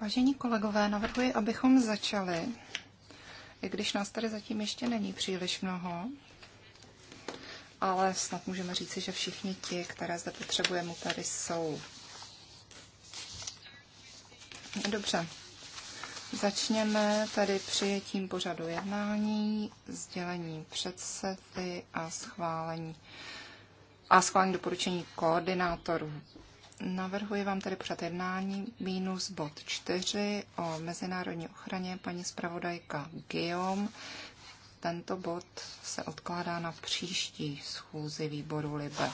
Vážení kolegové, navrhuji, abychom začali, i když nás tady zatím ještě není příliš mnoho, ale snad můžeme říci, že všichni ti, které zde potřebujeme, tady jsou. Dobře, Začněme tady přijetím pořadu jednání, sdělení předsedy a schválení a schválení doporučení koordinátorů. Navrhuji vám tedy pořad jednání minus bod 4 o mezinárodní ochraně paní zpravodajka Geom. Tento bod se odkládá na příští schůzi výboru Libe.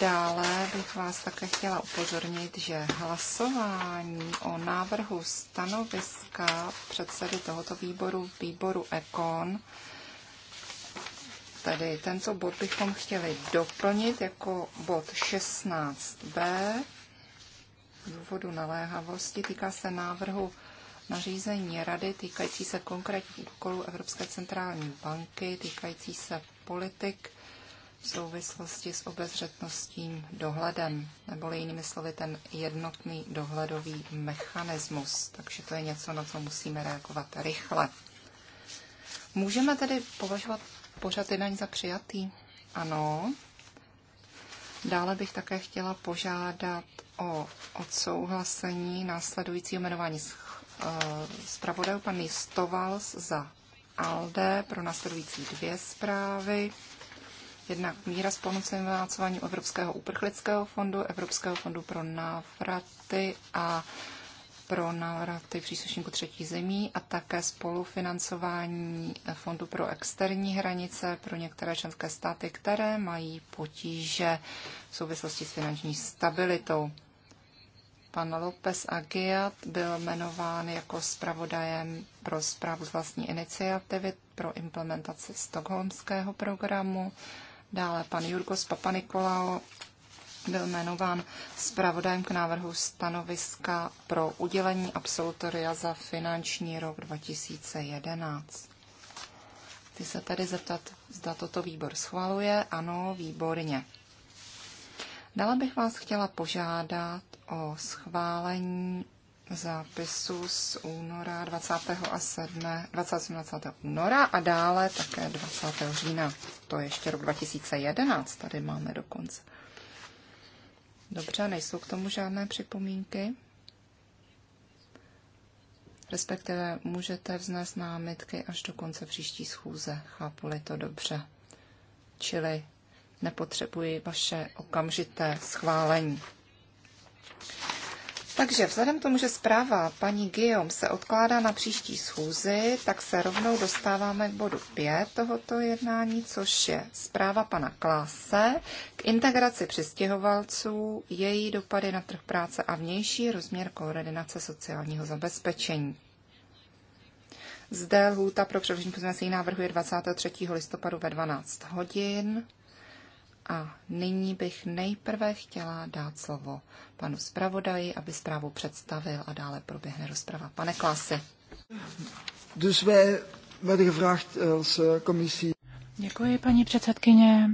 Dále bych vás také chtěla upozornit, že hlasování o návrhu stanoviska předsedy tohoto výboru, výboru EKON, Tedy tento bod bychom chtěli doplnit jako bod 16b z důvodu naléhavosti. Týká se návrhu nařízení rady týkající se konkrétních úkolů Evropské centrální banky, týkající se politik v souvislosti s obezřetnostním dohledem, neboli jinými slovy ten jednotný dohledový mechanismus. Takže to je něco, na co musíme reagovat rychle. Můžeme tedy považovat pořad jednání za přijatý? Ano. Dále bych také chtěla požádat o odsouhlasení následujícího jmenování eh, zpravodajů pan Stovals za ALDE pro následující dvě zprávy. Jednak míra spolufinancování Evropského uprchlického fondu, Evropského fondu pro návraty a pro návraty příslušníků třetí zemí a také spolufinancování Fondu pro externí hranice pro některé členské státy, které mají potíže v souvislosti s finanční stabilitou. Pan López Agiat byl jmenován jako zpravodajem pro zprávu z vlastní iniciativy pro implementaci stokholmského programu. Dále pan Jurgos Papanikolao byl jmenován zpravodajem k návrhu stanoviska pro udělení absolutoria za finanční rok 2011. Ty se tedy zeptat, zda toto výbor schvaluje. Ano, výborně. Dále bych vás chtěla požádat o schválení zápisu z února 27. 27. 20. února a dále také 20. října. To je ještě rok 2011, tady máme dokonce. Dobře, nejsou k tomu žádné připomínky. Respektive můžete vznést námitky až do konce příští schůze, chápu-li to dobře. Čili nepotřebuji vaše okamžité schválení. Takže vzhledem k tomu, že zpráva paní Guillaume se odkládá na příští schůzi, tak se rovnou dostáváme k bodu 5 tohoto jednání, což je zpráva pana Kláse k integraci přistěhovalců, její dopady na trh práce a vnější rozměr koordinace sociálního zabezpečení. Zde lhůta pro předložení pozměňovacích návrhu je 23. listopadu ve 12 hodin. A nyní bych nejprve chtěla dát slovo panu zpravodaji, aby zprávu představil a dále proběhne rozprava. Pane Klasy. Eh, eh, Děkuji, paní předsedkyně.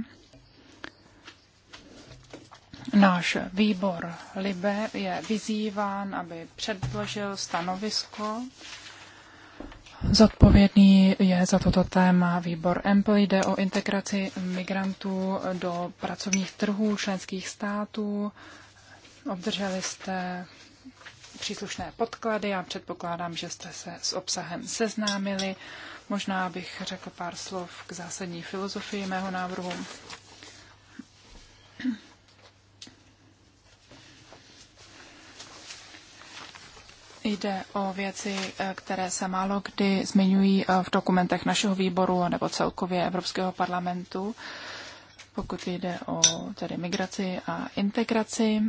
Náš výbor LIBE je vyzýván, aby předložil stanovisko Zodpovědný je za toto téma výbor EMPL. Jde o integraci migrantů do pracovních trhů členských států. Obdrželi jste příslušné podklady. Já předpokládám, že jste se s obsahem seznámili. Možná bych řekl pár slov k zásadní filozofii mého návrhu. Jde o věci, eh, které se málo kdy zmiňují eh, v dokumentech našeho výboru nebo celkově Evropského parlamentu, pokud jde o tedy migraci a integraci.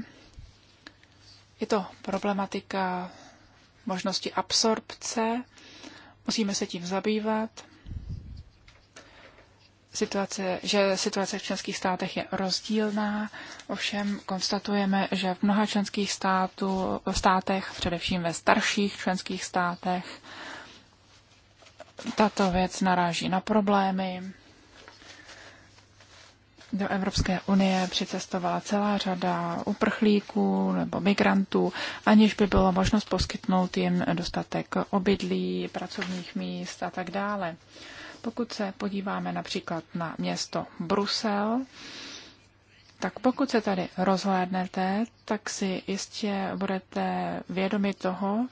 Je to problematika možnosti absorpce, musíme se tím zabývat situace, že situace v členských státech je rozdílná, ovšem konstatujeme, že v mnoha členských státu, státech, především ve starších členských státech, tato věc naráží na problémy. Do Evropské unie přicestovala celá řada uprchlíků nebo migrantů, aniž by bylo možnost poskytnout jim dostatek obydlí, pracovních míst a tak dále. Pokud se podíváme například na město Brusel, tak pokud se tady rozhlédnete, tak si jistě budete vědomi toho,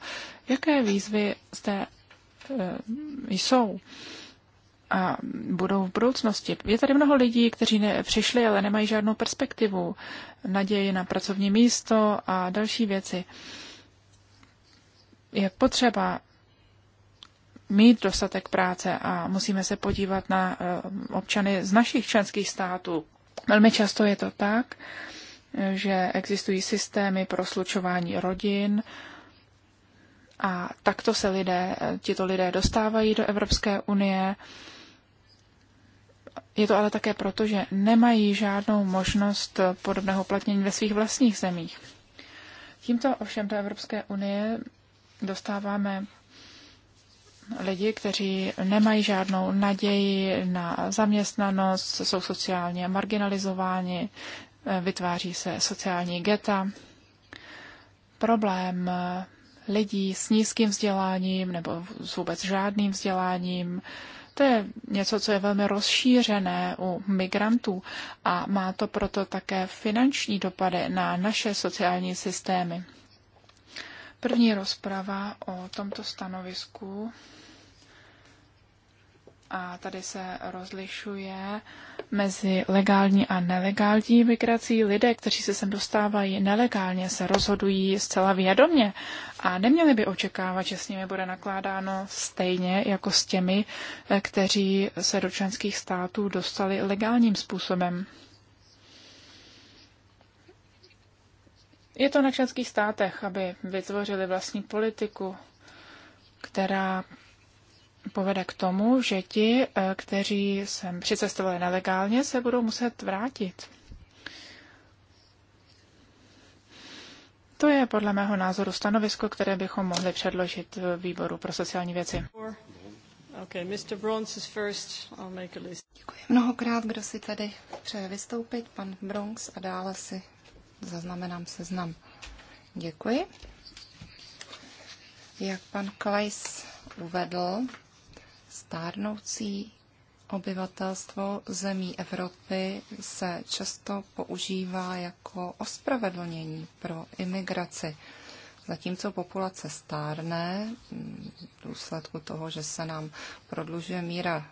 jaké výzvy zde e, jsou a budou v budoucnosti. Je tady mnoho lidí, kteří ne, přišli, ale nemají žádnou perspektivu, naději na pracovní místo a další věci. Je potřeba mít dostatek práce a musíme se podívat na eh, občany z našich členských států. Velmi často je to tak, eh, že existují systémy pro slučování rodin a takto se lidé, eh, tito lidé dostávají do Evropské unie. Je to ale také proto, že nemají žádnou možnost podobného platnění ve svých vlastních zemích. Tímto ovšem do Evropské unie dostáváme lidi, kteří nemají žádnou naději na zaměstnanost, jsou sociálně marginalizováni, eh, vytváří se sociální geta. Problém eh, lidí s nízkým vzděláním nebo s vůbec žádným vzděláním, to je něco, co je velmi rozšířené u migrantů a má to proto také finanční dopady na naše sociální systémy. První rozprava o tomto stanovisku a tady se rozlišuje mezi legální a nelegální migrací. Lidé, kteří se sem dostávají nelegálně, se rozhodují zcela vědomě a neměli by očekávat, že s nimi bude nakládáno stejně jako s těmi, eh, kteří se do členských států dostali legálním způsobem. Je to na členských státech, aby vytvořili vlastní politiku, která povede k tomu, že ti, eh, kteří sem přicestovali nelegálně, se budou muset vrátit. To je podle mého názoru stanovisko, které bychom mohli předložit výboru pro sociální věci. Děkuji mnohokrát, kdo si tady přeje vystoupit, pan Bronx a dále si zaznamenám seznam. Děkuji. Jak pan Klajs uvedl, Stárnoucí obyvatelstvo zemí Evropy se často používá jako ospravedlnění pro imigraci. Zatímco populace stárne, v důsledku toho, že se nám prodlužuje míra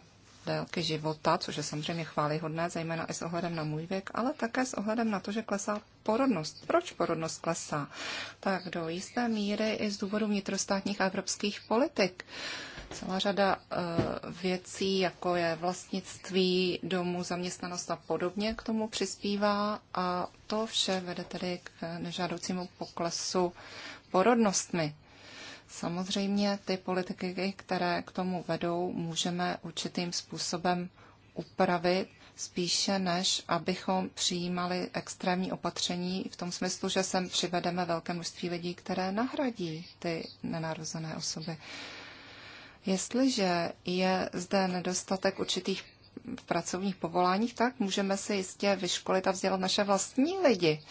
délky života, což je samozřejmě chválihodné, zejména i s ohledem na můj věk, ale také s ohledem na to, že klesá porodnost. Proč porodnost klesá? Tak do jisté míry i z důvodu vnitrostátních a evropských politik. Celá řada eh, věcí, jako je vlastnictví domů, zaměstnanost a podobně, k tomu přispívá a to vše vede tedy k eh, nežádoucímu poklesu porodnostmi. Samozřejmě ty politiky, které k tomu vedou, můžeme určitým způsobem upravit, spíše než abychom přijímali extrémní opatření v tom smyslu, že sem přivedeme velké množství lidí, které nahradí ty nenarozené osoby. Jestliže je zde nedostatek určitých pracovních povoláních, tak můžeme se jistě vyškolit a vzdělat naše vlastní lidi.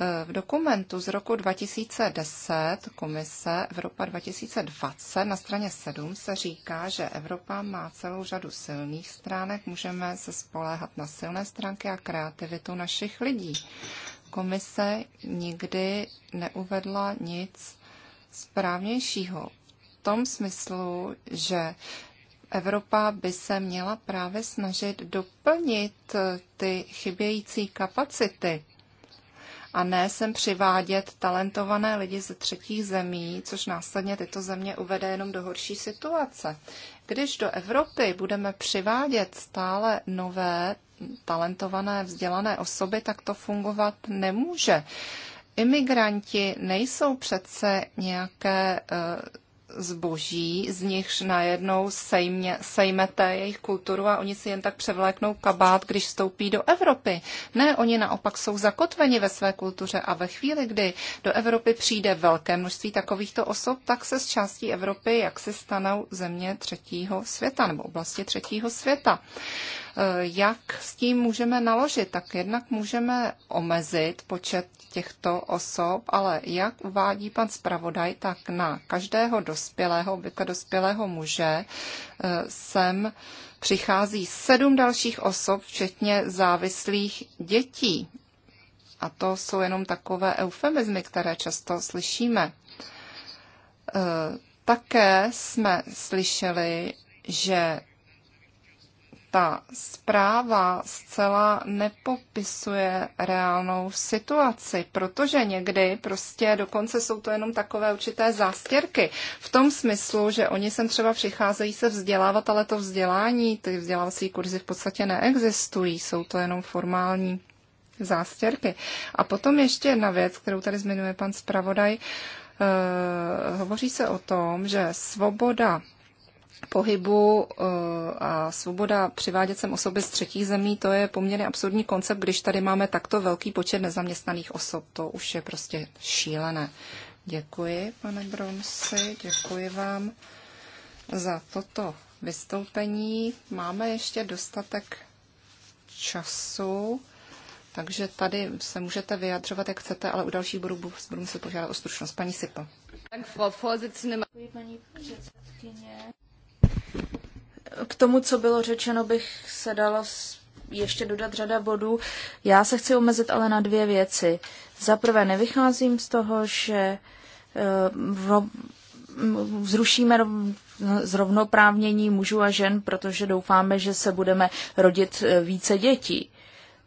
E, v dokumentu z roku 2010 Komise Evropa 2020 na straně 7 se říká, že Evropa má celou řadu silných stránek, můžeme se spoléhat na silné stránky a kreativitu našich lidí. Komise nikdy neuvedla nic správnějšího tom smyslu, že Evropa by se měla právě snažit doplnit eh, ty chybějící kapacity a ne sem přivádět talentované lidi ze třetích zemí, což následně tyto země uvede jenom do horší situace. Když do Evropy budeme přivádět stále nové talentované, vzdělané osoby, tak to fungovat nemůže. Imigranti nejsou přece nějaké eh, zboží, z nichž najednou sejmě, sejmete jejich kulturu a oni si jen tak převléknou kabát, když vstoupí do Evropy. Ne, oni naopak jsou zakotveni ve své kultuře a ve chvíli, kdy do Evropy přijde velké množství takovýchto osob, tak se z částí Evropy jak se stanou země třetího světa nebo oblasti třetího světa. Jak s tím můžeme naložit? Tak jednak můžeme omezit počet těchto osob, ale jak uvádí pan zpravodaj, tak na každého dospělého, obvykle dospělého muže, eh, sem přichází sedm dalších osob, včetně závislých dětí. A to jsou jenom takové eufemizmy, které často slyšíme. Eh, také jsme slyšeli, že ta zpráva zcela nepopisuje reálnou situaci, protože někdy prostě dokonce jsou to jenom takové určité zástěrky. V tom smyslu, že oni sem třeba přicházejí se vzdělávat, ale to vzdělání, ty vzdělávací kurzy v podstatě neexistují, jsou to jenom formální zástěrky. A potom ještě jedna věc, kterou tady zmiňuje pan zpravodaj, Uh, hovoří se o tom, že svoboda pohybu eh, a svoboda přivádět sem osoby z třetích zemí, to je poměrně absurdní koncept, když tady máme takto velký počet nezaměstnaných osob. To už je prostě šílené. Děkuji, pane Bromsi, děkuji vám za toto vystoupení. Máme ještě dostatek času, takže tady se můžete vyjadřovat, jak chcete, ale u dalších bodů budu, budu muset požádat o stručnost. Paní Sipa. Děkuji, paní předsedkyně. K tomu, co bylo řečeno, bych se dalo ještě dodat řada bodů. Já se chci omezit ale na dvě věci. Za prvé, nevycházím z toho, že eh, zrušíme zrovnoprávnění mužů a žen, protože doufáme, že se budeme rodit eh, více dětí.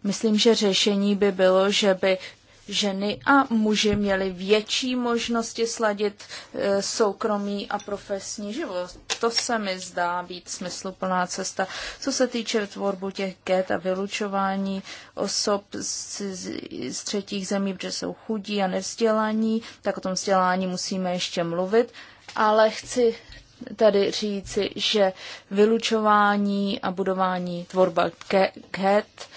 Myslím, že řešení by bylo, že by ženy a muži měli větší možnosti sladit e, soukromý a profesní život. To se mi zdá být smysluplná cesta. Co se týče tvorbu těch get a vylučování osob z, z třetích zemí, protože jsou chudí a nevzdělaní, tak o tom vzdělání musíme ještě mluvit. Ale chci tady říci, že vylučování a budování tvorba get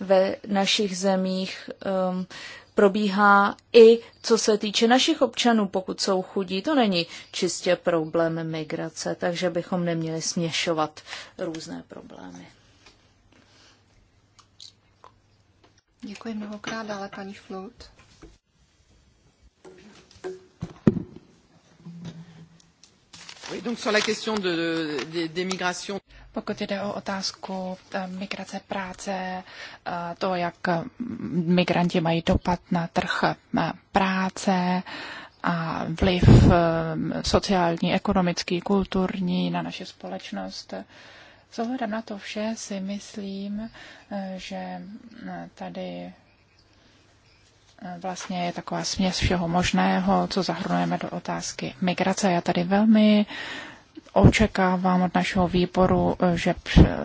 ve našich zemích um, probíhá i co se týče našich občanů, pokud jsou chudí. To není čistě problém migrace, takže bychom neměli směšovat různé problémy. Děkuji mnohokrát dále, paní Flout. Oui, donc sur la question de, de, des migrations. Pokud jde o otázku eh, migrace práce, eh, to, jak mm, migranti mají dopad na trh práce a vliv eh, sociální, ekonomický, kulturní na naši společnost, s ohledem na to vše si myslím, že tady vlastně je taková směs všeho možného, co zahrnujeme do otázky migrace. Já tady velmi očekávám od našeho výboru, eh, že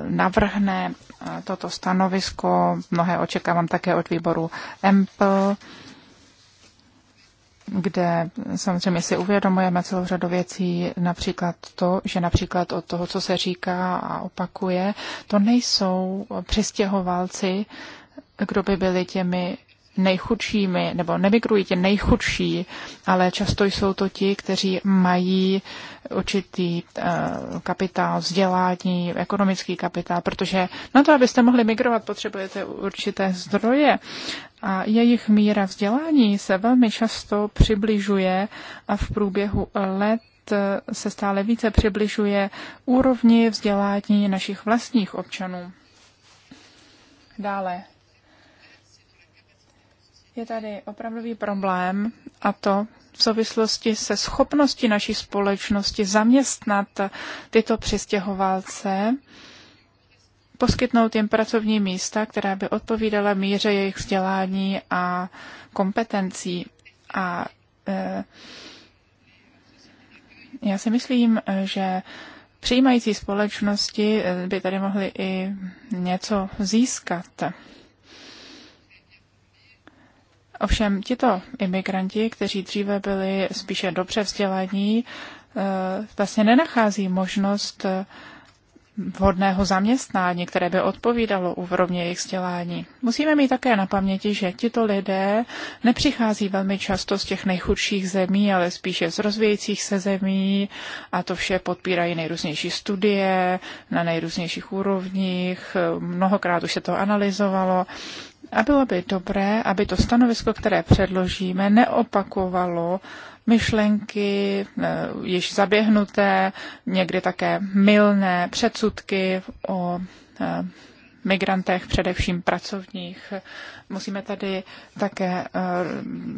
navrhne eh, toto stanovisko. Mnohé očekávám také od výboru EMPL, kde samozřejmě si uvědomujeme celou řadu věcí, například to, že například od toho, co se říká a opakuje, to nejsou přistěhovalci, kdo by byli těmi nejchudšími, nebo nemigrují ti nejchudší, ale často jsou to ti, kteří mají určitý eh, kapitál, vzdělání, ekonomický kapitál, protože na to, abyste mohli migrovat, potřebujete určité zdroje a jejich míra vzdělání se velmi často přibližuje a v průběhu let se stále více přibližuje úrovni vzdělání našich vlastních občanů. Dále je tady opravdový problém a to v souvislosti se schopností naší společnosti zaměstnat tyto přistěhovalce, poskytnout jim pracovní místa, která by odpovídala míře jejich vzdělání a kompetencí. A e, já si myslím, že přijímající společnosti by tady mohly i něco získat. Ovšem tito imigranti, kteří dříve byli spíše dobře vzdělaní, eh, vlastně nenachází možnost eh, vhodného zaměstnání, které by odpovídalo úrovně jejich vzdělání. Musíme mít také na paměti, že tito lidé nepřichází velmi často z těch nejchudších zemí, ale spíše z rozvějících se zemí a to vše podpírají nejrůznější studie na nejrůznějších úrovních. Mnohokrát už se to analyzovalo a bylo by dobré, aby to stanovisko, které předložíme, neopakovalo myšlenky eh, již zaběhnuté, někdy také mylné předsudky o eh, migrantech, především pracovních. Musíme tady také eh,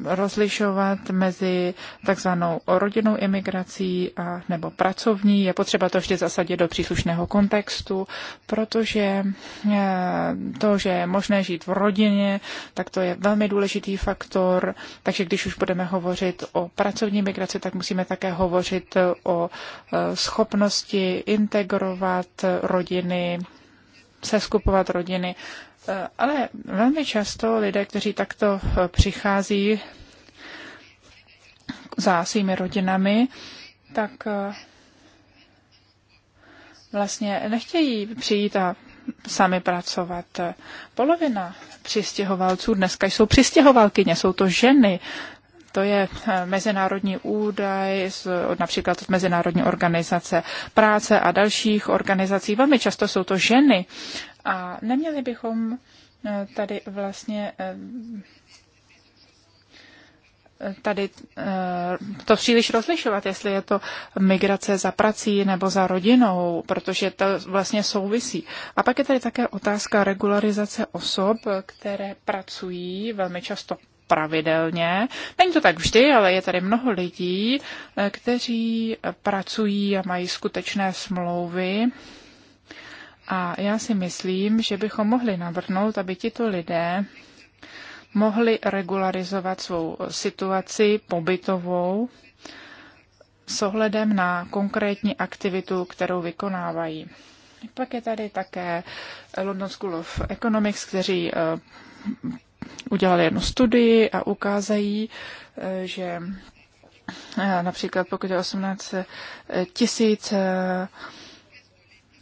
rozlišovat mezi takzvanou rodinnou imigrací a, nebo pracovní. Je potřeba to vždy zasadit do příslušného kontextu, protože eh, to, že je možné žít v rodině, tak to je velmi důležitý faktor. Takže když už budeme hovořit o pracovní migraci, tak musíme také hovořit o eh, schopnosti integrovat rodiny se skupovat rodiny. Eh, ale velmi často lidé, kteří takto eh, přichází za svými rodinami, tak eh, vlastně nechtějí přijít a sami pracovat. Polovina přistěhovalců dneska jsou přistěhovalkyně, jsou to ženy, to je eh, mezinárodní údaj od například od Mezinárodní organizace práce a dalších organizací. Velmi často jsou to ženy. A neměli bychom eh, tady vlastně eh, tady to příliš rozlišovat, jestli je to migrace za prací nebo za rodinou, protože to vlastně souvisí. A pak je tady také otázka regularizace osob, které pracují velmi často pravidelně. Není to tak vždy, ale je tady mnoho lidí, eh, kteří pracují a mají skutečné smlouvy. A já si myslím, že bychom mohli navrhnout, aby tito lidé mohli regularizovat svou situaci pobytovou s ohledem na konkrétní aktivitu, kterou vykonávají. Pak je tady také London School of Economics, kteří eh, udělali jednu studii a ukázají, eh, že eh, například pokud je 18 eh, tisíc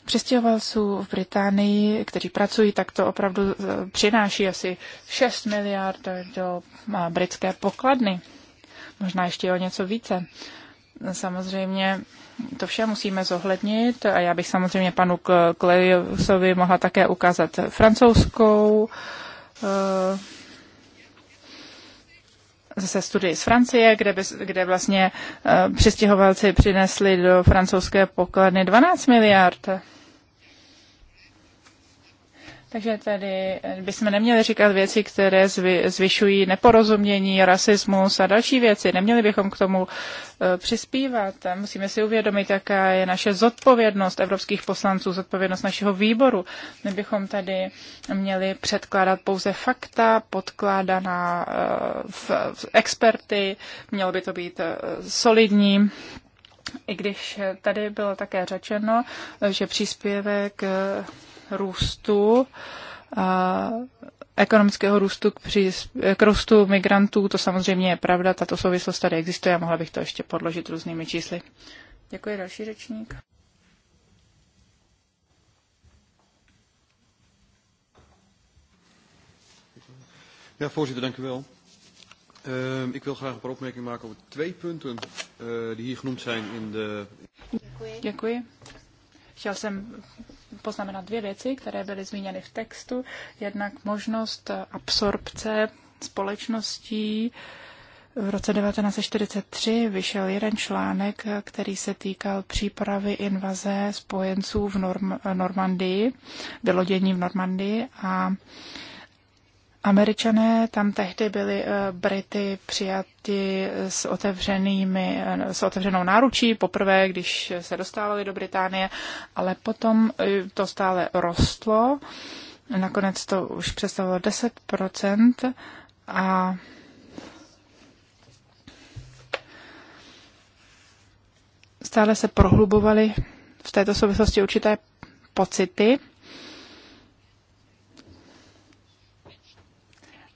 přistěhovalců v Británii, kteří pracují, tak to opravdu přináší asi 6 miliard do britské pokladny. Možná ještě o něco více. Samozřejmě to vše musíme zohlednit a já bych samozřejmě panu Kleusovi mohla také ukázat francouzskou uh, Eh, zase studii z Francie, kde, by, kde vlastně eh, přistěhovalci přinesli do francouzské pokladny 12 miliard. Takže tady eh, bychom neměli říkat věci, které zvy, zvyšují neporozumění, rasismus a další věci. Neměli bychom k tomu eh, přispívat. Musíme si uvědomit, jaká je naše zodpovědnost evropských poslanců, zodpovědnost našeho výboru. My bychom tady měli předkládat pouze fakta, podkládaná eh, v, v experty, mělo by to být solidní i když tady bylo také řečeno, že příspěvek růstu, a ekonomického růstu k, při, k růstu migrantů, to samozřejmě je pravda, tato souvislost tady existuje a mohla bych to ještě podložit různými čísly. Děkuji, další řečník. Ja, voorzitter, dank u wel. Uh, ik wil graag een paar opmerkingen maken over twee punten uh, die hier genoemd zijn in de. Dank u. Ik wil poznamenat dvě věci, které byly zmíněny v textu. Jednak možnost absorpce společností. V roce 1943 vyšel jeden článek, který se týkal přípravy invaze spojenců v Norm- Normandii, vylodění v Normandii a Američané tam tehdy byli eh, Brity přijati s, otevřenými, eh, s otevřenou náručí, poprvé, když se dostávali do Británie, ale potom eh, to stále rostlo. Nakonec to už představilo 10% a stále se prohlubovaly v této souvislosti určité pocity,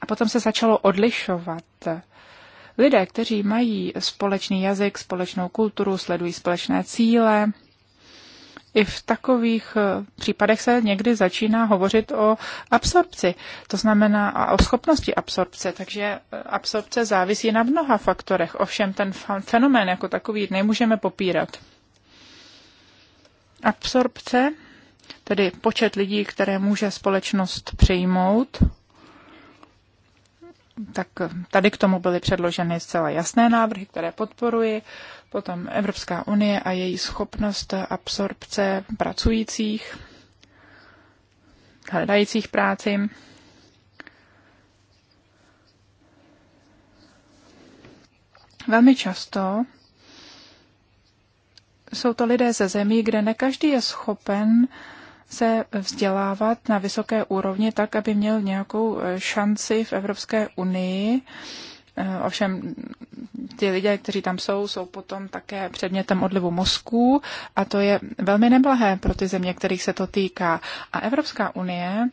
A potom se začalo odlišovat. Lidé, kteří mají společný jazyk, společnou kulturu, sledují společné cíle, i v takových eh, případech se někdy začíná hovořit o absorpci, to znamená o schopnosti absorpce, takže eh, absorpce závisí na mnoha faktorech, ovšem ten fenomén jako takový nemůžeme popírat. Absorpce, tedy počet lidí, které může společnost přijmout, tak tady k tomu byly předloženy zcela jasné návrhy, které podporuji. Potom Evropská unie a její schopnost absorpce pracujících, hledajících práci. Velmi často jsou to lidé ze zemí, kde ne každý je schopen uh, se vzdělávat na vysoké úrovni tak, aby měl nějakou eh, šanci v Evropské unii. Eh, ovšem ty lidé, kteří tam jsou, jsou potom také předmětem odlivu mozků a to je velmi neblahé pro ty země, kterých se to týká. A Evropská unie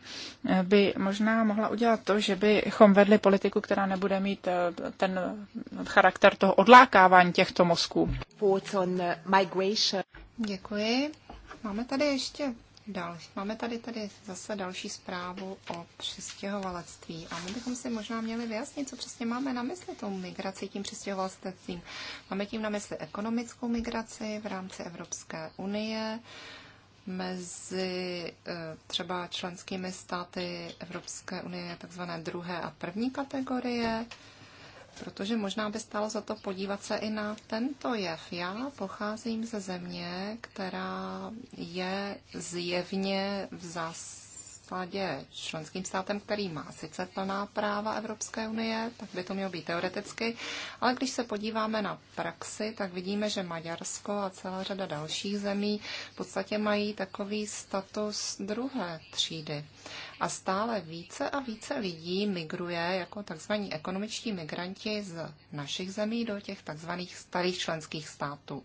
eh, by možná mohla udělat to, že bychom vedli politiku, která nebude mít ten charakter toho odlákávání těchto mozků. Děkuji. Máme tady ještě dal, máme tady tady zase další zprávu o přistěhovalectví a my bychom si možná měli vyjasnit, co přesně máme na mysli tou migrací, tím přistěhovalectvím. Máme tím na mysli ekonomickou migraci v rámci Evropské unie, mezi eh, třeba členskými státy Evropské unie takzvané druhé a první kategorie, protože možná by stálo za to podívat se i na tento jev. Já pocházím ze země, která je zjevně v zásadě členským státem, který má sice plná práva Evropské unie, tak by to mělo být teoreticky, ale když se podíváme na praxi, tak vidíme, že Maďarsko a celá řada dalších zemí v podstatě mají takový status druhé třídy a stále více a více lidí migruje jako tzv. ekonomičtí migranti z našich zemí do těch tzv. starých členských států.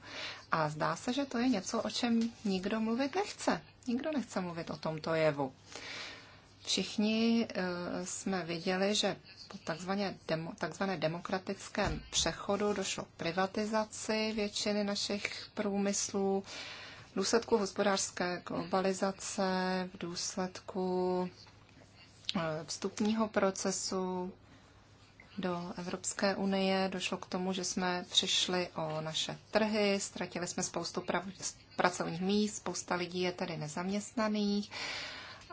A zdá se, že to je něco, o čem nikdo mluvit nechce. Nikdo nechce mluvit o tomto jevu. Všichni eh, jsme viděli, že po takzvané, demo, takzvané demokratickém přechodu došlo k privatizaci většiny našich průmyslů v důsledku hospodářské globalizace, v důsledku eh, vstupního procesu do Evropské unie došlo k tomu, že jsme přišli o naše trhy, ztratili jsme spoustu prav, pracovních míst, spousta lidí je tady nezaměstnaných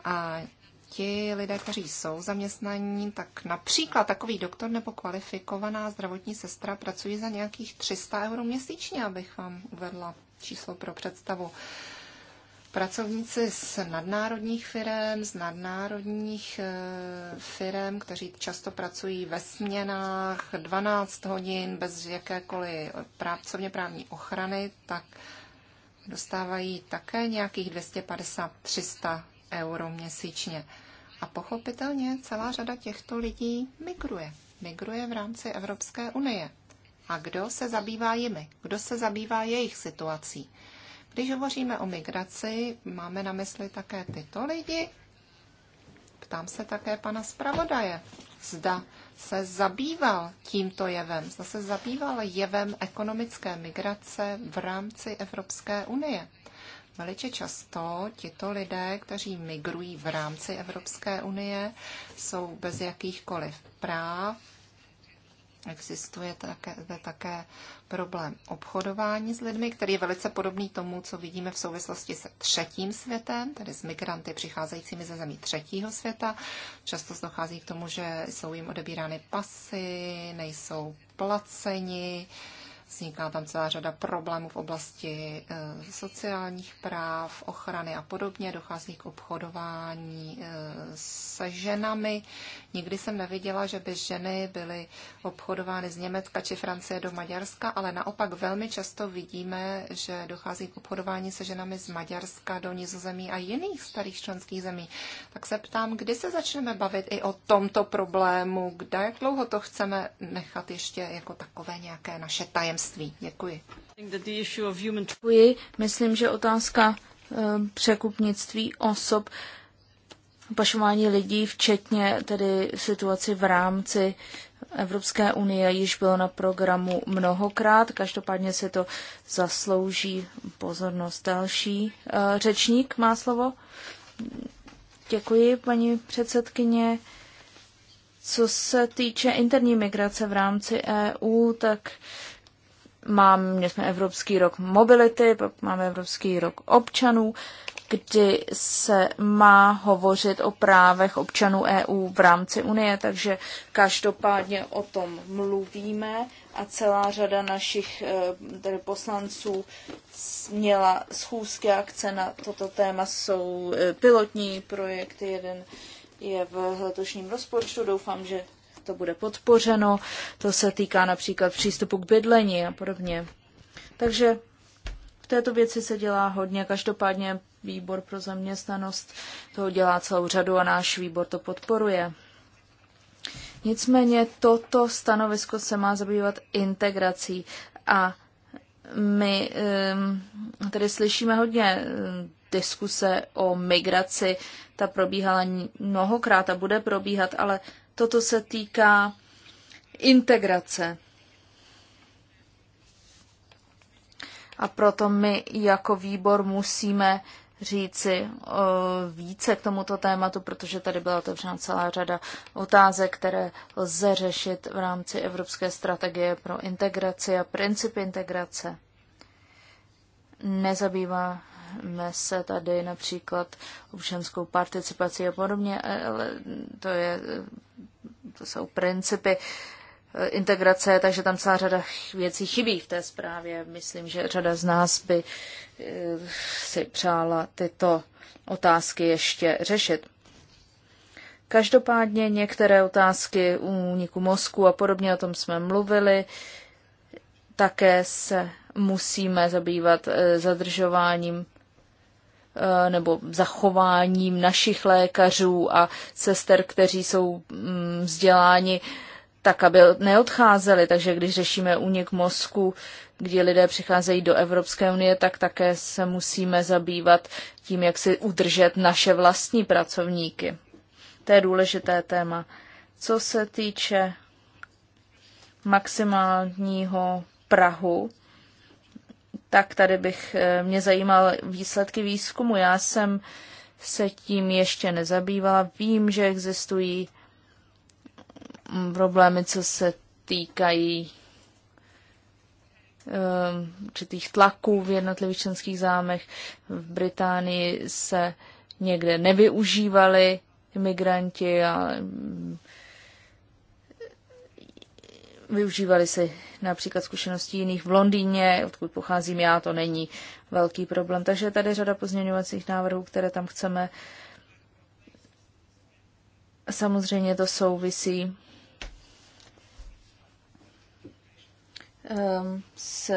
a ti lidé, kteří jsou zaměstnaní, tak například takový doktor nebo kvalifikovaná zdravotní sestra pracují za nějakých 300 euro měsíčně, abych vám uvedla číslo pro představu. Pracovníci z nadnárodních firm, z nadnárodních e, firm, kteří často pracují ve směnách 12 hodin bez jakékoliv pracovně právní ochrany, tak dostávají také nějakých 250-300 euro měsíčně. A pochopitelně celá řada těchto lidí migruje. Migruje v rámci Evropské unie a kdo se zabývá jimi, kdo se zabývá jejich situací. Když hovoříme o migraci, máme na mysli také tyto lidi. Ptám se také pana zpravodaje, zda se zabýval tímto jevem, zda se zabýval jevem ekonomické migrace v rámci Evropské unie. Velice často tito lidé, kteří migrují v rámci Evropské unie, jsou bez jakýchkoliv práv, Existuje také, také problém obchodování s lidmi, který je velice podobný tomu, co vidíme v souvislosti se třetím světem, tedy s migranty přicházejícími ze zemí třetího světa. Často dochází k tomu, že jsou jim odebírány pasy, nejsou placeni, uh, Vzniká tam celá řada problémů v oblasti eh, sociálních práv, ochrany a podobně. Dochází k obchodování eh, se ženami. Nikdy jsem neviděla, že by ženy byly obchodovány z Německa či Francie do Maďarska, ale naopak velmi často vidíme, že dochází k obchodování se ženami z Maďarska do Nizozemí a jiných starých členských zemí. Tak se ptám, kdy se začneme bavit i o tomto problému, kde, jak dlouho to chceme nechat ještě jako takové nějaké naše tajemství partnerství. Děkuji. Děkuji. Myslím, že otázka eh, překupnictví osob, pašování lidí, včetně tedy situaci v rámci Evropské unie již bylo na programu mnohokrát, každopádně se to zaslouží pozornost. Další eh, řečník má slovo. Děkuji, paní předsedkyně. Co se týče interní migrace v rámci EU, tak Mám, měli jsme Evropský rok mobility, pak máme Evropský rok občanů, kdy se má hovořit o právech občanů EU v rámci Unie, takže každopádně o tom mluvíme a celá řada našich eh, tedy poslanců měla schůzky akce na toto téma. Jsou eh, pilotní projekty, jeden je v letošním rozpočtu, doufám, že to bude podpořeno, to se týká například přístupu k bydlení a podobně. Takže v této věci se dělá hodně, každopádně výbor pro zaměstnanost toho dělá celou řadu a náš výbor to podporuje. Nicméně toto stanovisko se má zabývat integrací a my ehm, tady slyšíme hodně ehm, diskuse o migraci, ta probíhala mnohokrát a bude probíhat, ale Toto se týká integrace. A proto my jako výbor musíme říci eh, více k tomuto tématu, protože tady byla otevřena celá řada otázek, které lze řešit v rámci Evropské strategie pro integraci a princip integrace. Nezabývá mese tady například občanskou participaci a podobně, ale to, je, to jsou principy eh, integrace, takže tam celá řada věcí chybí v té zprávě. Myslím, že řada z nás by eh, si přála tyto otázky ještě řešit. Každopádně některé otázky úniku mozku a podobně, o tom jsme mluvili, také se musíme zabývat eh, zadržováním Eh, nebo zachováním našich lékařů a sester, kteří jsou mm, vzděláni tak, aby neodcházeli. Takže když řešíme únik mozku, kdy lidé přicházejí do Evropské unie, tak také se musíme zabývat tím, jak si udržet naše vlastní pracovníky. To je důležité téma. Co se týče maximálního Prahu, tak tady bych eh, mě zajímal výsledky výzkumu. Já jsem se tím ještě nezabývala. Vím, že existují mm, problémy, co se týkají ehm, určitých tlaků v jednotlivých členských zámech. V Británii se někde nevyužívali imigranti a mm, Využívali si například zkušeností jiných v Londýně, odkud pocházím já, to není velký problém. Takže je tady řada pozměňovacích návrhů, které tam chceme. Samozřejmě to souvisí ehm, s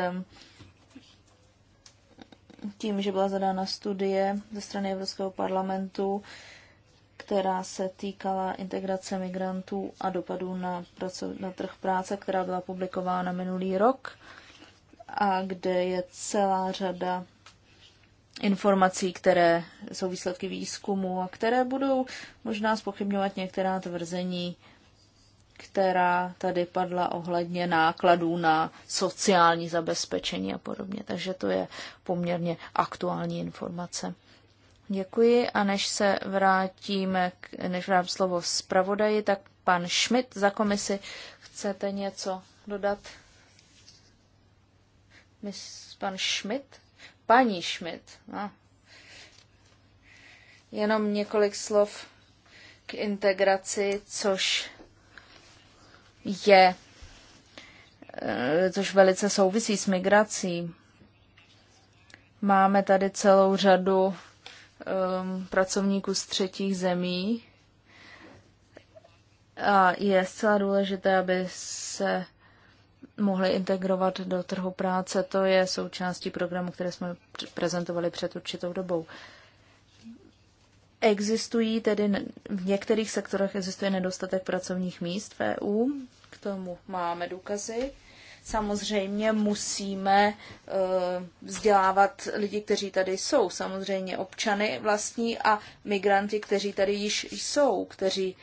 tím, že byla zadána studie ze strany Evropského parlamentu která se týkala integrace migrantů a dopadů na, pracov, na trh práce, která byla publikována minulý rok a kde je celá řada informací, které jsou výsledky výzkumu a které budou možná spochybňovat některá tvrzení, která tady padla ohledně nákladů na sociální zabezpečení a podobně. Takže to je poměrně aktuální informace. Děkuji a než se vrátíme, než dám slovo zpravodaji, tak pan Schmidt za komisi, chcete něco dodat? Miss, pan Schmidt? Paní Schmidt. No. Jenom několik slov k integraci, což je, eh, což velice souvisí s migrací. Máme tady celou řadu um, pracovníků z třetích zemí. A je zcela důležité, aby se mohli integrovat do trhu práce. To je součástí programu, které jsme prezentovali před určitou dobou. Existují tedy, v některých sektorech existuje nedostatek pracovních míst v EU, k tomu máme důkazy. Samozřejmě musíme eh, vzdělávat lidi, kteří tady jsou, samozřejmě občany vlastní a migranty, kteří tady již jsou, kteří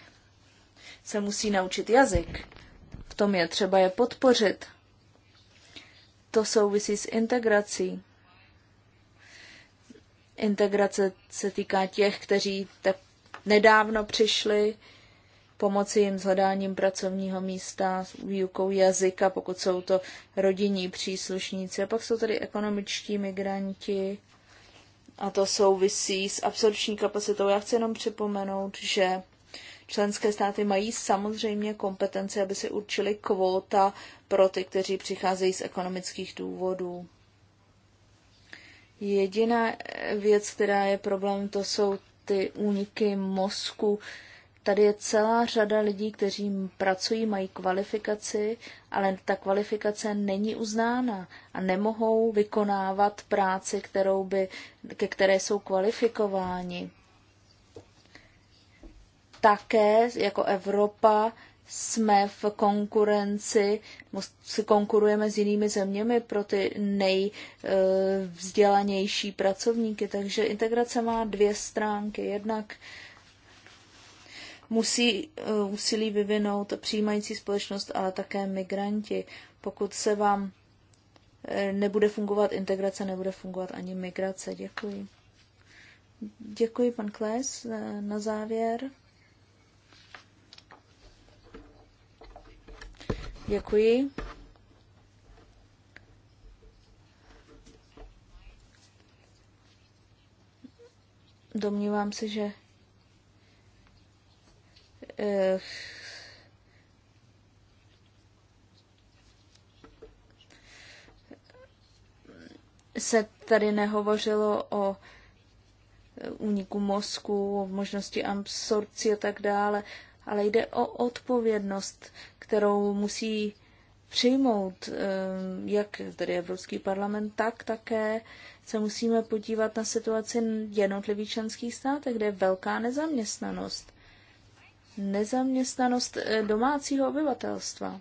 se musí naučit jazyk. V tom je třeba je podpořit. To souvisí s integrací. Integrace se týká těch, kteří tak nedávno přišli, pomoci jim s hledáním pracovního místa, s výukou jazyka, pokud jsou to rodinní příslušníci. A pak jsou tady ekonomičtí migranti a to souvisí s absorpční kapacitou. Já chci jenom připomenout, že členské státy mají samozřejmě kompetence, aby si určili kvóta pro ty, kteří přicházejí z ekonomických důvodů. Jediná věc, která je problém, to jsou ty úniky mozku Tady je celá řada lidí, kteří pracují, mají kvalifikaci, ale ta kvalifikace není uznána a nemohou vykonávat práci, kterou by, ke které jsou kvalifikováni. Také jako Evropa jsme v konkurenci, si konkurujeme s jinými zeměmi pro ty nejvzdělanější pracovníky, takže integrace má dvě stránky. Jednak musí eh, úsilí vyvinout přijímající společnost, ale také migranti. Pokud se vám eh, nebude fungovat integrace, nebude fungovat ani migrace. Děkuji. Děkuji, pan Kles, eh, na závěr. Děkuji. Domnívám se, že Eh, se tady nehovořilo o úniku mozku, o možnosti absorpci a tak dále, ale jde o odpovědnost, kterou musí přijmout eh, jak tedy Evropský parlament, tak také se musíme podívat na situaci jednotlivých členských státech, kde je velká nezaměstnanost nezaměstnanost eh, domácího obyvatelstva.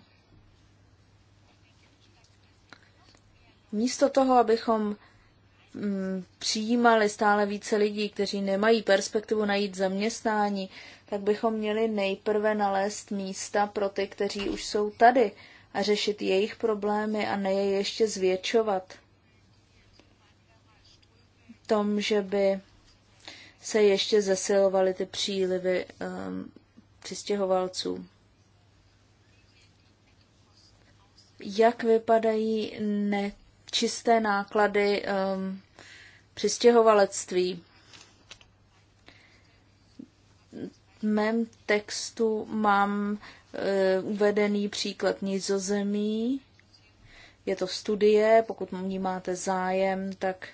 Místo toho, abychom mm, přijímali stále více lidí, kteří nemají perspektivu najít zaměstnání, tak bychom měli nejprve nalézt místa pro ty, kteří už jsou tady a řešit jejich problémy a ne je ještě zvětšovat. Tom, že by se ještě zesilovaly ty přílivy um, přistěhovalců. Jak vypadají nečisté náklady um, přistěhovalectví? V mém textu mám uh, uvedený příklad Nizozemí. Je to studie, pokud ní máte zájem, tak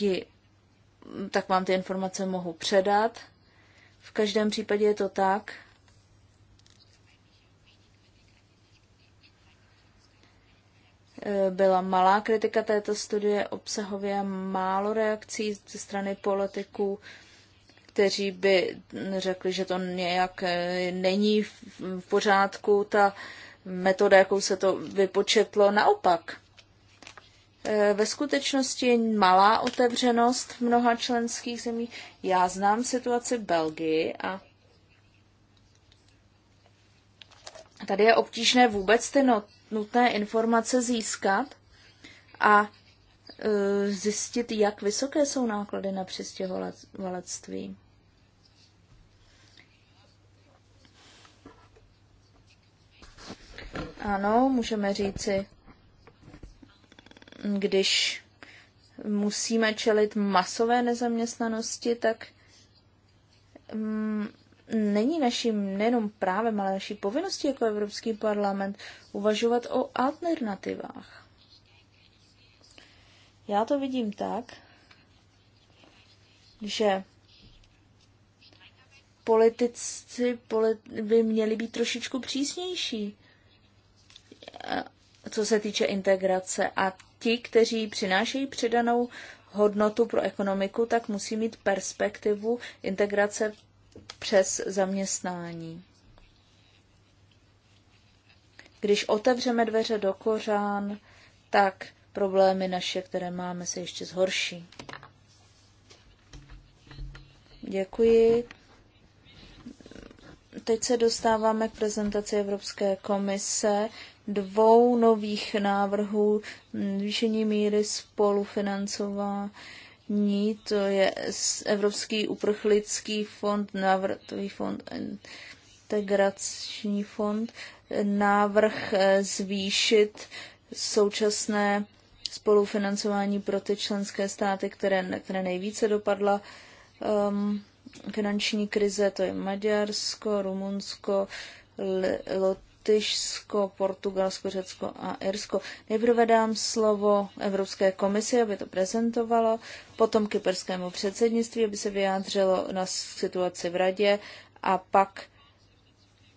ji, tak vám ty informace mohu předat. V každém případě je to tak, e, byla malá kritika této studie, obsahově málo reakcí ze strany politiků, kteří by řekli, že to nějak e, není v pořádku, ta metoda, jakou se to vypočetlo, naopak. Eh, ve skutečnosti je malá otevřenost v mnoha členských zemích. Já znám situaci v Belgii a tady je obtížné vůbec ty no- nutné informace získat a eh, zjistit, jak vysoké jsou náklady na přistěhovalectví. Ano, můžeme říci, když musíme čelit masové nezaměstnanosti, tak mm, není naším nejenom právem, ale naší povinností jako Evropský parlament uvažovat o alternativách. Já to vidím tak, že politici by měli být trošičku přísnější, co se týče integrace a ti, kteří přinášejí přidanou hodnotu pro ekonomiku, tak musí mít perspektivu integrace přes zaměstnání. Když otevřeme dveře do kořán, tak problémy naše, které máme, se ještě zhorší. Děkuji. Teď se dostáváme k prezentaci Evropské komise dvou nových návrhů zvýšení míry spolufinancování, to je Evropský uprchlický fond, návratový fond, integrační fond, návrh eh, zvýšit současné spolufinancování pro ty členské státy, které, které nejvíce dopadla um, finanční krize, to je Maďarsko, Rumunsko, L- Lotyšsko, Portugalsko, Řecko a Irsko. Nejprve dám slovo Evropské komisi, aby to prezentovalo, potom kyperskému předsednictví, aby se vyjádřilo na situaci v radě a pak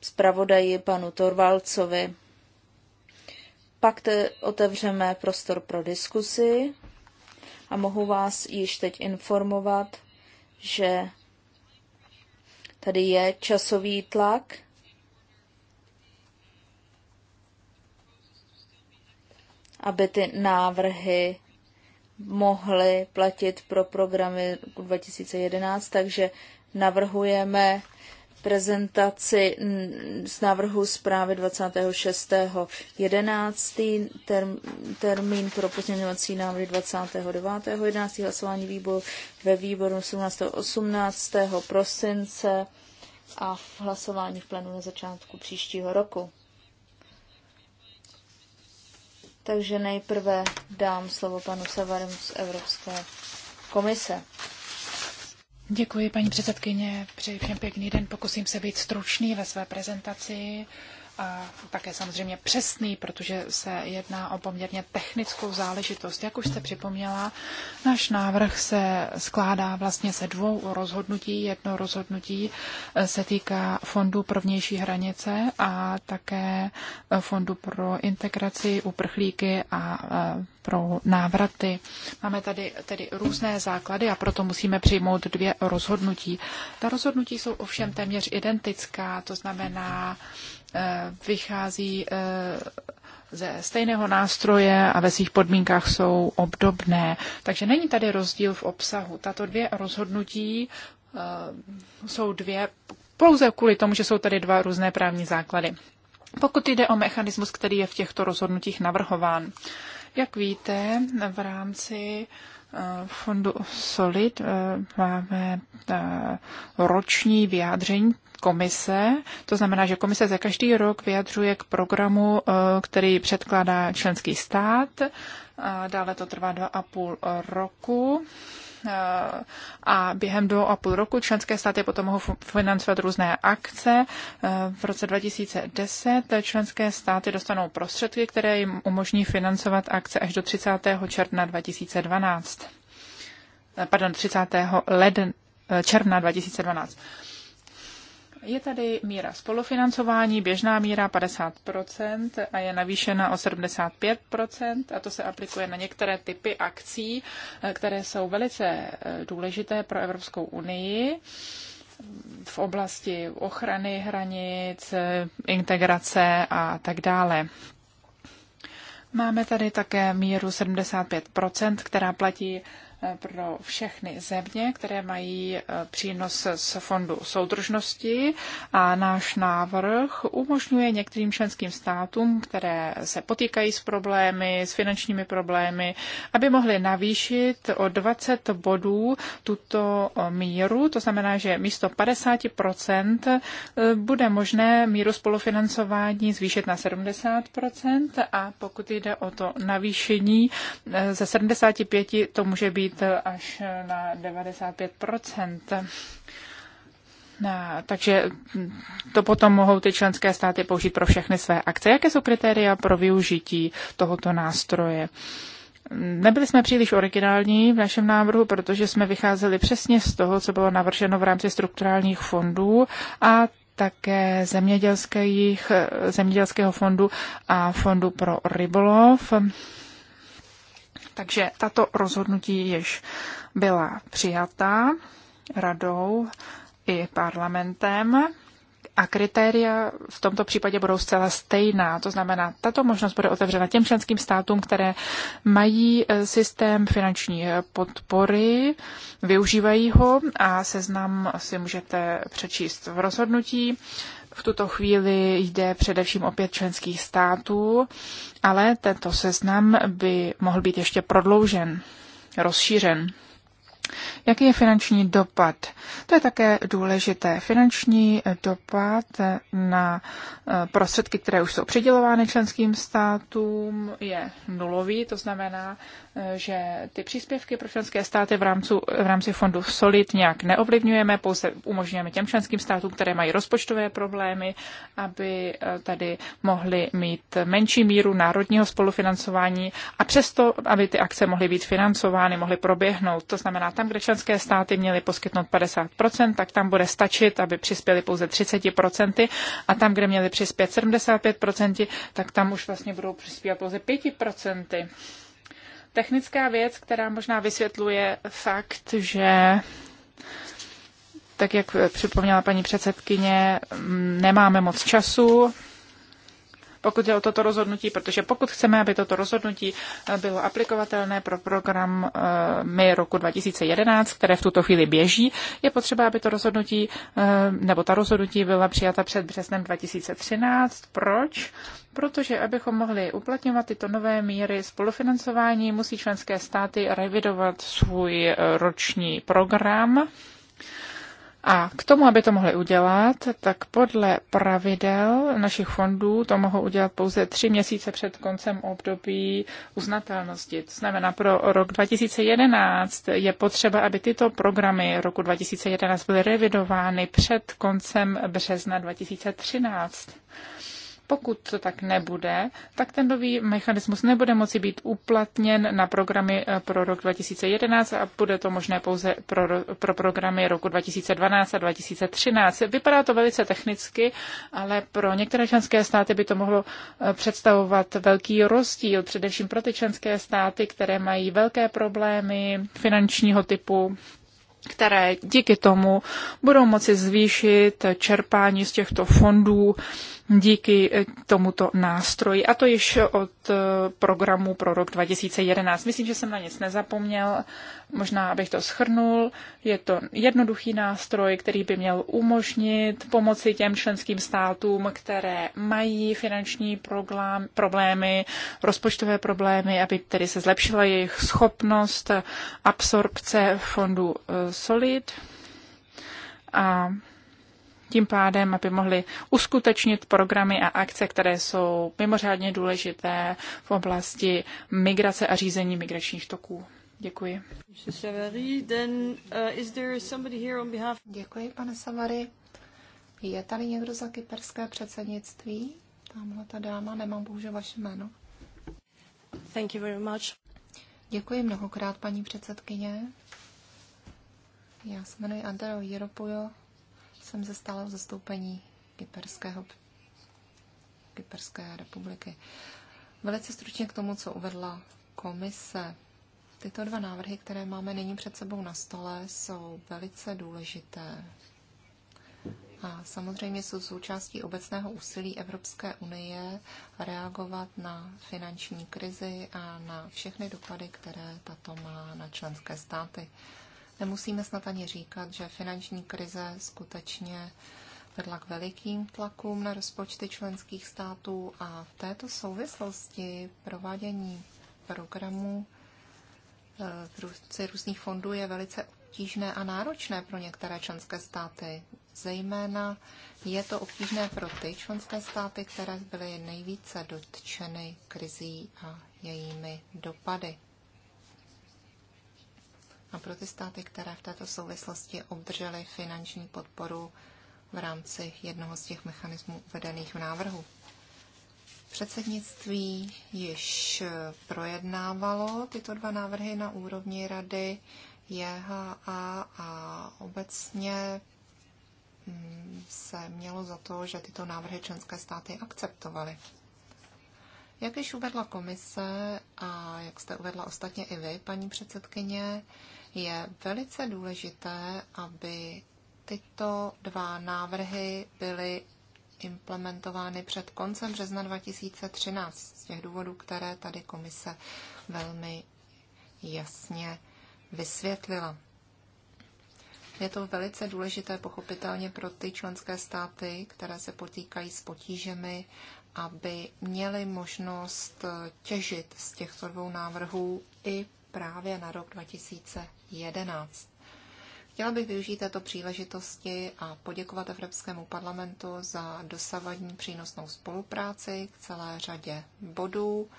zpravodaji panu Torvalcovi. Pak te otevřeme prostor pro diskusi a mohu vás již teď informovat, že tady je časový tlak – aby ty návrhy mohly platit pro programy 2011, takže navrhujeme prezentaci z návrhu zprávy 26.11. termín pro pozměňovací návrhy 29.11. hlasování výboru ve výboru 18. 18. prosince a v hlasování v plenu na začátku příštího roku. Takže nejprve dám slovo panu Savarem z Evropské komise. Děkuji, paní předsedkyně. Přeji všem pěkný den. Pokusím se být stručný ve své prezentaci také samozřejmě přesný, protože se jedná o poměrně technickou záležitost. Jak už jste připomněla, náš návrh se skládá vlastně se dvou rozhodnutí. Jedno rozhodnutí eh, se týká Fondu pro vnější hranice a také eh, Fondu pro integraci uprchlíky a eh, pro návraty. Máme tady tedy různé základy a proto musíme přijmout dvě rozhodnutí. Ta rozhodnutí jsou ovšem téměř identická, to znamená, Eh, vychází eh, ze stejného nástroje a ve svých podmínkách jsou obdobné. Takže není tady rozdíl v obsahu. Tato dvě rozhodnutí eh, jsou dvě pouze kvůli tomu, že jsou tady dva různé právní základy. Pokud jde o mechanismus, který je v těchto rozhodnutích navrhován, jak víte, v rámci uh, fondu Solid eh, máme eh, roční vyjádření komise, to znamená, že komise za každý rok vyjadřuje k programu, eh, který předkládá členský stát. Dále to trvá dva a půl roku. Eh, a během dvou a půl roku členské státy potom mohou financovat různé akce. Eh, v roce 2010 členské státy dostanou prostředky, které jim umožní financovat akce až do 30. června 2012. Eh, pardon, 30. Leden, června 2012. Je tady míra spolufinancování, běžná míra 50% a je navýšena o 75% a to se aplikuje na některé typy akcí, eh, které jsou velice eh, důležité pro Evropskou unii mm, v oblasti ochrany hranic, eh, integrace a tak dále. Máme tady také míru 75%, která platí pro všechny země, které mají eh, přínos z fondu soudržnosti a náš návrh umožňuje některým členským státům, které se potýkají s problémy, s finančními problémy, aby mohly navýšit o 20 bodů tuto eh, míru. To znamená, že místo 50% eh, bude možné míru spolufinancování zvýšit na 70% a pokud jde o to navýšení ze 75, to může být být až na 95 takže to potom mohou ty členské státy použít pro všechny své akce. Jaké jsou kritéria pro využití tohoto nástroje? Nebyli jsme příliš originální v našem návrhu, protože jsme vycházeli přesně z toho, co bylo navrženo v rámci strukturálních fondů a také zemědělských, zemědělského fondu a fondu pro rybolov. Takže tato rozhodnutí již byla přijata radou i parlamentem a kritéria v tomto případě budou zcela stejná. To znamená, tato možnost bude otevřena těm členským státům, které mají e, systém finanční podpory, využívají ho a seznam si můžete přečíst v rozhodnutí. V tuto chvíli jde především o pět členských států, ale tento seznam by mohl být ještě prodloužen, rozšířen. Jaký je finanční dopad? To je také důležité. Finanční dopad na eh, prostředky, které už jsou přidělovány členským státům, je nulový. To znamená, eh, že ty příspěvky pro členské státy v rámci, v rámci fondu Solid nějak neovlivňujeme, pouze umožňujeme těm členským státům, které mají rozpočtové problémy, aby eh, tady mohli mít menší míru národního spolufinancování a přesto, aby ty akce mohly být financovány, mohly proběhnout. To znamená, tam, kde členské státy měly poskytnout 50%, tak tam bude stačit, aby přispěli pouze 30%, a tam, kde měli přispět 75%, tak tam už vlastně budou přispívat pouze 5%. Technická věc, která možná vysvětluje fakt, že tak jak připomněla paní předsedkyně, mm, nemáme moc času, pokud je o toto rozhodnutí, protože pokud chceme, aby toto rozhodnutí eh, bylo aplikovatelné pro program eh, my roku 2011, které v tuto chvíli běží, je potřeba, aby to rozhodnutí eh, nebo ta rozhodnutí byla přijata před březnem 2013. Proč? Protože abychom mohli uplatňovat tyto nové míry spolufinancování, musí členské státy revidovat svůj roční program a k tomu, aby to mohli udělat, tak podle pravidel našich fondů to mohou udělat pouze tři měsíce před koncem období uznatelnosti. To znamená, pro rok 2011 je potřeba, aby tyto programy roku 2011 byly revidovány před koncem března 2013. Pokud to tak nebude, tak ten nový mechanismus nebude moci být uplatněn na programy eh, pro rok 2011 a bude to možné pouze pro, pro programy roku 2012 a 2013. Vypadá to velice technicky, ale pro některé členské státy by to mohlo eh, představovat velký rozdíl, především pro ty členské státy, které mají velké problémy finančního typu které díky tomu budou moci zvýšit čerpání z těchto fondů díky eh, tomuto nástroji, a to již od eh, programu pro rok 2011. Myslím, že jsem na nic nezapomněl, možná abych to schrnul. Je to jednoduchý nástroj, který by měl umožnit pomoci těm členským státům, které mají finanční problémy, rozpočtové problémy, aby tedy se zlepšila jejich schopnost absorpce fondu eh, Solid. A tím pádem, aby mohli uskutečnit programy a akce, které jsou mimořádně důležité v oblasti migrace a řízení migračních toků. Děkuji. Uh, Děkuji, pane Savary. Je tady někdo za kyperské předsednictví? Tamhle ta dáma, nemám bohužel vaše jméno. Thank you very much. Děkuji mnohokrát, paní předsedkyně. Já se jmenuji Adel Jiropujo jsem se stala v zastoupení Kyperského, Kyperské republiky. Velice stručně k tomu, co uvedla komise. Tyto dva návrhy, které máme nyní před sebou na stole, jsou velice důležité. A samozřejmě jsou součástí obecného úsilí Evropské unie reagovat na finanční krizi a na všechny dopady, které tato má na členské státy. Nemusíme snad ani říkat, že finanční krize skutečně vedla k velikým tlakům na rozpočty členských států a v této souvislosti provádění programů eh, z různých fondů je velice obtížné a náročné pro některé členské státy. Zejména je to obtížné pro ty členské státy, které byly nejvíce dotčeny krizí a jejími dopady. A pro ty státy, které v této souvislosti obdržely finanční podporu v rámci jednoho z těch mechanismů uvedených v návrhu. Předsednictví již eh, projednávalo tyto dva návrhy na úrovni rady JHA a obecně mm, se mělo za to, že tyto návrhy členské státy akceptovaly. Jak již uvedla komise a jak jste uvedla ostatně i vy, paní předsedkyně, je velice důležité, aby tyto dva návrhy byly implementovány před koncem března 2013 z těch důvodů, které tady komise velmi jasně vysvětlila. Je to velice důležité pochopitelně pro ty členské státy, které se potýkají s potížemi, aby měly možnost těžit z těchto dvou návrhů i právě na rok 2011. Chtěla bych využít této příležitosti a poděkovat Evropskému parlamentu za dosavadní přínosnou spolupráci k celé řadě bodů.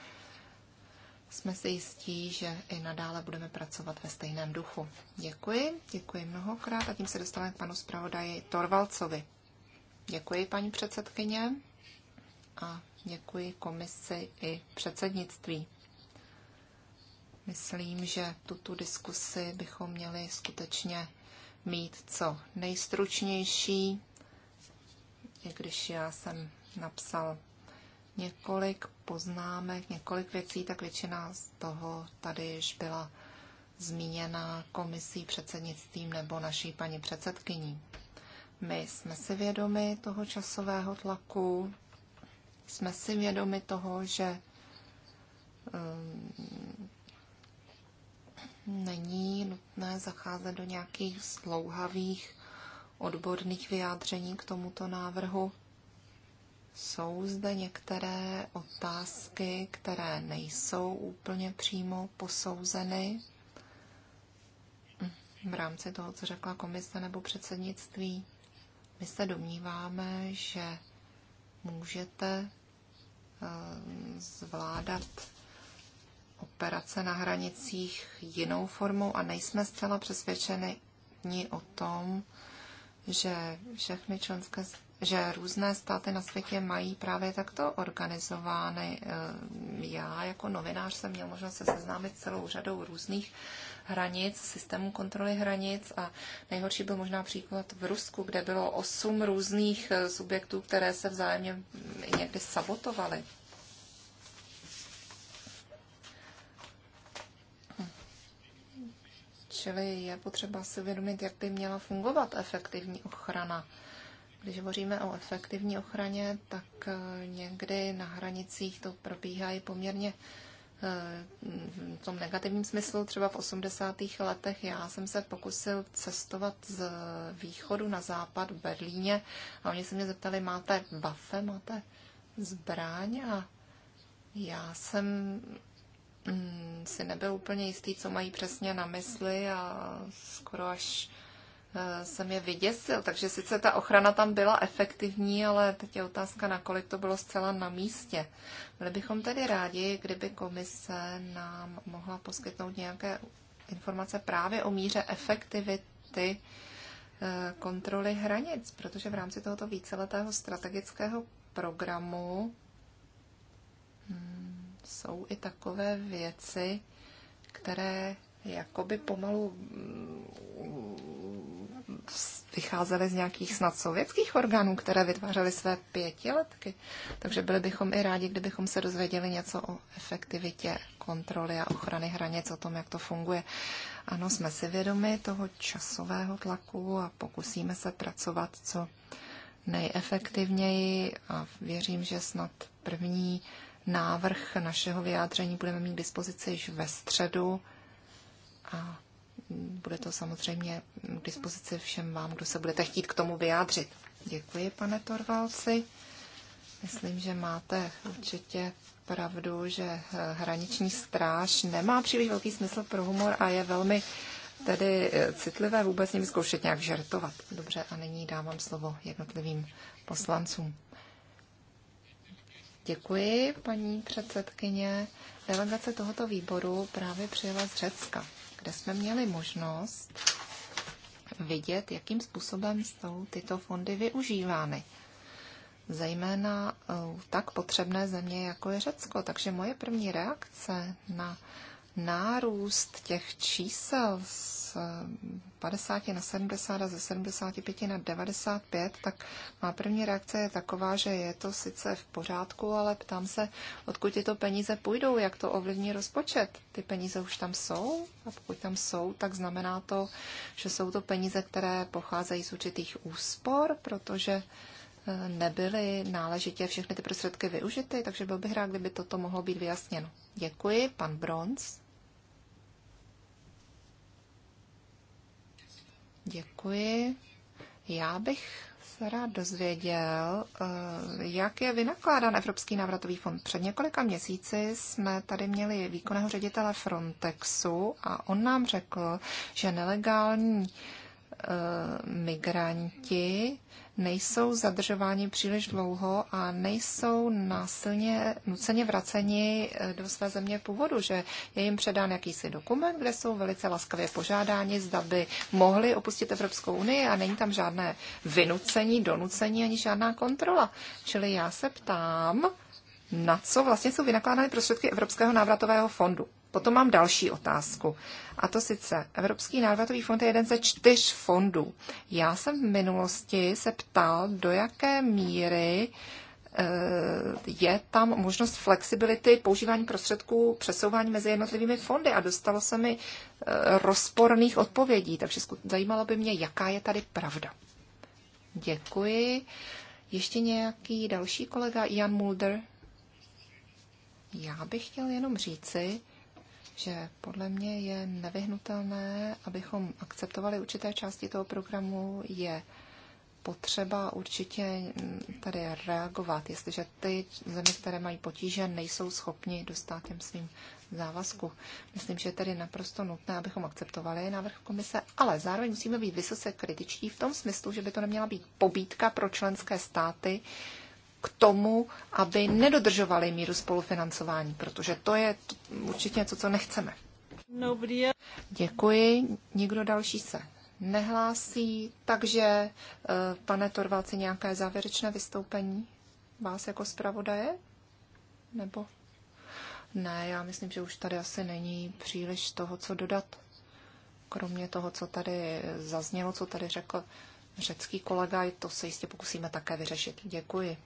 Jsme si jistí, že i nadále budeme pracovat ve stejném duchu. Děkuji, děkuji mnohokrát a tím se dostaneme k panu zpravodaji Torvalcovi. Děkuji, paní předsedkyně, a děkuji komisi i předsednictví. Myslím, že tuto diskusi bychom měli skutečně mít co nejstručnější, i když já jsem napsal několik poznámek, několik věcí, tak většina z toho tady již byla zmíněna komisí, předsednictvím nebo naší paní předsedkyní. My jsme si vědomi toho časového tlaku, jsme si vědomi toho, že um, není nutné zacházet do nějakých slouhavých odborných vyjádření k tomuto návrhu. Jsou zde některé otázky, které nejsou úplně přímo posouzeny v rámci toho, co řekla komise nebo předsednictví. My se domníváme, že můžete eh, zvládat operace na hranicích jinou formou a nejsme zcela přesvědčeni ni o tom, že všechny členské, že různé státy na světě mají právě takto organizovány. Eh, já jako novinář jsem měl možnost se seznámit celou řadou různých hranic, systému kontroly hranic a nejhorší byl možná příklad v Rusku, kde bylo osm různých eh, subjektů, které se vzájemně někdy sabotovaly. Čili je potřeba si uvědomit, jak by měla fungovat efektivní ochrana. Když hovoříme o efektivní ochraně, tak eh, někdy na hranicích to probíhají poměrně eh, v tom negativním smyslu. Třeba v 80. letech já jsem se pokusil cestovat z východu na západ v Berlíně a oni se mě zeptali, máte bafe, máte zbraň a já jsem Mm, si nebyl úplně jistý, co mají přesně na mysli a skoro až eh, jsem je vyděsil. Takže sice ta ochrana tam byla efektivní, ale teď je otázka, nakolik to bylo zcela na místě. Byli bychom tedy rádi, kdyby komise nám mohla poskytnout nějaké informace právě o míře efektivity eh, kontroly hranic, protože v rámci tohoto víceletého strategického programu hmm, jsou i takové věci, které jakoby pomalu mm, vycházely z nějakých snad sovětských orgánů, které vytvářely své pětiletky. Takže byli bychom i rádi, kdybychom se dozvěděli něco o efektivitě kontroly a ochrany hranic, o tom, jak to funguje. Ano, jsme si vědomi toho časového tlaku a pokusíme se pracovat co nejefektivněji a věřím, že snad první Návrh našeho vyjádření budeme mít k dispozici již ve středu a bude to samozřejmě k dispozici všem vám, kdo se budete chtít k tomu vyjádřit. Děkuji, pane Torvalci. Myslím, že máte určitě pravdu, že hraniční stráž nemá příliš velký smysl pro humor a je velmi tedy eh, citlivé vůbec ním zkoušet nějak žertovat. Dobře, a nyní dávám slovo jednotlivým poslancům. Děkuji, paní předsedkyně. Delegace tohoto výboru právě přijela z Řecka, kde jsme měli možnost vidět, jakým způsobem jsou tyto fondy využívány. Zejména eh, tak potřebné země, jako je Řecko. Takže moje první reakce na nárůst těch čísel z 50 eh, na 70 a ze 75 na 95, tak má první reakce je taková, že je to sice v pořádku, ale ptám se, odkud tyto peníze půjdou, jak to ovlivní rozpočet. Ty peníze už tam jsou a pokud tam jsou, tak znamená to, že jsou to peníze, které pocházejí z určitých úspor, protože eh, nebyly náležitě všechny ty prostředky využity, takže byl bych rád, kdyby toto mohlo být vyjasněno. Děkuji, pan Bronz. Děkuji. Já bych se rád dozvěděl, eh, jak je vynakládán Evropský návratový fond. Před několika měsíci jsme tady měli výkonného ředitele Frontexu a on nám řekl, že nelegální eh, migranti nejsou zadržováni příliš dlouho a nejsou násilně nuceně vraceni eh, do své země původu, že je jim předán jakýsi dokument, kde jsou velice laskavě požádáni, zda by mohli opustit Evropskou unii a není tam žádné vynucení, donucení ani žádná kontrola. Čili já se ptám, na co vlastně jsou vynakládány prostředky Evropského návratového fondu. Potom mám další otázku. A to sice, Evropský návratový fond je jeden ze čtyř fondů. Já jsem v minulosti se ptal, do jaké míry eh, je tam možnost flexibility používání prostředků, přesouvání mezi jednotlivými fondy a dostalo se mi eh, rozporných odpovědí, takže zajímalo by mě, jaká je tady pravda. Děkuji. Ještě nějaký další kolega, Jan Mulder? Já bych chtěl jenom říci, že podle mě je nevyhnutelné, abychom akceptovali určité části toho programu, je potřeba určitě mm, tady reagovat, jestliže ty země, které mají potíže, nejsou schopni dostat těm svým závazku. Myslím, že je tedy naprosto nutné, abychom akceptovali návrh komise, ale zároveň musíme být vysoce kritičtí v tom smyslu, že by to neměla být pobídka pro členské státy, k tomu, aby nedodržovali míru spolufinancování, protože to je určitě něco, co nechceme. Děkuji. Nikdo další se nehlásí, takže eh, pane Torvalci, nějaké závěrečné vystoupení vás jako zpravodaje? Nebo? Ne, já myslím, že už tady asi není příliš toho, co dodat. Kromě toho, co tady zaznělo, co tady řekl řecký kolega, to se jistě pokusíme také vyřešit. Děkuji.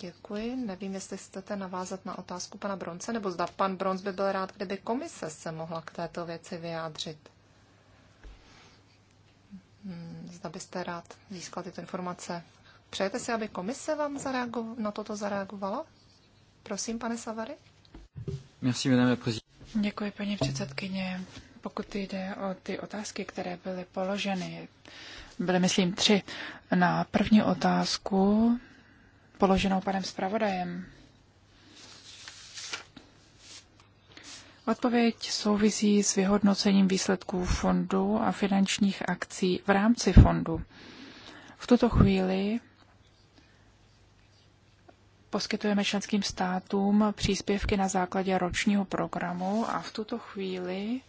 Děkuji. Nevím, jestli chcete navázat na otázku pana Bronce, nebo zda pan Bronc by byl rád, kdyby komise se mohla k této věci vyjádřit. Hmm, zda byste rád získal tyto informace. Přejete si, aby komise vám zareago- na toto zareagovala? Prosím, pane Savary. Merci, madame la Děkuji, paní předsedkyně. Pokud jde o ty otázky, které byly položeny, byly, myslím, tři. Na první otázku položenou panem zpravodajem. Odpověď souvisí s vyhodnocením výsledků fondu a finančních akcí v rámci fondu. V tuto chvíli poskytujeme členským státům příspěvky na základě ročního programu a v tuto chvíli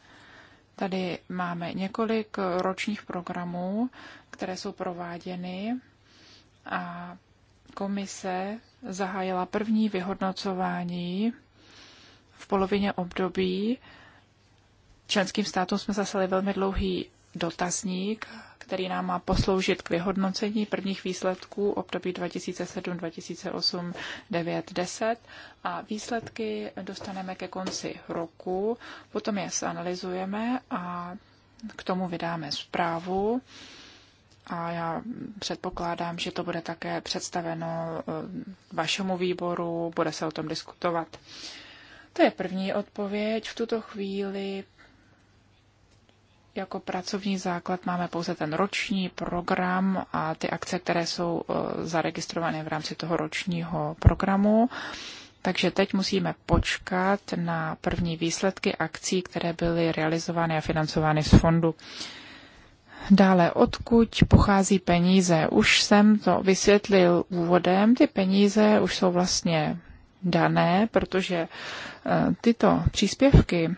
tady máme několik ročních programů, které jsou prováděny a komise zahájila první vyhodnocování v polovině období. Členským státům jsme zaslali velmi dlouhý dotazník, který nám má posloužit k vyhodnocení prvních výsledků období 2007, 2008, 9, 10 a výsledky dostaneme ke konci roku, potom je zanalizujeme a k tomu vydáme zprávu a já předpokládám, že to bude také představeno eh, vašemu výboru, bude se o tom diskutovat. To je první odpověď. V tuto chvíli jako pracovní základ máme pouze ten roční program a ty akce, které jsou eh, zaregistrované v rámci toho ročního programu. Takže teď musíme počkat na první výsledky akcí, které byly realizovány a financovány z fondu. Dále, odkud pochází peníze? Už jsem to vysvětlil úvodem. Ty peníze už jsou vlastně dané, protože eh, tyto příspěvky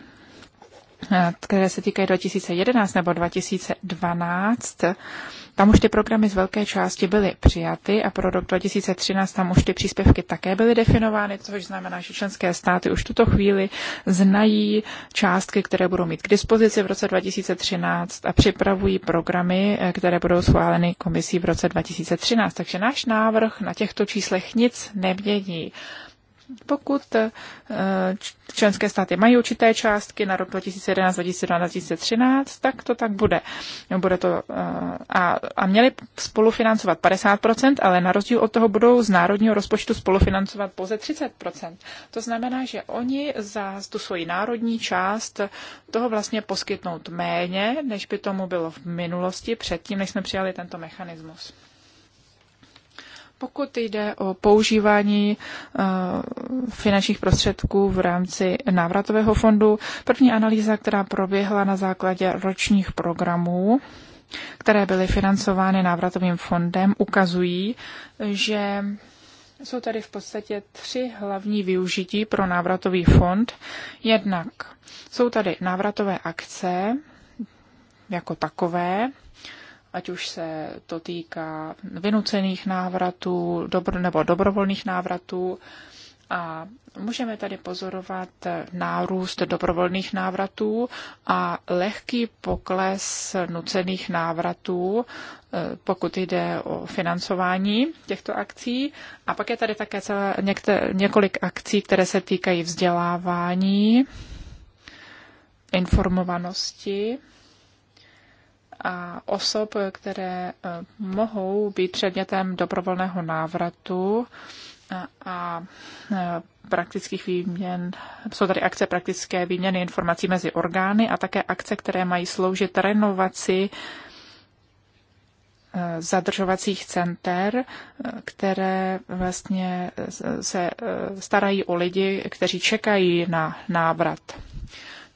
které se týkají 2011 nebo 2012, tam už ty programy z velké části byly přijaty a pro rok 2013 tam už ty příspěvky také byly definovány, což znamená, že členské státy už tuto chvíli znají částky, které budou mít k dispozici v roce 2013 a připravují programy, eh, které budou schváleny komisí v roce 2013. Takže náš návrh na těchto číslech nic nemění. Pokud eh, členské státy mají určité částky na rok 2011, 2012, 2013, tak to tak bude. bude to, eh, a, a měli spolufinancovat 50%, ale na rozdíl od toho budou z národního rozpočtu spolufinancovat pouze 30%. To znamená, že oni za tu svoji národní část toho vlastně poskytnout méně, než by tomu bylo v minulosti, předtím, než jsme přijali tento mechanismus. Pokud jde o používání eh, finančních prostředků v rámci návratového fondu, první analýza, která proběhla na základě ročních programů, které byly financovány návratovým fondem, ukazují, že jsou tady v podstatě tři hlavní využití pro návratový fond. Jednak jsou tady návratové akce jako takové, ať už se to týká vynucených návratů dobro, nebo dobrovolných návratů. A můžeme tady pozorovat nárůst dobrovolných návratů a lehký pokles nucených návratů, eh, pokud jde o financování těchto akcí. A pak je tady také celé někter, několik akcí, které se týkají vzdělávání, informovanosti a osob, které eh, mohou být předmětem dobrovolného návratu a, a eh, praktických výměn, jsou tady akce praktické výměny informací mezi orgány a také akce, které mají sloužit renovaci eh, zadržovacích center, které vlastně se starají o lidi, kteří čekají na návrat.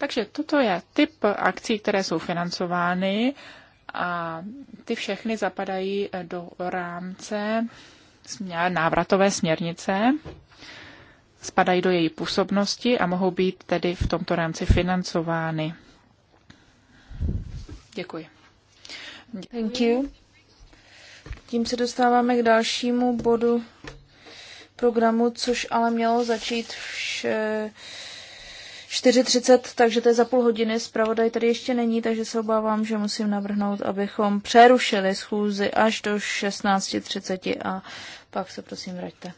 Takže toto je typ akcí, které jsou financovány a ty všechny zapadají eh, do rámce návratové směrnice, spadají do její působnosti a mohou být tedy v tomto rámci financovány. Děkuji. Thank you. Tím se dostáváme k dalšímu bodu programu, což ale mělo začít vše 4.30, takže to je za půl hodiny. Zpravodaj tady ještě není, takže se obávám, že musím navrhnout, abychom přerušili schůzi až do 16.30 a pak se prosím vraťte.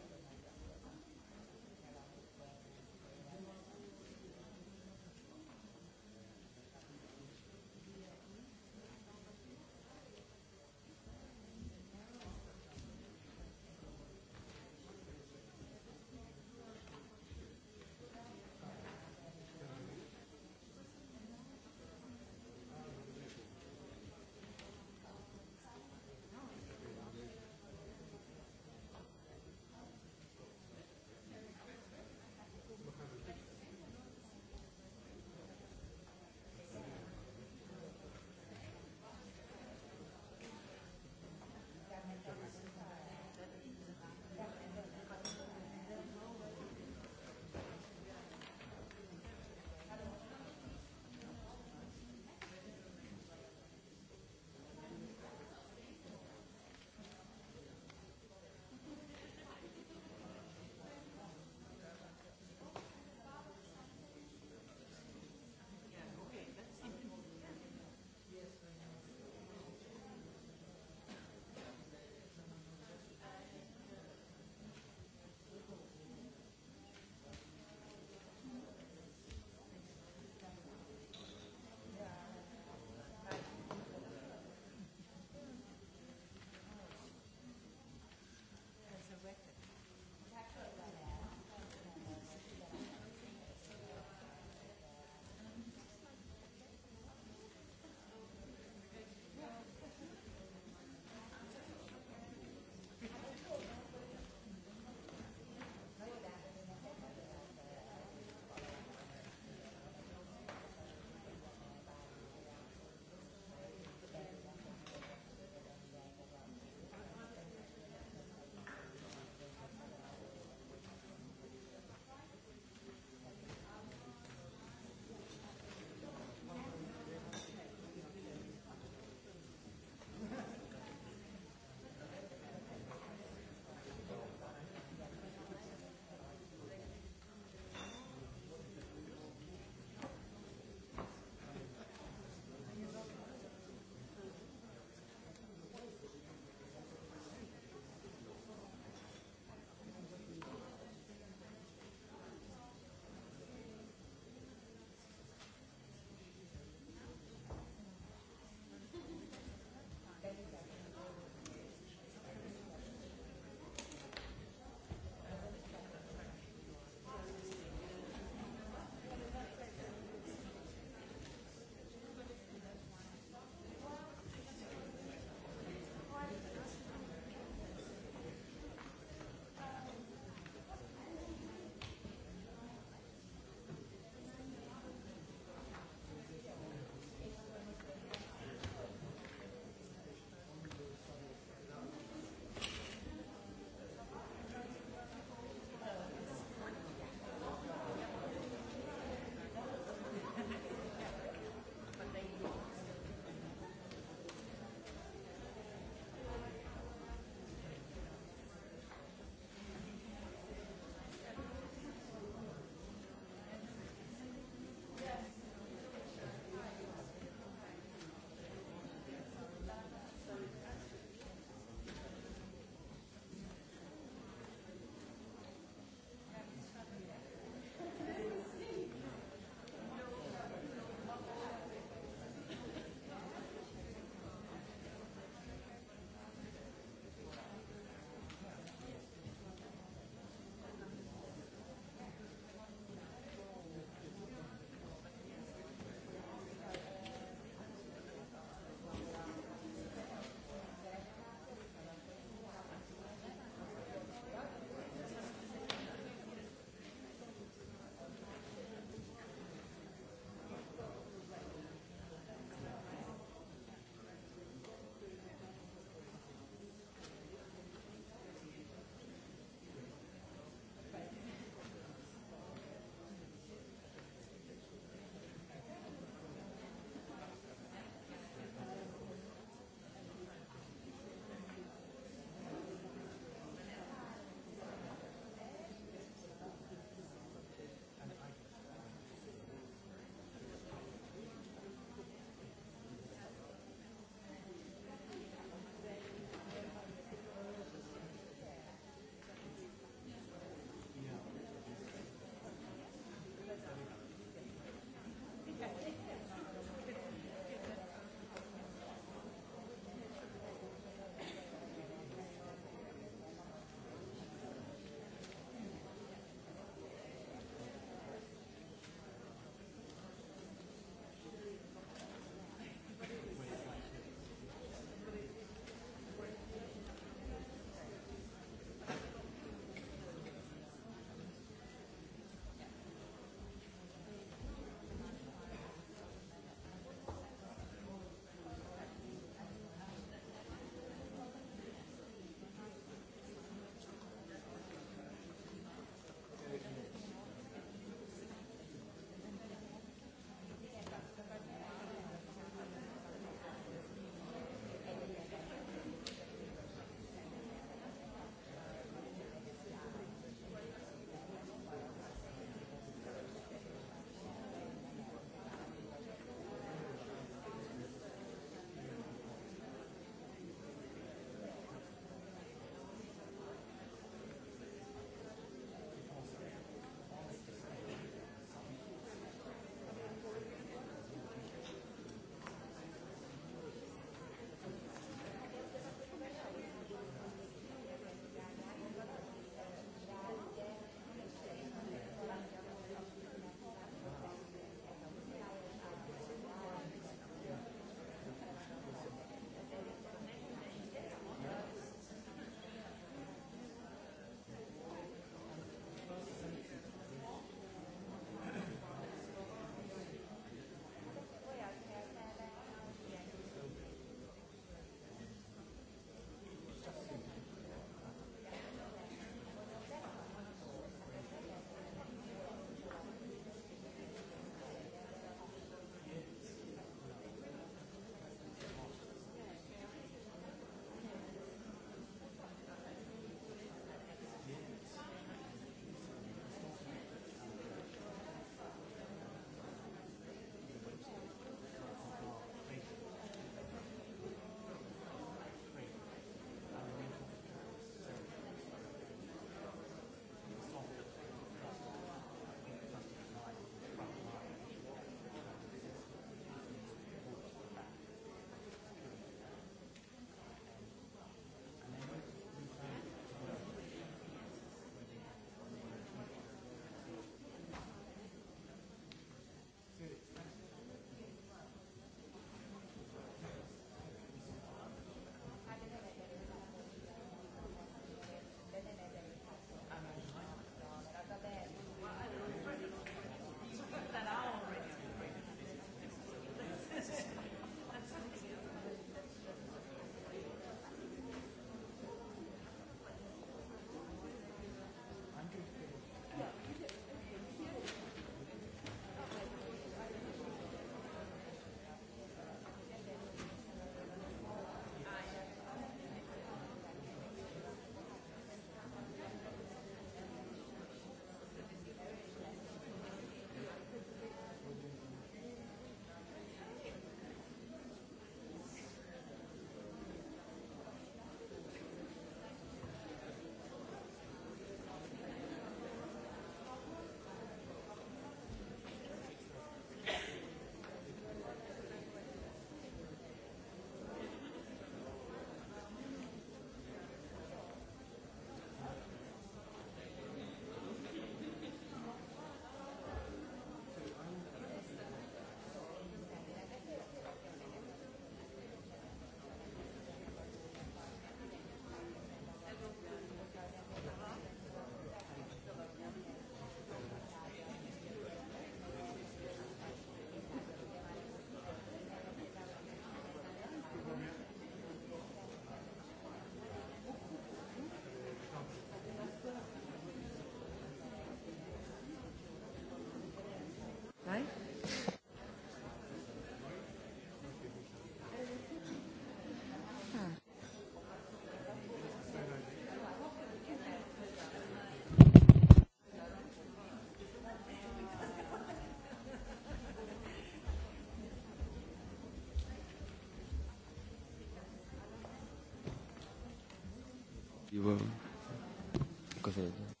Because jako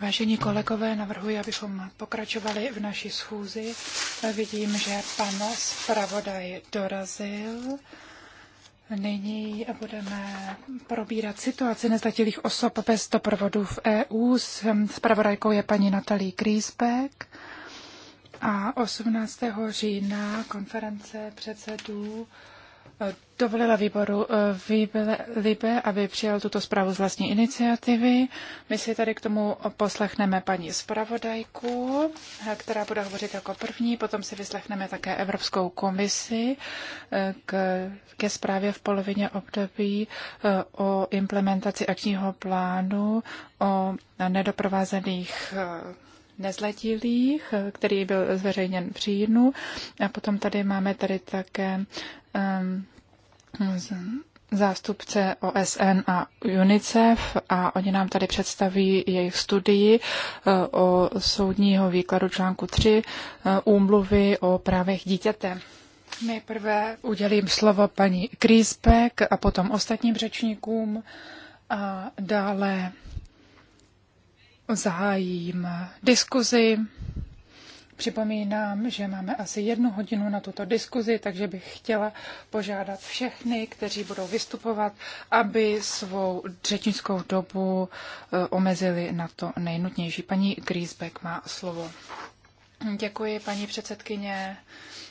Vážení kolegové, navrhuji, abychom pokračovali v naší schůzi. Vidím, že pan zpravodaj dorazil. Nyní budeme probírat situaci nezletilých osob bez doprovodu v EU. Spravodajkou je paní Natalie Griesbeck. A 18. října konference předsedů dovolila výboru eh, Libe, aby přijal tuto zprávu z vlastní iniciativy. My si tady k tomu poslechneme paní zpravodajku, eh, která bude hovořit jako první, potom si vyslechneme také Evropskou komisi eh, k, ke zprávě v polovině období o implementaci akčního plánu o nedoprovázených nezletilých, který byl zveřejněn v říjnu. A potom tady máme tady také zástupce OSN a UNICEF a oni nám tady představí jejich studii e, o soudního výkladu článku 3 e, úmluvy o právech dítěte. Nejprve udělím slovo paní Kriesbeck a potom ostatním řečníkům a dále zahájím diskuzi Připomínám, že máme asi jednu hodinu na tuto diskuzi, takže bych chtěla požádat všechny, kteří budou vystupovat, aby svou řečnickou dobu eh, omezili na to nejnutnější. Paní Griesbeck má slovo. Děkuji, paní předsedkyně,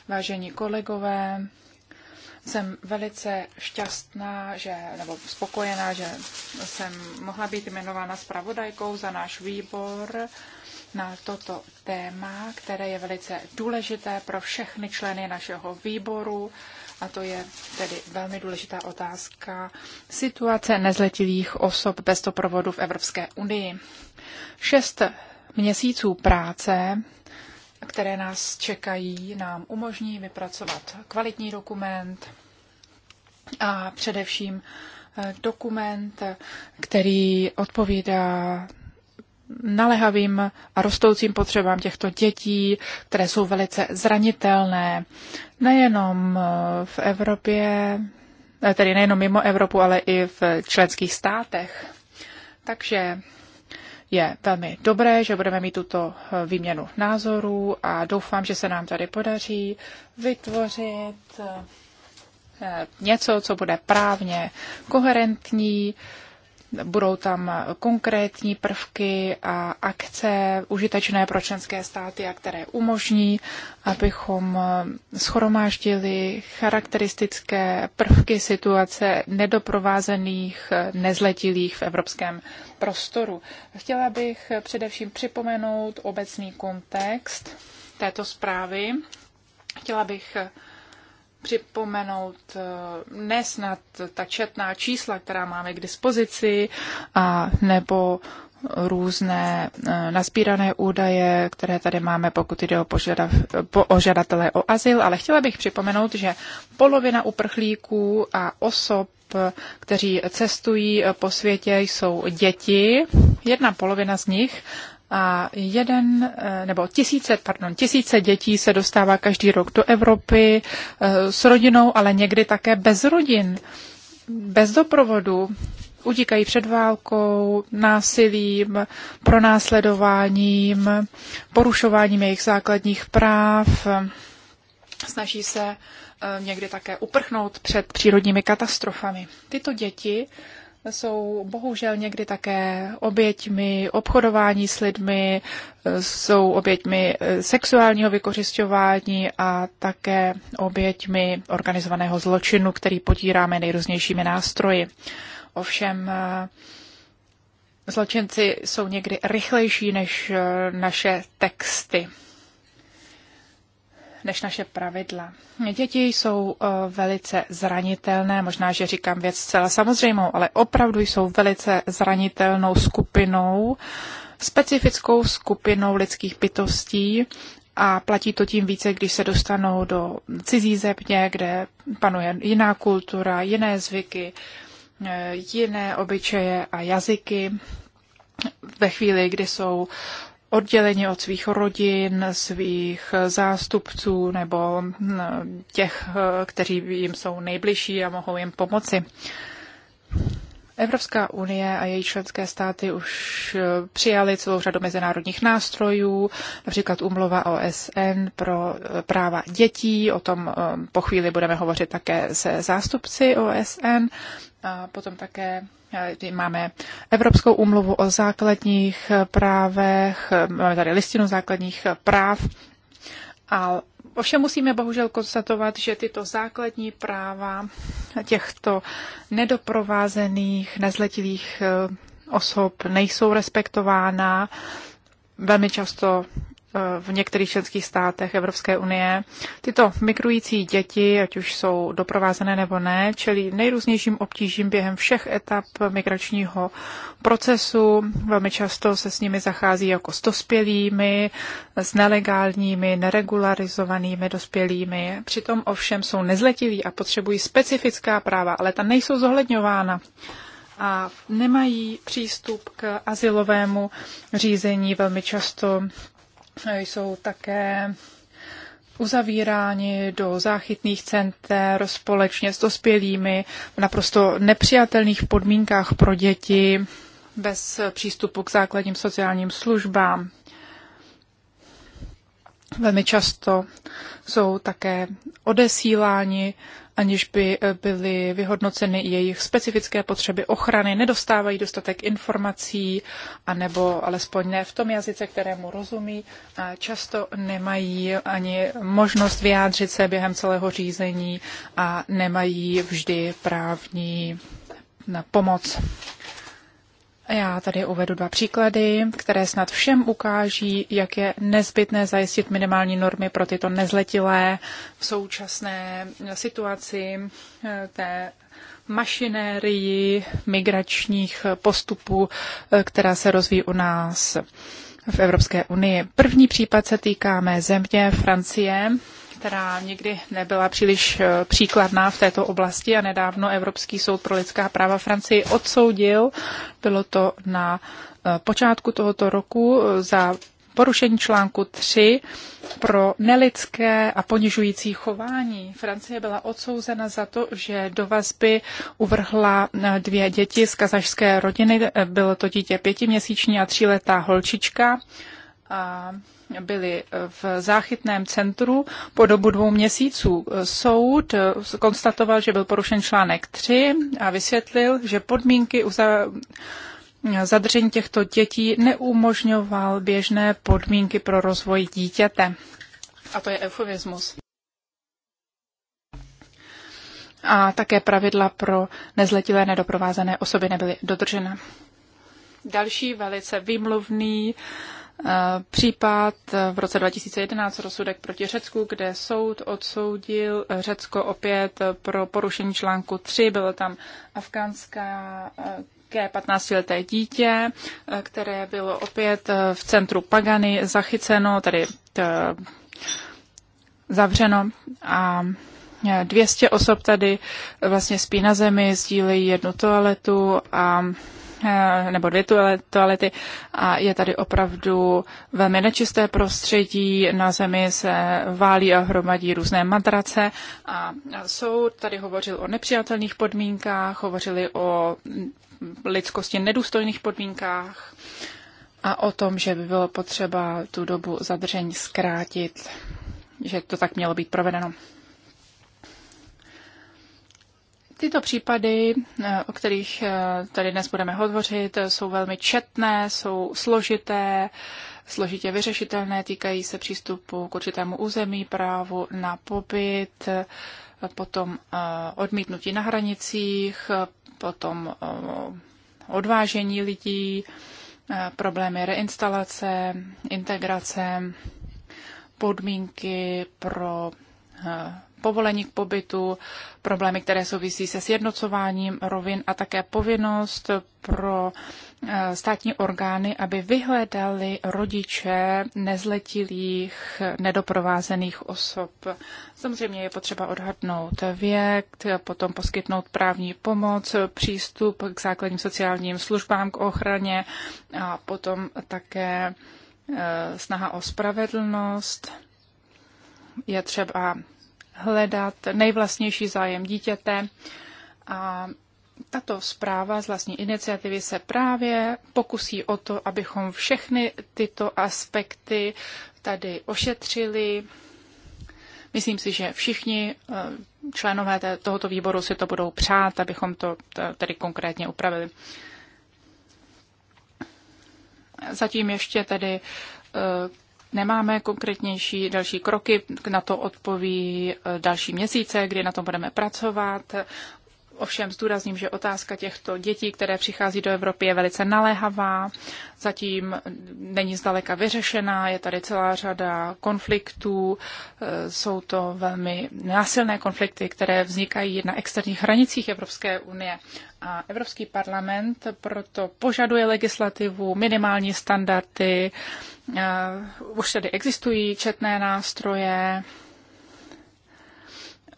vážení kolegové. Jsem velice šťastná, že, nebo spokojená, že jsem mohla být jmenována zpravodajkou za náš výbor na toto téma, které je velice důležité pro všechny členy našeho výboru. A to je tedy velmi důležitá otázka situace nezletilých osob bez doprovodu v Evropské unii. Šest měsíců práce, které nás čekají, nám umožní vypracovat kvalitní dokument a především eh, dokument, který odpovídá nalehavým a rostoucím potřebám těchto dětí, které jsou velice zranitelné nejenom v Evropě, eh, tedy nejenom mimo Evropu, ale i v členských státech. Takže je velmi dobré, že budeme mít tuto eh, výměnu názorů a doufám, že se nám tady podaří vytvořit eh, něco, co bude právně koherentní, budou tam konkrétní prvky a akce užitečné pro členské státy a které umožní, abychom eh, schromáždili charakteristické prvky situace nedoprovázených eh, nezletilých v evropském prostoru. Chtěla bych především připomenout obecný kontext této zprávy. Chtěla bych eh, připomenout eh, nesnad ta četná čísla, která máme k dispozici, a nebo různé eh, nazbírané údaje, které tady máme, pokud jde o, požadav, po, o žadatele o azyl, ale chtěla bych připomenout, že polovina uprchlíků a osob, kteří cestují eh, po světě, jsou děti. Jedna polovina z nich a jeden, eh, nebo tisíce, pardon, tisíce dětí se dostává každý rok do Evropy eh, s rodinou, ale někdy také bez rodin, bez doprovodu. Utíkají před válkou, násilím, pronásledováním, porušováním jejich základních práv. Snaží se eh, někdy také uprchnout před přírodními katastrofami. Tyto děti jsou bohužel někdy také oběťmi obchodování s lidmi, jsou oběťmi sexuálního vykořišťování a také oběťmi organizovaného zločinu, který podíráme nejrůznějšími nástroji. Ovšem, zločinci jsou někdy rychlejší než naše texty než naše pravidla. Děti jsou eh, velice zranitelné, možná, že říkám věc zcela samozřejmou, ale opravdu jsou velice zranitelnou skupinou, specifickou skupinou lidských bytostí a platí to tím více, když se dostanou do cizí země, kde panuje jiná kultura, jiné zvyky, eh, jiné obyčeje a jazyky ve chvíli, kdy jsou odděleni od svých rodin, svých zástupců nebo mm, těch, eh, kteří jim jsou nejbližší a mohou jim pomoci. Evropská unie a její členské státy už eh, přijaly celou řadu mezinárodních nástrojů, například umlova OSN pro eh, práva dětí, o tom po chvíli budeme hovořit také se zástupci OSN, a potom také Máme Evropskou úmluvu o základních právech, máme tady listinu základních práv, ale Ovšem musíme bohužel konstatovat, že tyto základní práva těchto nedoprovázených nezletilých eh, osob nejsou respektována. Velmi často Eh, v některých členských státech Evropské unie. Tyto migrující děti, ať už jsou doprovázené nebo ne, čelí nejrůznějším obtížím během všech etap migračního procesu. Velmi často se s nimi zachází jako s dospělými, s nelegálními, neregularizovanými dospělými. Přitom ovšem jsou nezletilí a potřebují specifická práva, ale ta nejsou zohledňována a nemají přístup k asilovému řízení velmi často jsou také uzavíráni do záchytných center společně s dospělými v naprosto nepřijatelných podmínkách pro děti bez přístupu k základním sociálním službám. Velmi často jsou také odesíláni aniž by eh, byly vyhodnoceny jejich specifické potřeby ochrany, nedostávají dostatek informací, anebo alespoň ne v tom jazyce, kterému rozumí, a často nemají ani možnost vyjádřit se během celého řízení a nemají vždy právní pomoc. Já tady uvedu dva příklady, které snad všem ukáží, jak je nezbytné zajistit minimální normy pro tyto nezletilé v současné situaci eh, té mašinérii migračních postupů, eh, která se rozvíjí u nás v Evropské unii. První případ se týká mé země, Francie která nikdy nebyla příliš eh, příkladná v této oblasti a nedávno Evropský soud pro lidská práva Francii odsoudil, bylo to na eh, počátku tohoto roku eh, za porušení článku 3 pro nelidské a ponižující chování. Francie byla odsouzena za to, že do vazby uvrhla dvě děti z kazašské rodiny. Bylo to dítě pětiměsíční a tříletá holčička. A byli v záchytném centru po dobu dvou měsíců. Soud konstatoval, že byl porušen článek 3 a vysvětlil, že podmínky uzav... zadržení těchto dětí neumožňoval běžné podmínky pro rozvoj dítěte. A to je eufemismus. A také pravidla pro nezletilé nedoprovázené osoby nebyly dodržena. Další velice výmluvný uh, Případ e, v roce 2011 rozsudek proti Řecku, kde soud odsoudil Řecko opět pro porušení článku 3. Bylo tam afgánská e, k 15-leté dítě, e, které bylo opět v centru Pagany zachyceno, tedy t, zavřeno a 200 osob tady vlastně spí na zemi, sdílejí jednu toaletu a Eh, nebo dvě toalety a je tady opravdu velmi nečisté prostředí, na zemi se válí a hromadí různé matrace a soud tady hovořil o nepřijatelných podmínkách, hovořili o lidskosti nedůstojných podmínkách a o tom, že by bylo potřeba tu dobu zadržení zkrátit, že to tak mělo být provedeno. Tyto případy, eh, o kterých eh, tady dnes budeme hovořit, eh, jsou velmi četné, jsou složité, složitě vyřešitelné, týkají se přístupu k určitému území, právu na pobyt, potom odmítnutí na hranicích, potom odvážení lidí, problémy reinstalace, integrace, podmínky pro povolení k pobytu, problémy, které souvisí se sjednocováním rovin a také povinnost pro eh, státní orgány, aby vyhledali rodiče nezletilých nedoprovázených osob. Samozřejmě je potřeba odhadnout věk, potom poskytnout právní pomoc, přístup k základním sociálním službám, k ochraně a potom také eh, snaha o spravedlnost. Je třeba hledat nejvlastnější zájem dítěte. A tato zpráva z vlastní iniciativy se právě pokusí o to, abychom všechny tyto aspekty tady ošetřili. Myslím si, že všichni eh, členové tohoto výboru si to budou přát, abychom to tedy konkrétně upravili. Zatím ještě tedy eh, nemáme konkrétnější další kroky, na to odpoví eh, další měsíce, kdy na tom budeme pracovat. Ovšem zdůrazním, že otázka těchto dětí, které přichází do Evropy, je velice naléhavá, zatím není zdaleka vyřešená, je tady celá řada konfliktů, eh, jsou to velmi násilné konflikty, které vznikají na externích hranicích Evropské unie. A Evropský parlament proto požaduje legislativu, minimální standardy, eh, už tady existují četné nástroje,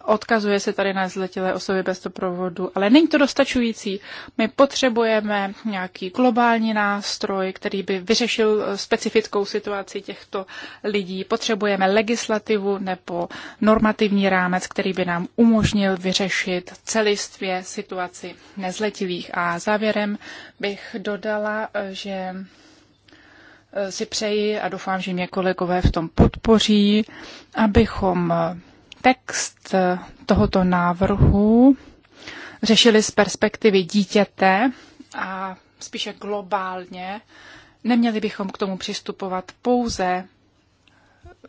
Odkazuje se tady na zletilé osoby bez doprovodu, ale není to dostačující. My potřebujeme nějaký globální nástroj, který by vyřešil eh, specifickou situaci těchto lidí. Potřebujeme legislativu nebo normativní rámec, který by nám umožnil vyřešit celistvě situaci nezletilých. A závěrem bych dodala, eh, že eh, si přeji a doufám, že mě kolegové v tom podpoří, abychom text eh, tohoto návrhu řešili z perspektivy dítěte a spíše globálně, neměli bychom k tomu přistupovat pouze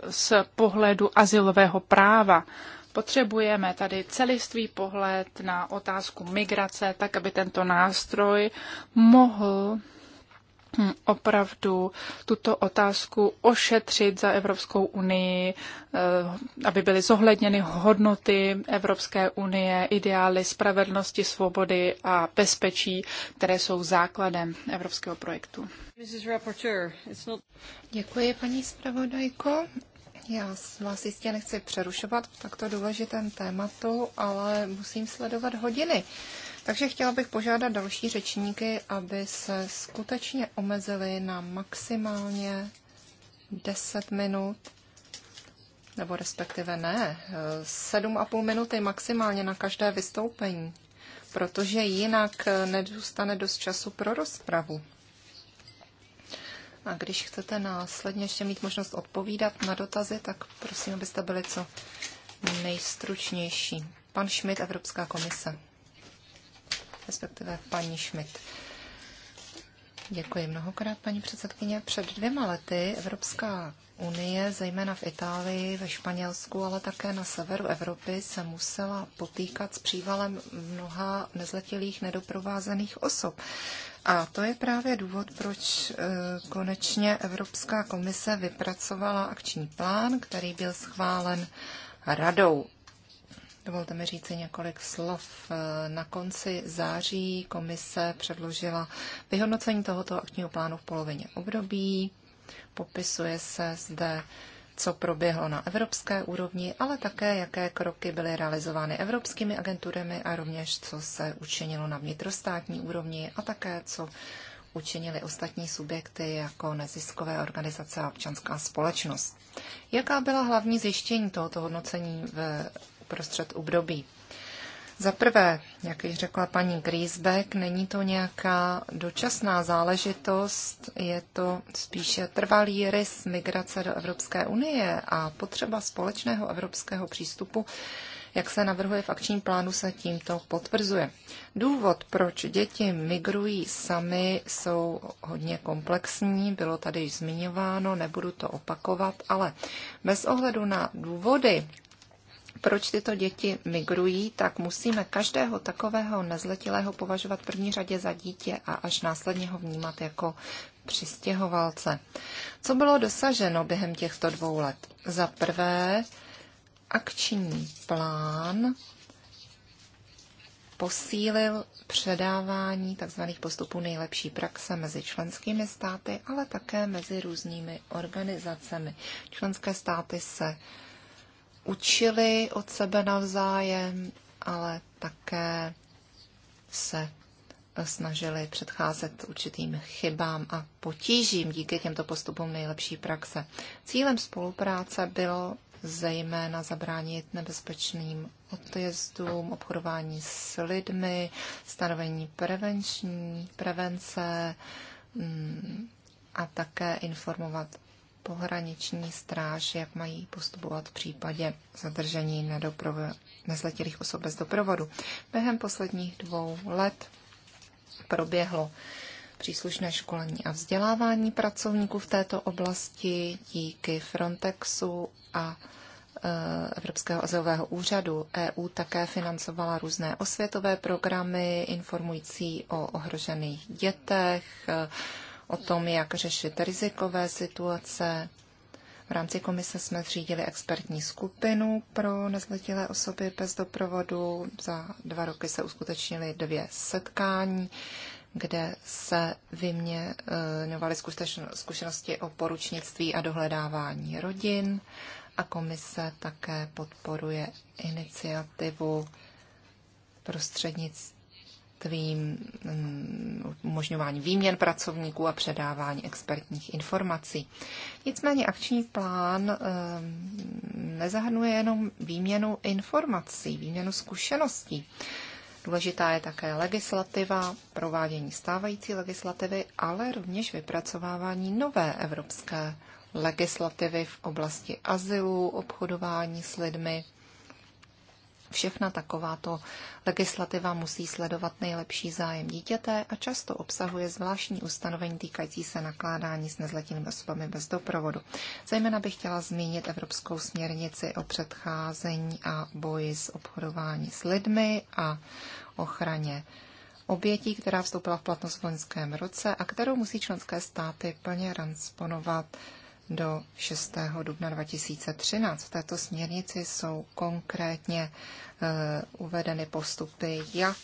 z pohledu asilového práva. Potřebujeme tady celistvý pohled na otázku migrace, tak aby tento nástroj mohl Hm, opravdu tuto otázku ošetřit za Evropskou unii, eh, aby byly zohledněny hodnoty Evropské unie, ideály spravedlnosti, svobody a bezpečí, které jsou základem evropského projektu. Děkuji, paní zpravodajko. Já vás jistě nechci přerušovat v takto důležitém tématu, ale musím sledovat hodiny. Takže chtěla bych požádat další řečníky, aby se skutečně omezili na maximálně 10 minut, nebo respektive ne, 7,5 minuty maximálně na každé vystoupení, protože jinak nedostane dost času pro rozpravu. A když chcete následně ještě mít možnost odpovídat na dotazy, tak prosím, abyste byli co nejstručnější. Pan Schmidt, Evropská komise respektive paní Schmidt. Děkuji mnohokrát, paní předsedkyně. Před dvěma lety Evropská unie, zejména v Itálii, ve Španělsku, ale také na severu Evropy, se musela potýkat s přívalem mnoha nezletilých nedoprovázených osob. A to je právě důvod, proč eh, konečně Evropská komise vypracovala akční plán, který byl schválen radou Dovolte mi říci několik slov. Na konci září komise předložila vyhodnocení tohoto akčního plánu v polovině období. Popisuje se zde co proběhlo na evropské úrovni, ale také jaké kroky byly realizovány evropskými agenturami a rovněž co se učinilo na vnitrostátní úrovni a také co učinili ostatní subjekty jako neziskové organizace a občanská společnost. Jaká byla hlavní zjištění tohoto hodnocení v uprostřed období. Za prvé, jak již řekla paní Griesbeck, není to nějaká dočasná záležitost, je to spíše trvalý rys migrace do Evropské unie a potřeba společného evropského přístupu, jak se navrhuje v akčním plánu, se tímto potvrzuje. Důvod, proč děti migrují sami, jsou hodně komplexní, bylo tady již zmiňováno, nebudu to opakovat, ale bez ohledu na důvody, proč tyto děti migrují, tak musíme každého takového nezletilého považovat v první řadě za dítě a až následně ho vnímat jako přistěhovalce. Co bylo dosaženo během těchto dvou let? Za prvé, akční plán posílil předávání tzv. postupů nejlepší praxe mezi členskými státy, ale také mezi různými organizacemi. Členské státy se učili od sebe navzájem, ale také se snažili předcházet určitým chybám a potížím díky těmto postupům nejlepší praxe. Cílem spolupráce bylo zejména zabránit nebezpečným odjezdům, obchodování s lidmi, stanovení prevenční, prevence mm, a také informovat pohraniční stráž, jak mají postupovat v případě zadržení nezletělých osob bez doprovodu. Během posledních dvou let proběhlo příslušné školení a vzdělávání pracovníků v této oblasti díky Frontexu a e, Evropského azylového úřadu. EU také financovala různé osvětové programy informující o ohrožených dětech, e, o tom, jak řešit rizikové situace. V rámci komise jsme zřídili expertní skupinu pro nezletilé osoby bez doprovodu. Za dva roky se uskutečnily dvě setkání, kde se vyměňovaly zkušenosti o poručnictví a dohledávání rodin a komise také podporuje iniciativu prostřednictví tvým mm, umožňování výměn pracovníků a předávání expertních informací. Nicméně akční plán mm, nezahrnuje jenom výměnu informací, výměnu zkušeností. Důležitá je také legislativa, provádění stávající legislativy, ale rovněž vypracovávání nové evropské legislativy v oblasti azylu, obchodování s lidmi, Všechna takováto legislativa musí sledovat nejlepší zájem dítěte a často obsahuje zvláštní ustanovení týkající se nakládání s nezletilými osobami bez doprovodu. Zejména bych chtěla zmínit Evropskou směrnici o předcházení a boji s obchodování s lidmi a ochraně obětí, která vstoupila v platnost v loňském roce a kterou musí členské státy plně transponovat do 6. dubna 2013. V této směrnici jsou konkrétně eh, uvedeny postupy, jak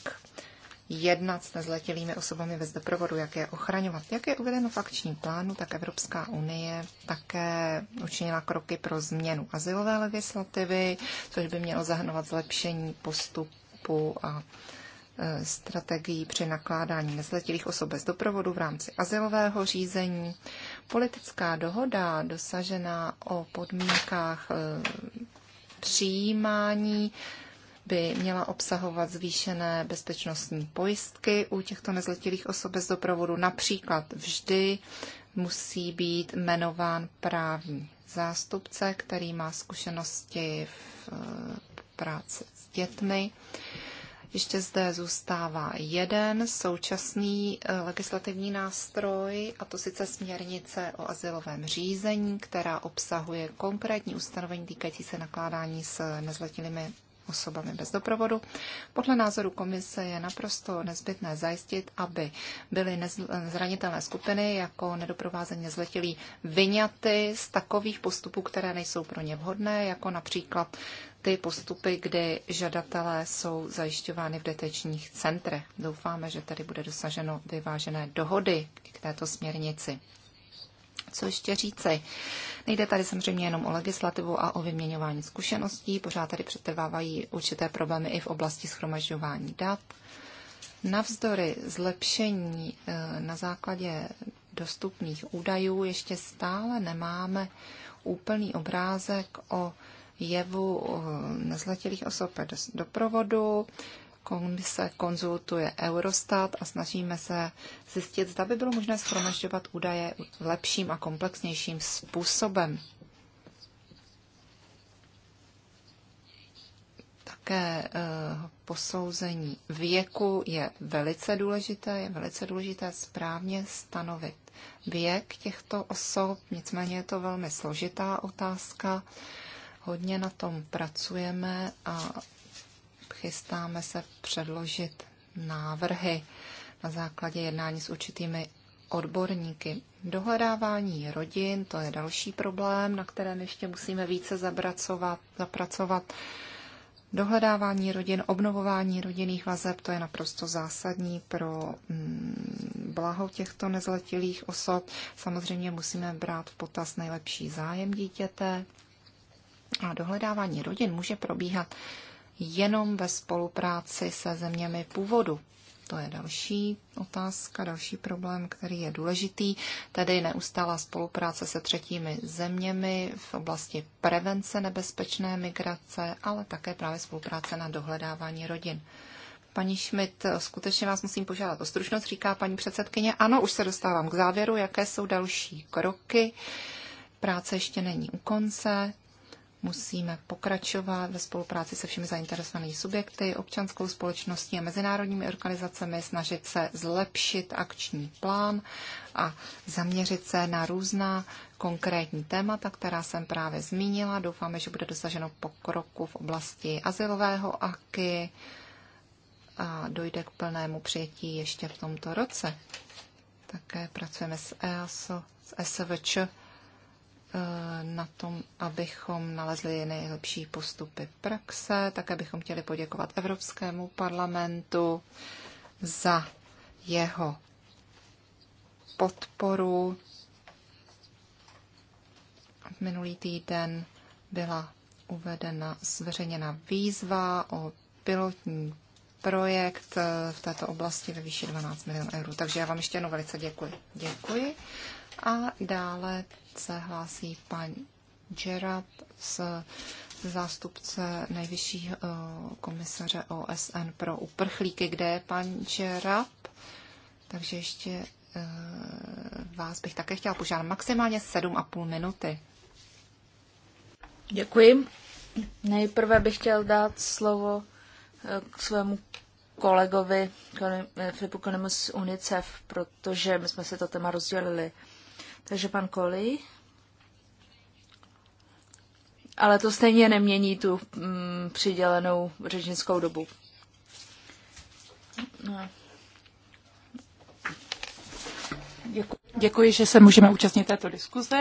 jednat s nezletilými osobami ve zdeprovodu, jak je ochraňovat. Jak je uvedeno v akčním plánu, tak Evropská unie také učinila kroky pro změnu azylové legislativy, což by mělo zahrnovat zlepšení postupu a Eh, strategií při nakládání nezletilých osob bez doprovodu v rámci azylového řízení. Politická dohoda dosažená o podmínkách eh, přijímání by měla obsahovat zvýšené bezpečnostní pojistky u těchto nezletilých osob bez doprovodu. Například vždy musí být jmenován právní zástupce, který má zkušenosti v eh, práci s dětmi. Ještě zde zůstává jeden současný eh, legislativní nástroj, a to sice směrnice o asilovém řízení, která obsahuje konkrétní ustanovení týkající se nakládání s nezletilými osobami bez doprovodu. Podle názoru komise je naprosto nezbytné zajistit, aby byly zranitelné skupiny jako nedoprovázeně nezletilí vyňaty z takových postupů, které nejsou pro ně vhodné, jako například ty postupy, kdy žadatelé jsou zajišťovány v detečních centrech. Doufáme, že tady bude dosaženo vyvážené dohody k této směrnici. Co ještě říci? Nejde tady samozřejmě jenom o legislativu a o vyměňování zkušeností, pořád tady přetrvávají určité problémy i v oblasti schromažďování dat. Navzdory zlepšení eh, na základě dostupných údajů ještě stále nemáme úplný obrázek o jevu eh, nezletilých osob bez doprovodu. Komise konzultuje Eurostat a snažíme se zjistit, zda by bylo možné schromažďovat údaje lepším a komplexnějším způsobem. Také eh, posouzení věku je velice důležité, je velice důležité správně stanovit věk těchto osob, nicméně je to velmi složitá otázka. Hodně na tom pracujeme a chystáme se předložit návrhy na základě jednání s určitými odborníky. Dohledávání rodin, to je další problém, na kterém ještě musíme více zabracovat, zapracovat. Dohledávání rodin, obnovování rodinných vazeb, to je naprosto zásadní pro mm, blaho těchto nezletilých osob. Samozřejmě musíme brát v potaz nejlepší zájem dítěte, a dohledávání rodin může probíhat jenom ve spolupráci se zeměmi původu. To je další otázka, další problém, který je důležitý, tedy neustálá spolupráce se třetími zeměmi v oblasti prevence nebezpečné migrace, ale také právě spolupráce na dohledávání rodin. Paní Schmidt, skutečně vás musím požádat o stručnost, říká paní předsedkyně. Ano, už se dostávám k závěru, jaké jsou další kroky. Práce ještě není u konce, Musíme pokračovat ve spolupráci se všemi zainteresovanými subjekty, občanskou společností a mezinárodními organizacemi, snažit se zlepšit akční plán a zaměřit se na různá konkrétní témata, která jsem právě zmínila. Doufáme, že bude dosaženo pokroku v oblasti azylového aky a dojde k plnému přijetí ještě v tomto roce. Také pracujeme s EASO, s SVČ Eh, na tom, abychom nalezli nejlepší postupy praxe. Také bychom chtěli poděkovat Evropskému parlamentu za jeho podporu. V Minulý týden byla uvedena zveřejněna výzva o pilotní projekt eh, v této oblasti ve výši 12 milionů eur. Takže já vám ještě jednou velice děkuji. Děkuji. A dále se hlásí pan Gerard z zástupce nejvyšší eh, komisaře OSN pro uprchlíky, kde je pan Gerard. Takže ještě eh, vás bych také chtěla požádat maximálně 7,5 minuty. Děkuji. Nejprve bych chtěl dát slovo eh, k svému kolegovi Filipu Konemu z UNICEF, protože my jsme se to téma rozdělili. Takže pan Koli. Ale to stejně nemění tu mm, přidělenou řečnickou dobu. No. Děkuji. Děkuji, že se můžeme účastnit této diskuze.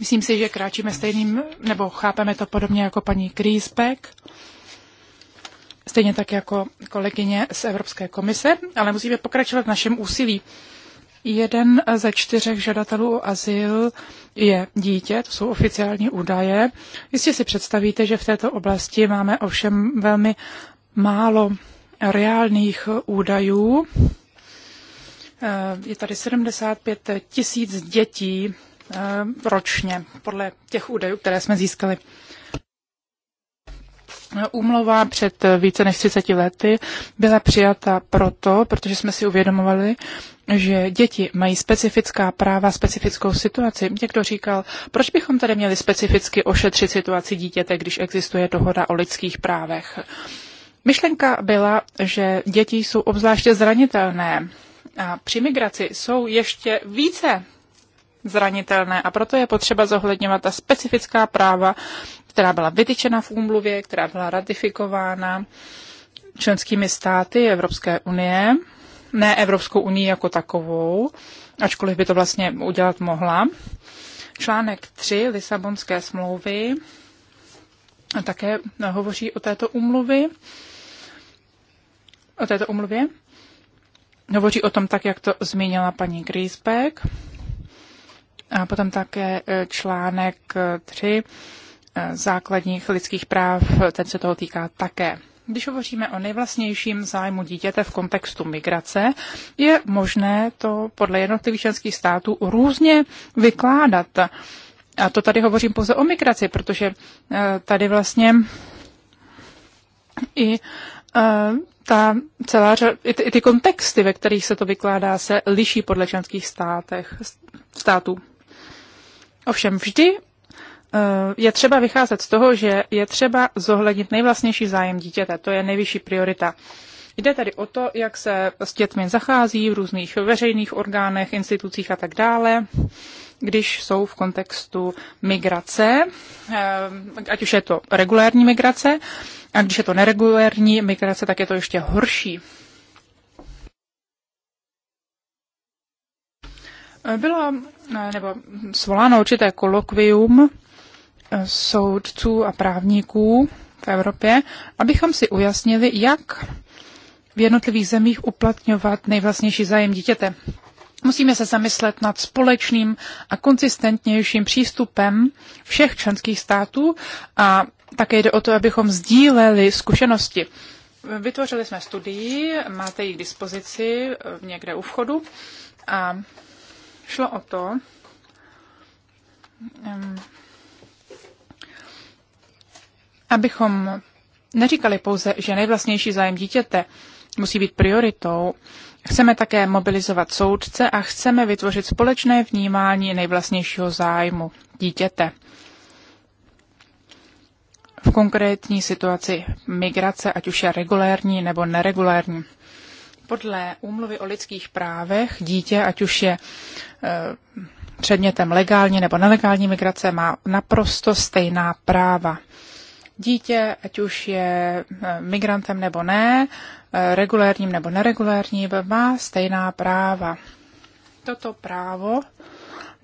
Myslím si, že kráčíme stejným, nebo chápeme to podobně jako paní Griesbeck stejně tak jako kolegyně z Evropské komise, ale musíme pokračovat v našem úsilí. Jeden ze čtyřech žadatelů o azyl je dítě, to jsou oficiální údaje. Jistě si představíte, že v této oblasti máme ovšem velmi málo reálných údajů. Eh, je tady 75 tisíc dětí eh, ročně, podle těch údajů, které jsme získali. Úmluva před eh, více než 30 lety byla přijata proto, protože jsme si uvědomovali, že děti mají specifická práva, specifickou situaci. Někdo říkal, proč bychom tady měli specificky ošetřit situaci dítěte, když existuje dohoda o lidských právech. Myšlenka byla, že děti jsou obzvláště zranitelné a při migraci jsou ještě více zranitelné a proto je potřeba zohledňovat ta specifická práva která byla vytyčena v úmluvě, která byla ratifikována členskými státy Evropské unie, ne Evropskou unii jako takovou, ačkoliv by to vlastně udělat mohla. Článek 3 Lisabonské smlouvy také hovoří o této umluvě, o této umluvě. Hovoří o tom tak, jak to zmínila paní Griesbeck. A potom také eh, článek 3 eh, základních lidských práv, ten se toho týká také. Když hovoříme o nejvlastnějším zájmu dítěte v kontextu migrace, je možné to podle jednotlivých členských států různě vykládat. A to tady hovořím pouze o migraci, protože eh, tady vlastně i eh, ta celá i ty, i ty kontexty, ve kterých se to vykládá, se liší podle členských státech, států. Ovšem vždy je třeba vycházet z toho, že je třeba zohlednit nejvlastnější zájem dítěte. To je nejvyšší priorita. Jde tedy o to, jak se s dětmi zachází v různých veřejných orgánech, institucích a tak dále, když jsou v kontextu migrace, eh, ať už je to regulární migrace, a když je to neregulární migrace, tak je to ještě horší. Bylo eh, nebo svoláno určité kolokvium soudců a právníků v Evropě, abychom si ujasnili, jak v jednotlivých zemích uplatňovat nejvlastnější zájem dítěte. Musíme se zamyslet nad společným a konzistentnějším přístupem všech členských států a také jde o to, abychom sdíleli zkušenosti. Vytvořili jsme studii, máte ji k dispozici eh, někde u vchodu a šlo o to, abychom neříkali pouze, že nejvlastnější zájem dítěte musí být prioritou, Chceme také mobilizovat soudce a chceme vytvořit společné vnímání nejvlastnějšího zájmu dítěte. V konkrétní situaci migrace, ať už je regulérní nebo neregulérní. Podle úmluvy o lidských právech dítě, ať už je e, předmětem legální nebo nelegální migrace, má naprosto stejná práva dítě, ať už je e, migrantem nebo ne, e, regulérním nebo neregulérním, má stejná práva. Toto právo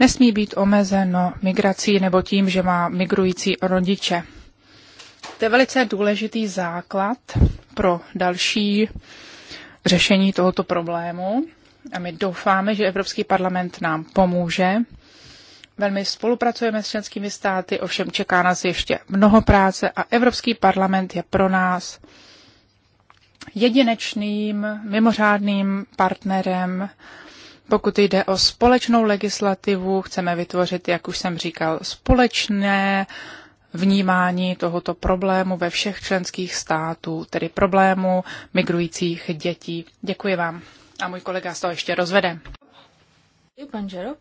nesmí být omezeno migrací nebo tím, že má migrující rodiče. To je velice důležitý základ pro další řešení tohoto problému a my doufáme, že Evropský parlament nám pomůže Velmi spolupracujeme s členskými státy, ovšem čeká nás ještě mnoho práce a Evropský parlament je pro nás jedinečným, mimořádným partnerem. Pokud jde o společnou legislativu, chceme vytvořit, jak už jsem říkal, společné vnímání tohoto problému ve všech členských států, tedy problému migrujících dětí. Děkuji vám. A můj kolega z toho ještě rozvede. Pan Žerob.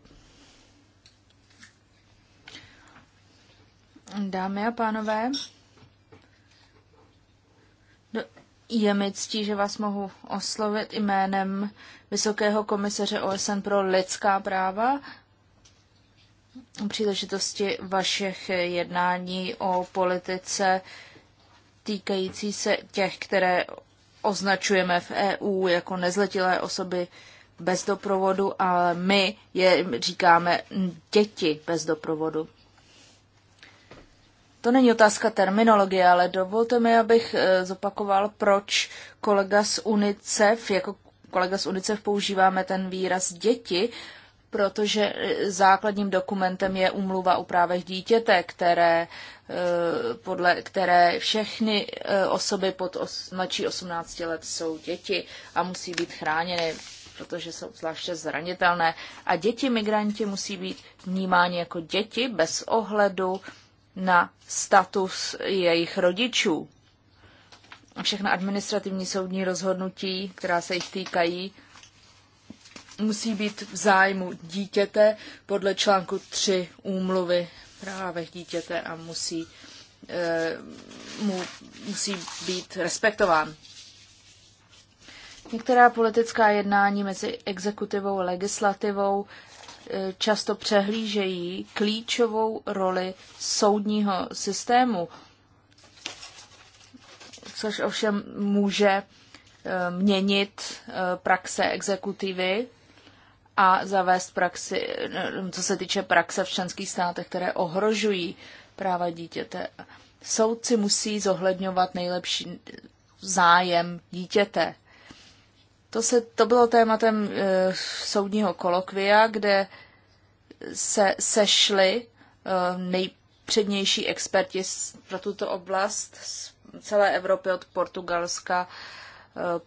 Dámy a pánové, je mi ctí, že vás mohu oslovit jménem Vysokého komisaře OSN pro lidská práva u příležitosti vašich jednání o politice týkající se těch, které označujeme v EU jako nezletilé osoby bez doprovodu, ale my je říkáme děti bez doprovodu. To není otázka terminologie, ale dovolte mi, abych eh, zopakoval, proč kolega z UNICEF, jako kolega z UNICEF používáme ten výraz děti, protože eh, základním dokumentem je umluva o právech dítěte, které, eh, podle které všechny osoby pod os, mladší 18 let jsou děti a musí být chráněny, protože jsou zvláště zranitelné. A děti migranti musí být vnímáni jako děti bez ohledu na status jejich rodičů. Všechna administrativní soudní rozhodnutí, která se jich týkají, musí být v zájmu dítěte podle článku 3 úmluvy právech dítěte a musí, e, mu, musí být respektován. Některá politická jednání mezi exekutivou a legislativou často přehlížejí klíčovou roli soudního systému, což ovšem může eh, měnit eh, praxe exekutivy a zavést praxi, eh, co se týče praxe v členských státech, které ohrožují práva dítěte. Soudci musí zohledňovat nejlepší zájem dítěte to, se, to bylo tématem e, soudního kolokvia, kde se sešli e, nejpřednější experti pro tuto oblast z celé Evropy od Portugalska e,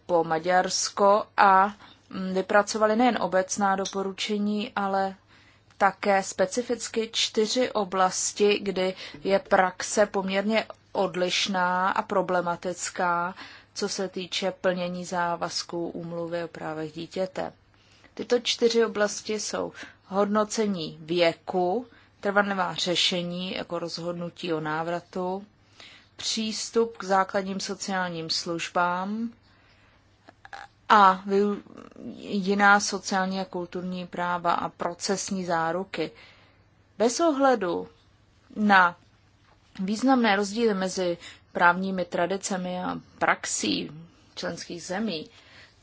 po Maďarsko a mm, vypracovali nejen obecná doporučení, ale také specificky čtyři oblasti, kdy je praxe poměrně odlišná a problematická co se týče plnění závazků úmluvy o právech dítěte. Tyto čtyři oblasti jsou hodnocení věku, trvanlivá řešení jako rozhodnutí o návratu, přístup k základním sociálním službám a jiná sociální a kulturní práva a procesní záruky. Bez ohledu na významné rozdíly mezi právními tradicemi a praxí členských zemí,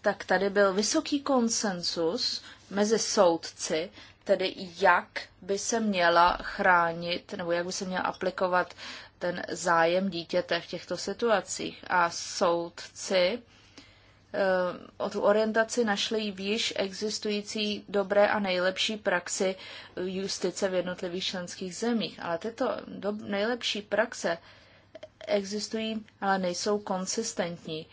tak tady byl vysoký konsensus mezi soudci, tedy jak by se měla chránit nebo jak by se měla aplikovat ten zájem dítěte v těchto situacích. A soudci eh, o tu orientaci našli v již existující dobré a nejlepší praxi justice v jednotlivých členských zemích. Ale tyto nejlepší praxe existují, ale nejsou konsistentní.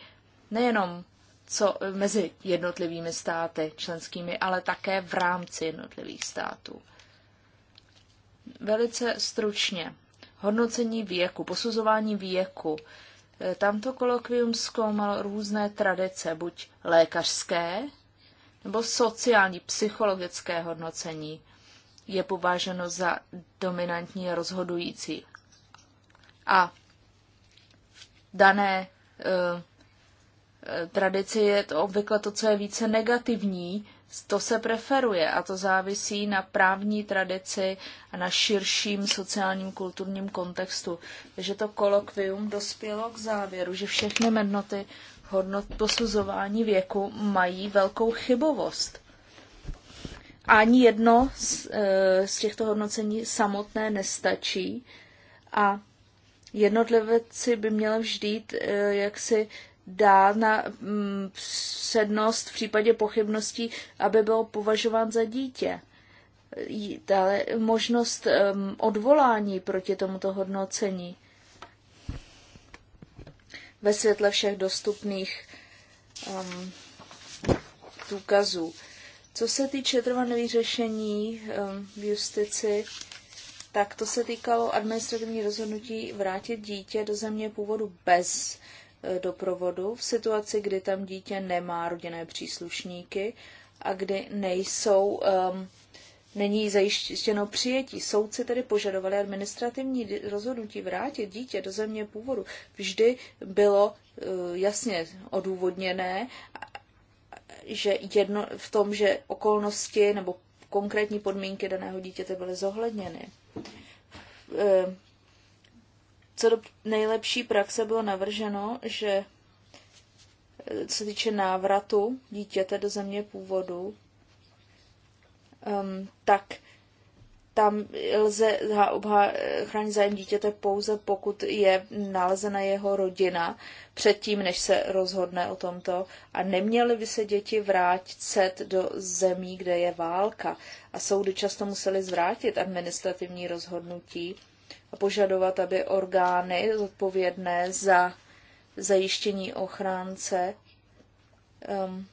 Nejenom co mezi jednotlivými státy členskými, ale také v rámci jednotlivých států. Velice stručně. Hodnocení věku, posuzování věku. E, Tamto kolokvium zkoumalo různé tradice, buď lékařské nebo sociální, psychologické hodnocení je považeno za dominantní a rozhodující. A dané eh, tradici je to obvykle to, co je více negativní, to se preferuje a to závisí na právní tradici a na širším sociálním kulturním kontextu. Takže to kolokvium dospělo k závěru, že všechny mednoty hodnot posuzování věku mají velkou chybovost. Ani jedno z, eh, z těchto hodnocení samotné nestačí a Jednotlivci by měli vždy eh, jít, si dá na mm, přednost v případě pochybností, aby byl považován za dítě. Dále možnost odvolání proti tomuto hodnocení ve světle všech dostupných um, důkazů. Co se týče trvanlivých řešení um, v justici, tak to se týkalo administrativní rozhodnutí vrátit dítě do země původu bez e, doprovodu v situaci, kdy tam dítě nemá rodinné příslušníky a kdy nejsou, um, není zajištěno přijetí. Soudci tedy požadovali administrativní rozhodnutí vrátit dítě do země původu. Vždy bylo uh, jasně odůvodněné, že jedno, v tom, že okolnosti nebo konkrétní podmínky daného dítěte byly zohledněny. Eh, co do nejlepší praxe bylo navrženo, že eh, co se týče návratu dítěte do země původu, ehm, tak tam lze chránit zájem dítěte pouze, pokud je nalezena jeho rodina předtím, než se rozhodne o tomto. A neměly by se děti vrátit do zemí, kde je válka. A soudy často museli zvrátit administrativní rozhodnutí a požadovat, aby orgány zodpovědné za zajištění ochránce um,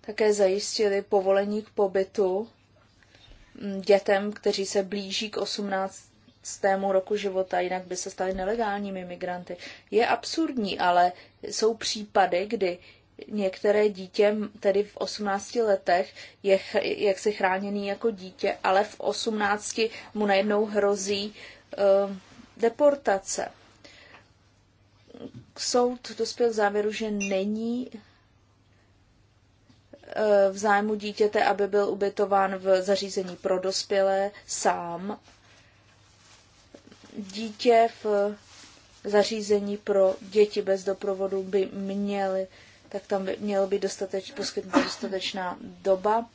také zajistili povolení k pobytu Mm, dětem, kteří se blíží k 18 roku života, jinak by se stali nelegálními migranty. Je absurdní, ale jsou případy, kdy některé dítě, tedy v 18 letech, je jaksi chráněný jako dítě, ale v 18 mu najednou hrozí uh, deportace. Soud dospěl k závěru, že není Eh, v zájmu dítěte, aby byl ubytován v zařízení pro dospělé sám. Dítě v zařízení pro děti bez doprovodu by měly, tak tam by měl být dostateč, poskytnout dostatečná doba.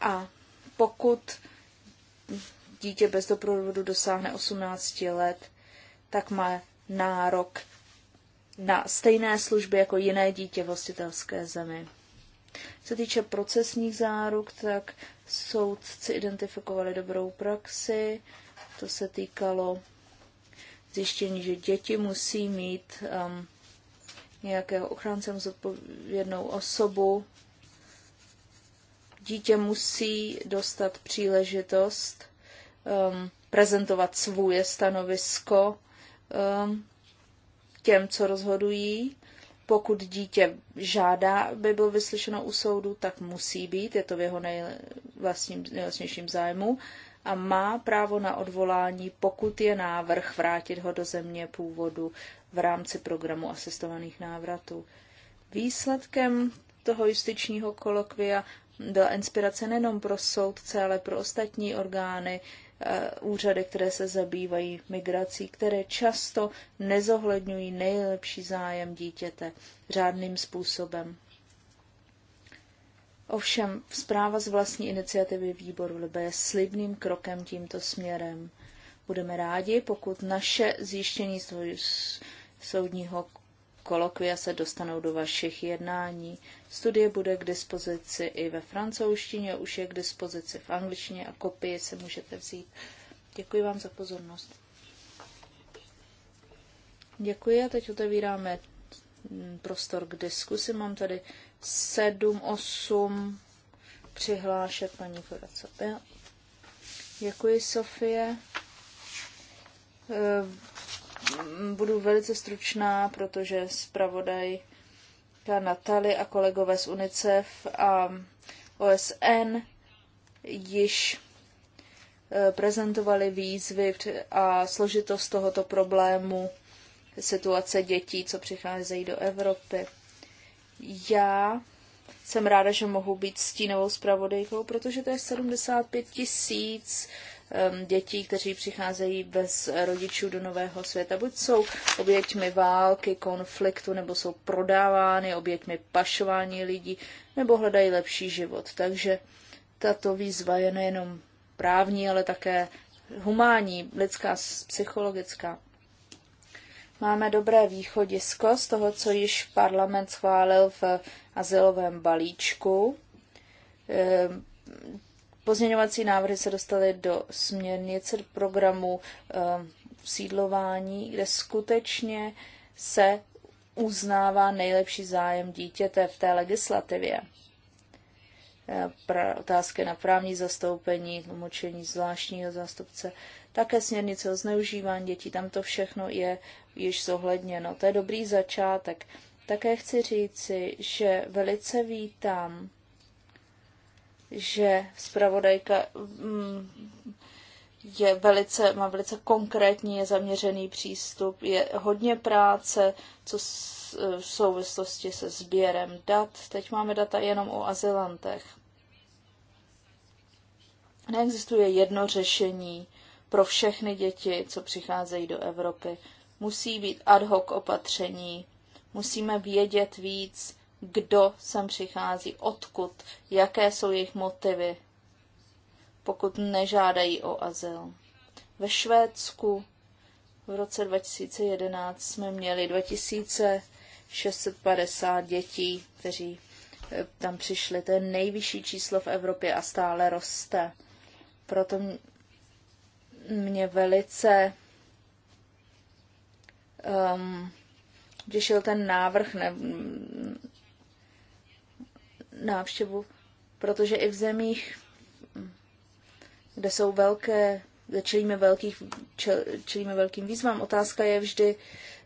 A pokud dítě bez doprovodu dosáhne 18 let, tak má nárok na stejné služby jako jiné dítě v hostitelské zemi. Co týče procesních záruk, tak soudci identifikovali dobrou praxi. To se týkalo zjištění, že děti musí mít um, nějakého ochráncem zodpovědnou osobu. Dítě musí dostat příležitost um, prezentovat svoje stanovisko um, těm, co rozhodují. Pokud dítě žádá, by bylo vyslyšeno u soudu, tak musí být, je to v jeho nejvlastnějším zájmu a má právo na odvolání, pokud je návrh vrátit ho do země původu v rámci programu asistovaných návratů. Výsledkem toho justičního kolokvia byla inspirace nejenom pro soudce, ale pro ostatní orgány, Eh, úřady, které se zabývají migrací, které často nezohledňují nejlepší zájem dítěte řádným způsobem. Ovšem, zpráva z vlastní iniciativy výboru Libe je slibným krokem tímto směrem. Budeme rádi, pokud naše zjištění z soudního kolokvia se dostanou do vašich jednání. Studie bude k dispozici i ve francouzštině, už je k dispozici v angličtině a kopie se můžete vzít. Děkuji vám za pozornost. Děkuji a teď otevíráme prostor k diskusi. Mám tady 7, 8 přihlášek paní Koraca. Děkuji, Sofie Mm, budu velice stručná, protože zpravodaj Natali a kolegové z UNICEF a OSN již e, prezentovali výzvy a složitost tohoto problému situace dětí, co přicházejí do Evropy. Já jsem ráda, že mohu být stínovou zpravodajkou, protože to je 75 tisíc dětí, kteří přicházejí bez rodičů do nového světa. Buď jsou oběťmi války, konfliktu, nebo jsou prodávány oběťmi pašování lidí, nebo hledají lepší život. Takže tato výzva je nejenom právní, ale také humánní, lidská, psychologická. Máme dobré východisko z toho, co již parlament schválil v azylovém balíčku Pozměňovací návrhy se dostaly do směrnice programu eh, sídlování, kde skutečně se uznává nejlepší zájem dítěte v té legislativě. Eh, pra, otázky na právní zastoupení, tlumočení zvláštního zástupce, také směrnice o zneužívání dětí, tam to všechno je již zohledněno. To je dobrý začátek. Také chci říci, že velice vítám že zpravodajka mm, je velice, má velice konkrétní, je zaměřený přístup, je hodně práce, co s, v souvislosti se sběrem dat. Teď máme data jenom o azylantech. Neexistuje jedno řešení pro všechny děti, co přicházejí do Evropy. Musí být ad hoc opatření, musíme vědět víc, kdo sem přichází, odkud, jaké jsou jejich motivy, pokud nežádají o azyl. Ve Švédsku v roce 2011 jsme měli 2650 dětí, kteří eh, tam přišli. To je nejvyšší číslo v Evropě a stále roste. Proto mě velice um, těšil ten návrh ne, návštěvu, protože i v zemích, kde jsou velké, kde čelíme, velkých, čelíme velkým výzvám, otázka je vždy,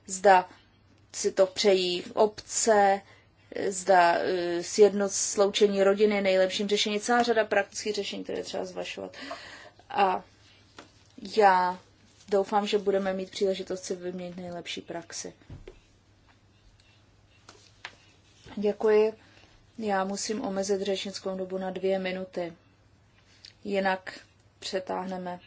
zda si to přejí obce, zda e, sjednoc sloučení rodiny je nejlepším řešení. Celá řada praktických řešení, které třeba zvažovat. A já doufám, že budeme mít příležitost si vyměnit nejlepší praxi. Děkuji. Já musím omezit řečnickou dobu na dvě minuty, jinak přetáhneme.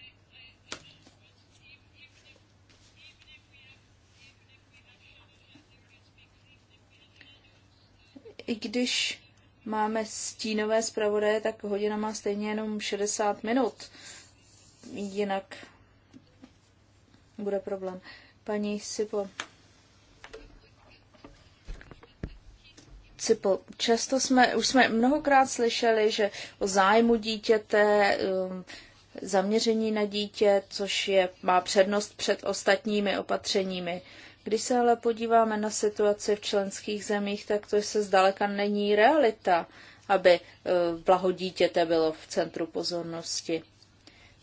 I když máme stínové zpravodaje, tak hodina má stejně jenom 60 minut. Jinak bude problém. Paní Sipo. Cipo, často jsme, už jsme mnohokrát slyšeli, že o zájmu dítěte, um, zaměření na dítě, což je, má přednost před ostatními opatřeními. Když se ale podíváme na situaci v členských zemích, tak to se zdaleka není realita, aby uh, blaho dítěte bylo v centru pozornosti.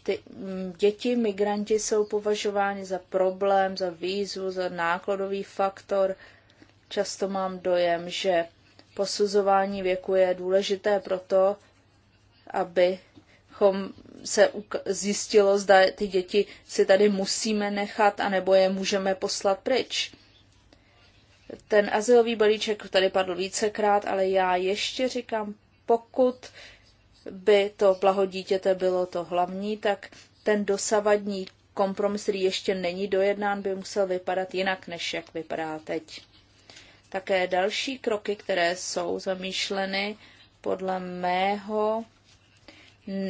Ty mm, děti, migranti jsou považováni za problém, za výzvu, za nákladový faktor. Často mám dojem, že posuzování věku je důležité proto, abychom se zjistilo, zda ty děti si tady musíme nechat, anebo je můžeme poslat pryč. Ten azylový balíček tady padl vícekrát, ale já ještě říkám, pokud by to blaho dítěte bylo to hlavní, tak ten dosavadní kompromis, který ještě není dojednán, by musel vypadat jinak, než jak vypadá teď také další kroky, které jsou zamýšleny, podle mého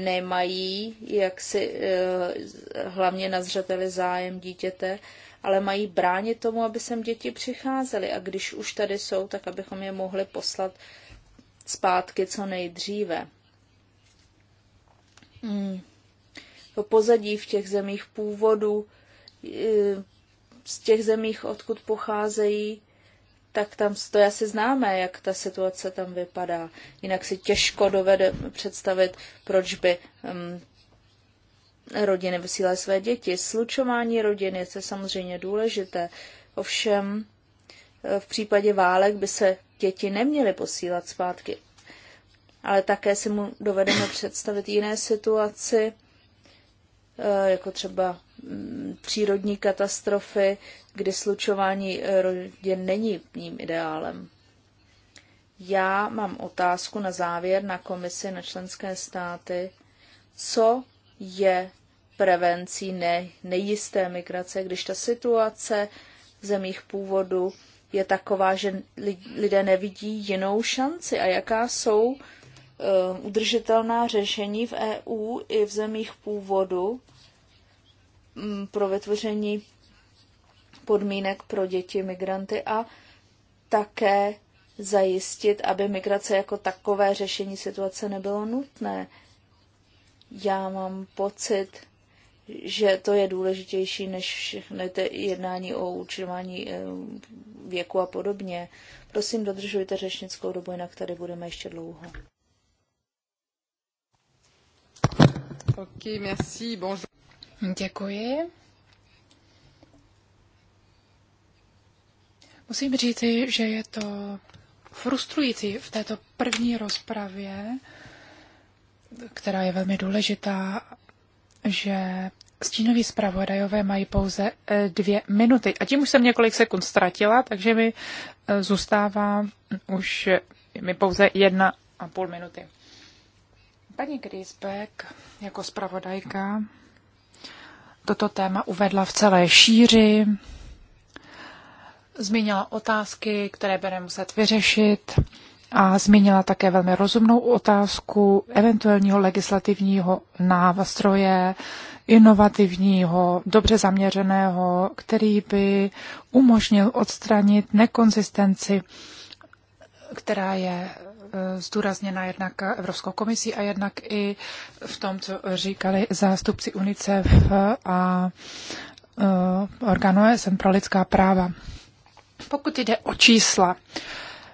nemají jak si e, hlavně na zřeteli zájem dítěte, ale mají bránit tomu, aby sem děti přicházely. A když už tady jsou, tak abychom je mohli poslat zpátky co nejdříve. Hmm. To pozadí v těch zemích původu, e, z těch zemích, odkud pocházejí, tak tam to asi známe, jak ta situace tam vypadá. Jinak si těžko dovede představit, proč by um, rodiny vysílaly své děti. Slučování rodin je to samozřejmě důležité. Ovšem eh, v případě válek by se děti neměly posílat zpátky. Ale také si mu dovedeme představit jiné situaci, eh, jako třeba Mm, přírodní katastrofy, kdy slučování eh, rodin není mým ideálem. Já mám otázku na závěr na komisi na členské státy, co je prevencí ne, nejisté migrace, když ta situace v zemích původu je taková, že lidé nevidí jinou šanci a jaká jsou eh, udržitelná řešení v EU i v zemích původu, Mm, pro vytvoření podmínek pro děti migranty a také zajistit, aby migrace jako takové řešení situace nebylo nutné. Já mám pocit, že to je důležitější než všechny ty jednání o určování eh, věku a podobně. Prosím, dodržujte řečnickou dobu, jinak tady budeme ještě dlouho. Ok, merci, bonjour. Děkuji. Musím říci, že je to frustrující v této první rozpravě, která je velmi důležitá, že stínoví zpravodajové mají pouze eh, dvě minuty. A tím už jsem několik sekund ztratila, takže mi eh, zůstává už eh, mi pouze jedna a půl minuty. Paní Griesbeck jako zpravodajka toto téma uvedla v celé šíři, zmínila otázky, které bude muset vyřešit a zmínila také velmi rozumnou otázku eventuálního legislativního návastroje, inovativního, dobře zaměřeného, který by umožnil odstranit nekonzistenci, která je Eh, zdůrazněna jednak Evropskou komisí a jednak i v tom, co říkali zástupci UNICEF a eh, orgánu OSN pro lidská práva. Pokud jde o čísla,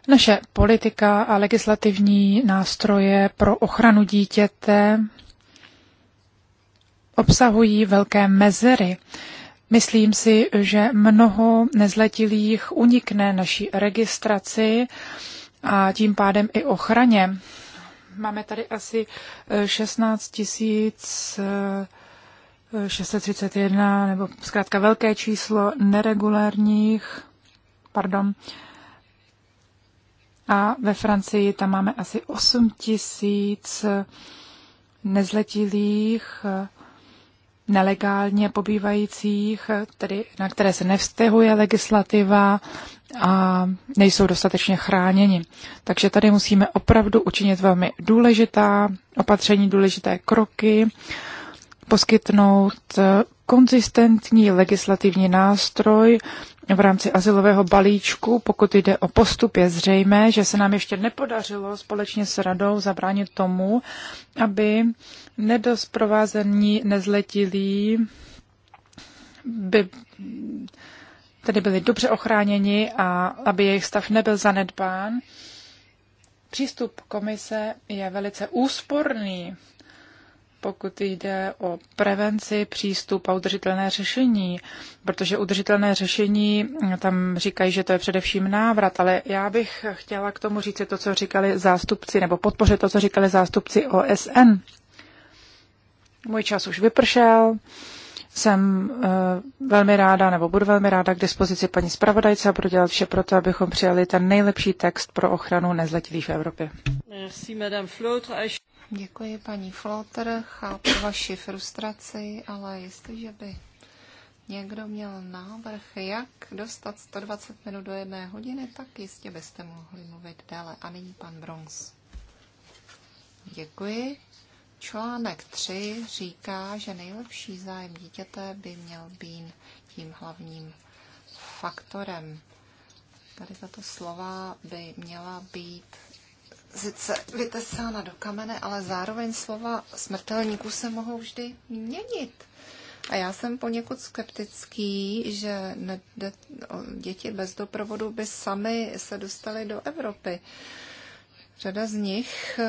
naše politika a legislativní nástroje pro ochranu dítěte obsahují velké mezery. Myslím si, že mnoho nezletilých unikne naší registraci a tím pádem i ochraně. Máme tady asi 16 eh, 631, eh, nebo zkrátka velké číslo neregulárních, pardon, a ve Francii tam máme asi 8 000 nezletilých eh, nelegálně pobývajících, tedy na které se nevztehuje legislativa a nejsou dostatečně chráněni. Takže tady musíme opravdu učinit velmi důležitá opatření, důležité kroky, poskytnout konzistentní legislativní nástroj v rámci asilového balíčku. Pokud jde o postup, je zřejmé, že se nám ještě nepodařilo společně s radou zabránit tomu, aby nedosprovázení nezletilí by tedy byli dobře ochráněni a aby jejich stav nebyl zanedbán. Přístup komise je velice úsporný pokud jde o prevenci, přístup a udržitelné řešení, protože udržitelné řešení, mm, tam říkají, že to je především návrat, ale já bych chtěla k tomu říct to, co říkali zástupci, nebo podpořit to, co říkali zástupci OSN. Můj čas už vypršel, jsem eh, velmi ráda, nebo budu velmi ráda k dispozici paní zpravodajce a budu dělat vše pro to, abychom přijali ten nejlepší text pro ochranu nezletilých v Evropě. Merci, Madame Flotre. Děkuji, paní Flotter. Chápu vaši frustraci, ale jestliže by někdo měl návrh, jak dostat 120 minut do jedné hodiny, tak jistě byste mohli mluvit déle. A nyní pan Bronx. Děkuji. Článek 3 říká, že nejlepší zájem dítěte by měl být tím hlavním faktorem. Tady tato slova by měla být sice vytesána do kamene, ale zároveň slova smrtelníků se mohou vždy měnit. A já jsem poněkud skeptický, že děti bez doprovodu by sami se dostaly do Evropy. Řada z nich eh,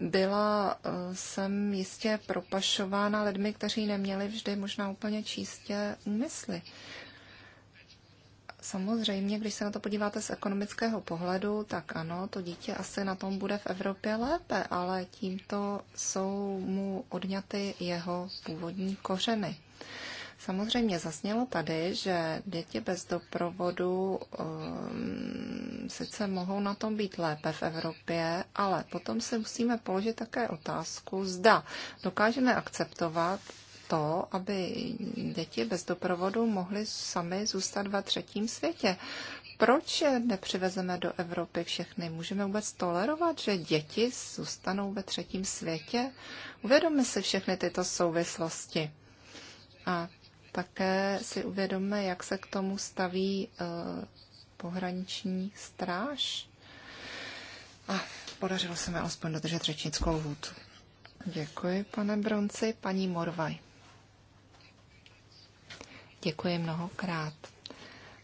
byla jsem eh, jistě propašována lidmi, kteří neměli vždy možná úplně čistě úmysly. Samozřejmě, když se na to podíváte z ekonomického pohledu, tak ano, to dítě asi na tom bude v Evropě lépe, ale tímto jsou mu odňaty jeho původní kořeny. Samozřejmě zasnělo tady, že děti bez doprovodu um, sice mohou na tom být lépe v Evropě, ale potom se musíme položit také otázku, zda dokážeme akceptovat to, aby děti bez doprovodu mohly sami zůstat ve třetím světě. Proč nepřivezeme do Evropy všechny? Můžeme vůbec tolerovat, že děti zůstanou ve třetím světě? Uvědomme si všechny tyto souvislosti. A také si uvědomme, jak se k tomu staví e, pohraniční stráž. A podařilo se mi alespoň dodržet řečnickou hůtu. Děkuji, pane Bronci. Paní Morvaj. Děkuji mnohokrát.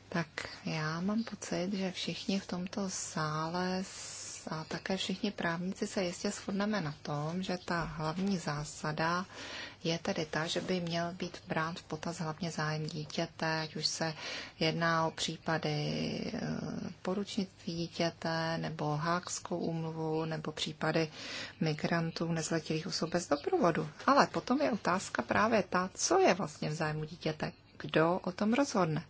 Tak já mám pocit, že všichni v tomto sále a také všichni právníci se jistě shodneme na tom, že ta hlavní zásada je tedy ta, že by měl být brán v potaz hlavně zájem dítěte, ať už se jedná o případy eh, poručnictví dítěte, nebo hákskou úmluvu, nebo případy migrantů, nezletilých osob bez doprovodu. Ale potom je otázka právě ta, co je vlastně v zájmu dítěte, kdo o tom rozhodne.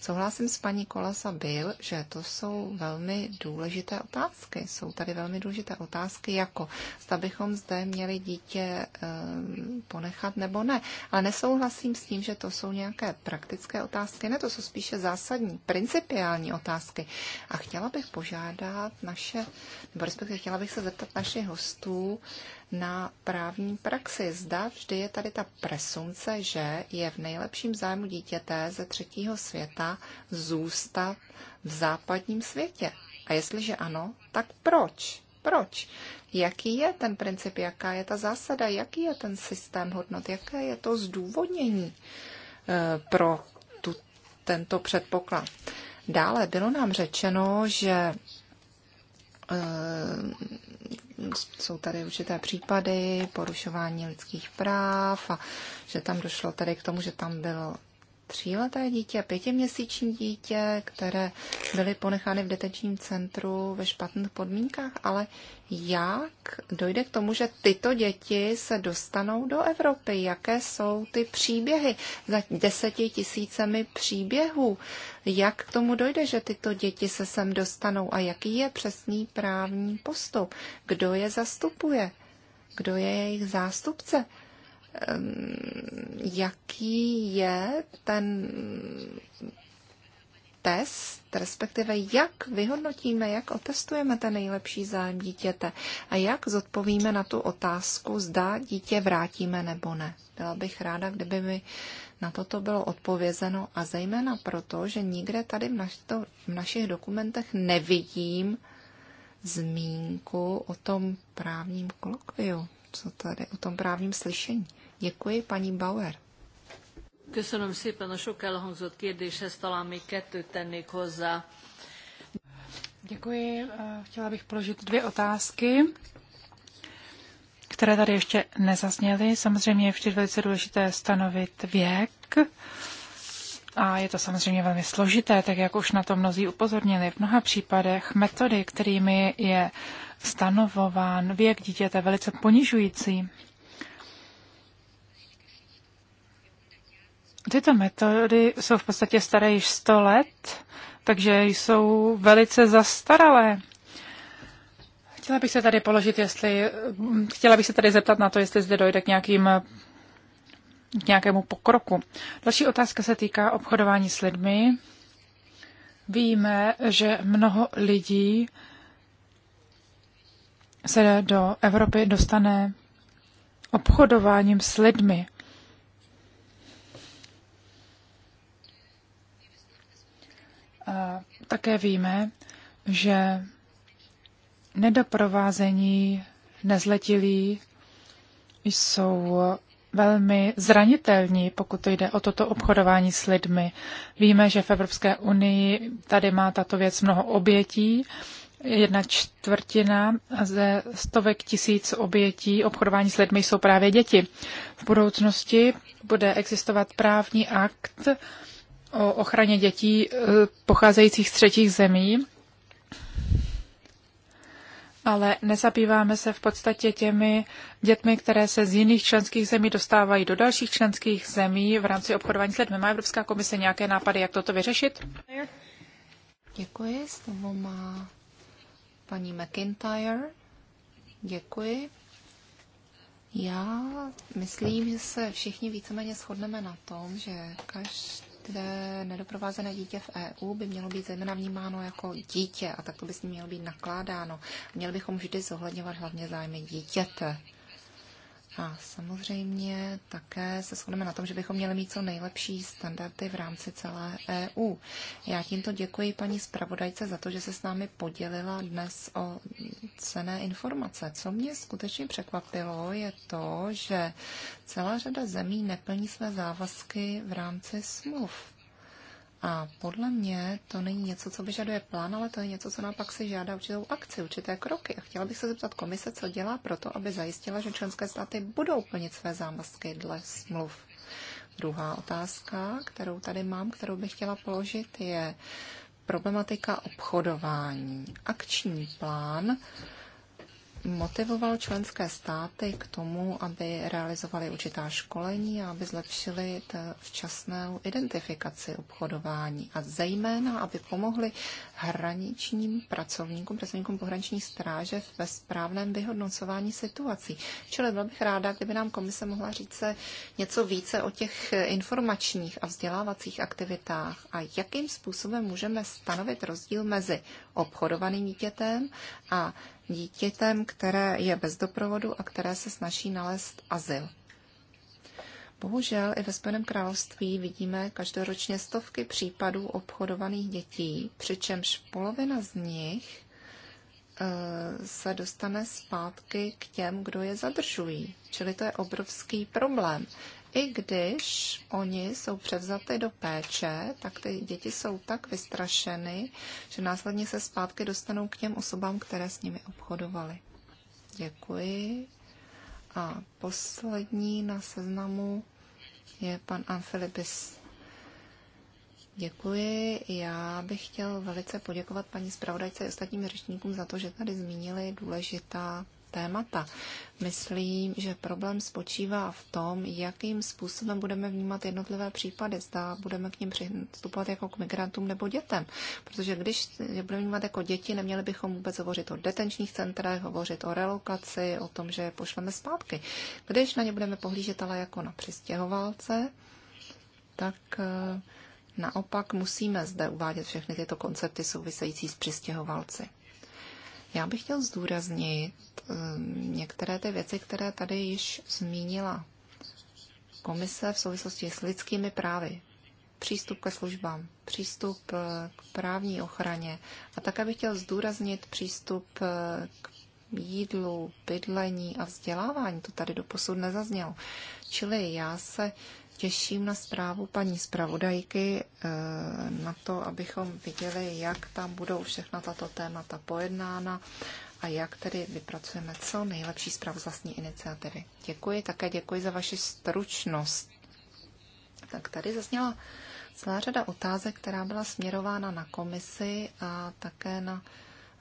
Souhlasím s paní Kolasa byl, že to jsou velmi důležité otázky. Jsou tady velmi důležité otázky, jako zda bychom zde měli dítě ehm, ponechat nebo ne. Ale nesouhlasím s tím, že to jsou nějaké praktické otázky, ne, to jsou spíše zásadní, principiální otázky. A chtěla bych požádat naše, nebo respektive chtěla bych se zeptat našich hostů, na právní praxi. Zda vždy je tady ta presumce, že je v nejlepším zájmu dítěte ze třetího světa, zůstat v západním světě? A jestliže ano, tak proč? Proč? Jaký je ten princip, jaká je ta zásada, jaký je ten systém hodnot, jaké je to zdůvodnění eh, pro tu, tento předpoklad? Dále bylo nám řečeno, že eh, jsou tady určité případy porušování lidských práv a že tam došlo tady k tomu, že tam byl tříleté dítě a pětiměsíční dítě, které byly ponechány v detenčním centru ve špatných podmínkách, ale jak dojde k tomu, že tyto děti se dostanou do Evropy? Jaké jsou ty příběhy za deseti tisícemi příběhů? Jak k tomu dojde, že tyto děti se sem dostanou a jaký je přesný právní postup? Kdo je zastupuje? Kdo je jejich zástupce? jaký je ten test, respektive jak vyhodnotíme, jak otestujeme ten nejlepší zájem dítěte a jak zodpovíme na tu otázku, zda dítě vrátíme nebo ne. Byla bych ráda, kdyby mi na toto bylo odpovězeno a zejména proto, že nikde tady v, naš, to, v našich dokumentech nevidím zmínku o tom právním kolokviu, co tady, o tom právním slyšení. Děkuji, paní Bauer. Köszönöm szépen a sok elhangzott kérdéshez, talán még kettőt tennék hozzá. Děkuji. Eh, chtěla bych položit dvě otázky, které tady ještě nezazněly. Samozřejmě je vždy velice důležité stanovit věk. A je to samozřejmě velmi složité, tak jak už na to mnozí upozornili. V mnoha případech metody, kterými je stanovován věk dítěte, velice ponižující. Tyto metody jsou v podstatě staré již 100 let, takže jsou velice zastaralé. Chtěla bych se tady položit, jestli, chtěla bych se tady zeptat na to, jestli zde dojde k nějakým k nějakému pokroku. Další otázka se týká obchodování s lidmi. Víme, že mnoho lidí se do Evropy dostane obchodováním s lidmi. Také víme, že nedoprovázení nezletilí jsou velmi zranitelní, pokud to jde o toto obchodování s lidmi. Víme, že v Evropské unii tady má tato věc mnoho obětí. Jedna čtvrtina ze stovek tisíc obětí obchodování s lidmi jsou právě děti. V budoucnosti bude existovat právní akt, o ochraně dětí e, pocházejících z třetích zemí, ale nezabýváme se v podstatě těmi dětmi, které se z jiných členských zemí dostávají do dalších členských zemí v rámci obchodování s lidmi. Má Evropská komise nějaké nápady, jak toto vyřešit? Děkuji. Slovo má paní McIntyre. Děkuji. Já myslím, že se všichni víceméně shodneme na tom, že každý nedoprovázené dítě v EU by mělo být zejména vnímáno jako dítě a tak to by s ním mělo být nakládáno. Měli bychom vždy zohledňovat hlavně zájmy dítěte. A samozřejmě také se shodneme na tom, že bychom měli mít co nejlepší standardy v rámci celé EU. Já tímto děkuji paní zpravodajce za to, že se s námi podělila dnes o cené informace. Co mě skutečně překvapilo, je to, že celá řada zemí neplní své závazky v rámci smluv. A podle mě to není něco, co vyžaduje plán, ale to je něco, co naopak se žádá určitou akci, určité kroky. A chtěla bych se zeptat komise, co dělá pro to, aby zajistila, že členské státy budou plnit své závazky dle smluv. Druhá otázka, kterou tady mám, kterou bych chtěla položit, je problematika obchodování. Akční plán motivoval členské státy k tomu, aby realizovali určitá školení a aby zlepšili včasnou identifikaci obchodování a zejména, aby pomohli hraničním pracovníkům, pracovníkům pohraniční stráže ve správném vyhodnocování situací. Čili byla bych ráda, kdyby nám komise mohla říct se něco více o těch informačních a vzdělávacích aktivitách a jakým způsobem můžeme stanovit rozdíl mezi obchodovaným dítětem a dítětem, které je bez doprovodu a které se snaží nalézt azyl. Bohužel i ve Spojeném království vidíme každoročně stovky případů obchodovaných dětí, přičemž polovina z nich eh, se dostane zpátky k těm, kdo je zadržují. Čili to je obrovský problém. I když oni jsou převzaty do péče, tak ty děti jsou tak vystrašeny, že následně se zpátky dostanou k těm osobám, které s nimi obchodovaly. Děkuji. A poslední na seznamu je pan Amfilipis. Děkuji. Já bych chtěl velice poděkovat paní zpravodajce i ostatním řečníkům za to, že tady zmínili důležitá témata. Myslím, že problém spočívá v tom, jakým způsobem budeme vnímat jednotlivé případy, zda budeme k ním přistupovat jako k migrantům nebo dětem. Protože když je budeme vnímat jako děti, neměli bychom vůbec hovořit o detenčních centrech, hovořit o relokaci, o tom, že je pošleme zpátky. Když na ně budeme pohlížet ale jako na přistěhovalce, tak eh, naopak musíme zde uvádět všechny tyto koncepty související s přistěhovalci. Já bych chtěl zdůraznit ehm, některé ty věci, které tady již zmínila komise v souvislosti s lidskými právy, přístup ke službám, přístup eh, k právní ochraně a také bych chtěl zdůraznit přístup eh, k jídlu, bydlení a vzdělávání. To tady doposud nezaznělo. Čili já se těším na zprávu paní zpravodajky, eh, na to, abychom viděli, jak tam budou všechna tato témata pojednána a jak tedy vypracujeme co nejlepší zprávu z vlastní iniciativy. Děkuji, také děkuji za vaši stručnost. Tak tady zazněla celá řada otázek, která byla směrována na komisi a také na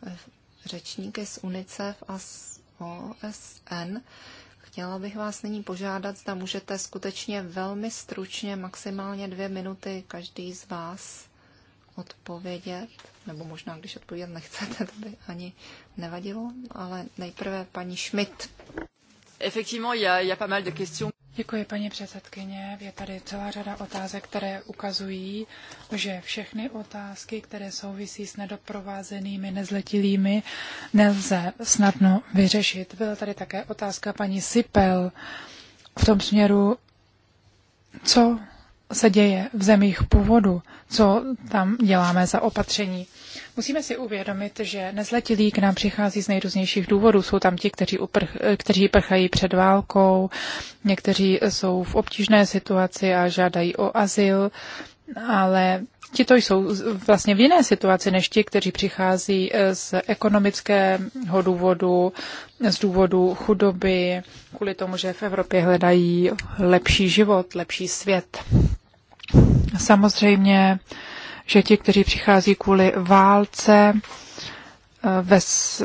eh, řečníky z UNICEF a z OSN. Chtěla bych vás nyní požádat, zda můžete skutečně velmi stručně, maximálně dvě minuty každý z vás odpovědět, nebo možná, když odpovědět nechcete, to by ani nevadilo, ale nejprve paní Schmidt. Effectivement, il y y a pas mal de questions. Děkuji, paní předsedkyně. Je tady celá řada otázek, které ukazují, že všechny otázky, které souvisí s nedoprovázenými nezletilými, nelze snadno vyřešit. Byla tady také otázka paní Sipel v tom směru, co se děje v zemích původu, co tam děláme za opatření. Musíme si uvědomit, že nezletilí k nám přichází z nejrůznějších důvodů. Jsou tam ti, kteří, uprch, kteří prchají před válkou, někteří jsou v obtížné situaci a žádají o azyl, ale ti to jsou vlastně v jiné situaci než ti, kteří přichází eh, z ekonomického důvodu, z důvodu chudoby, kvůli tomu, že v Evropě hledají lepší život, lepší svět. Samozřejmě že ti, kteří přichází kvůli válce eh, ve,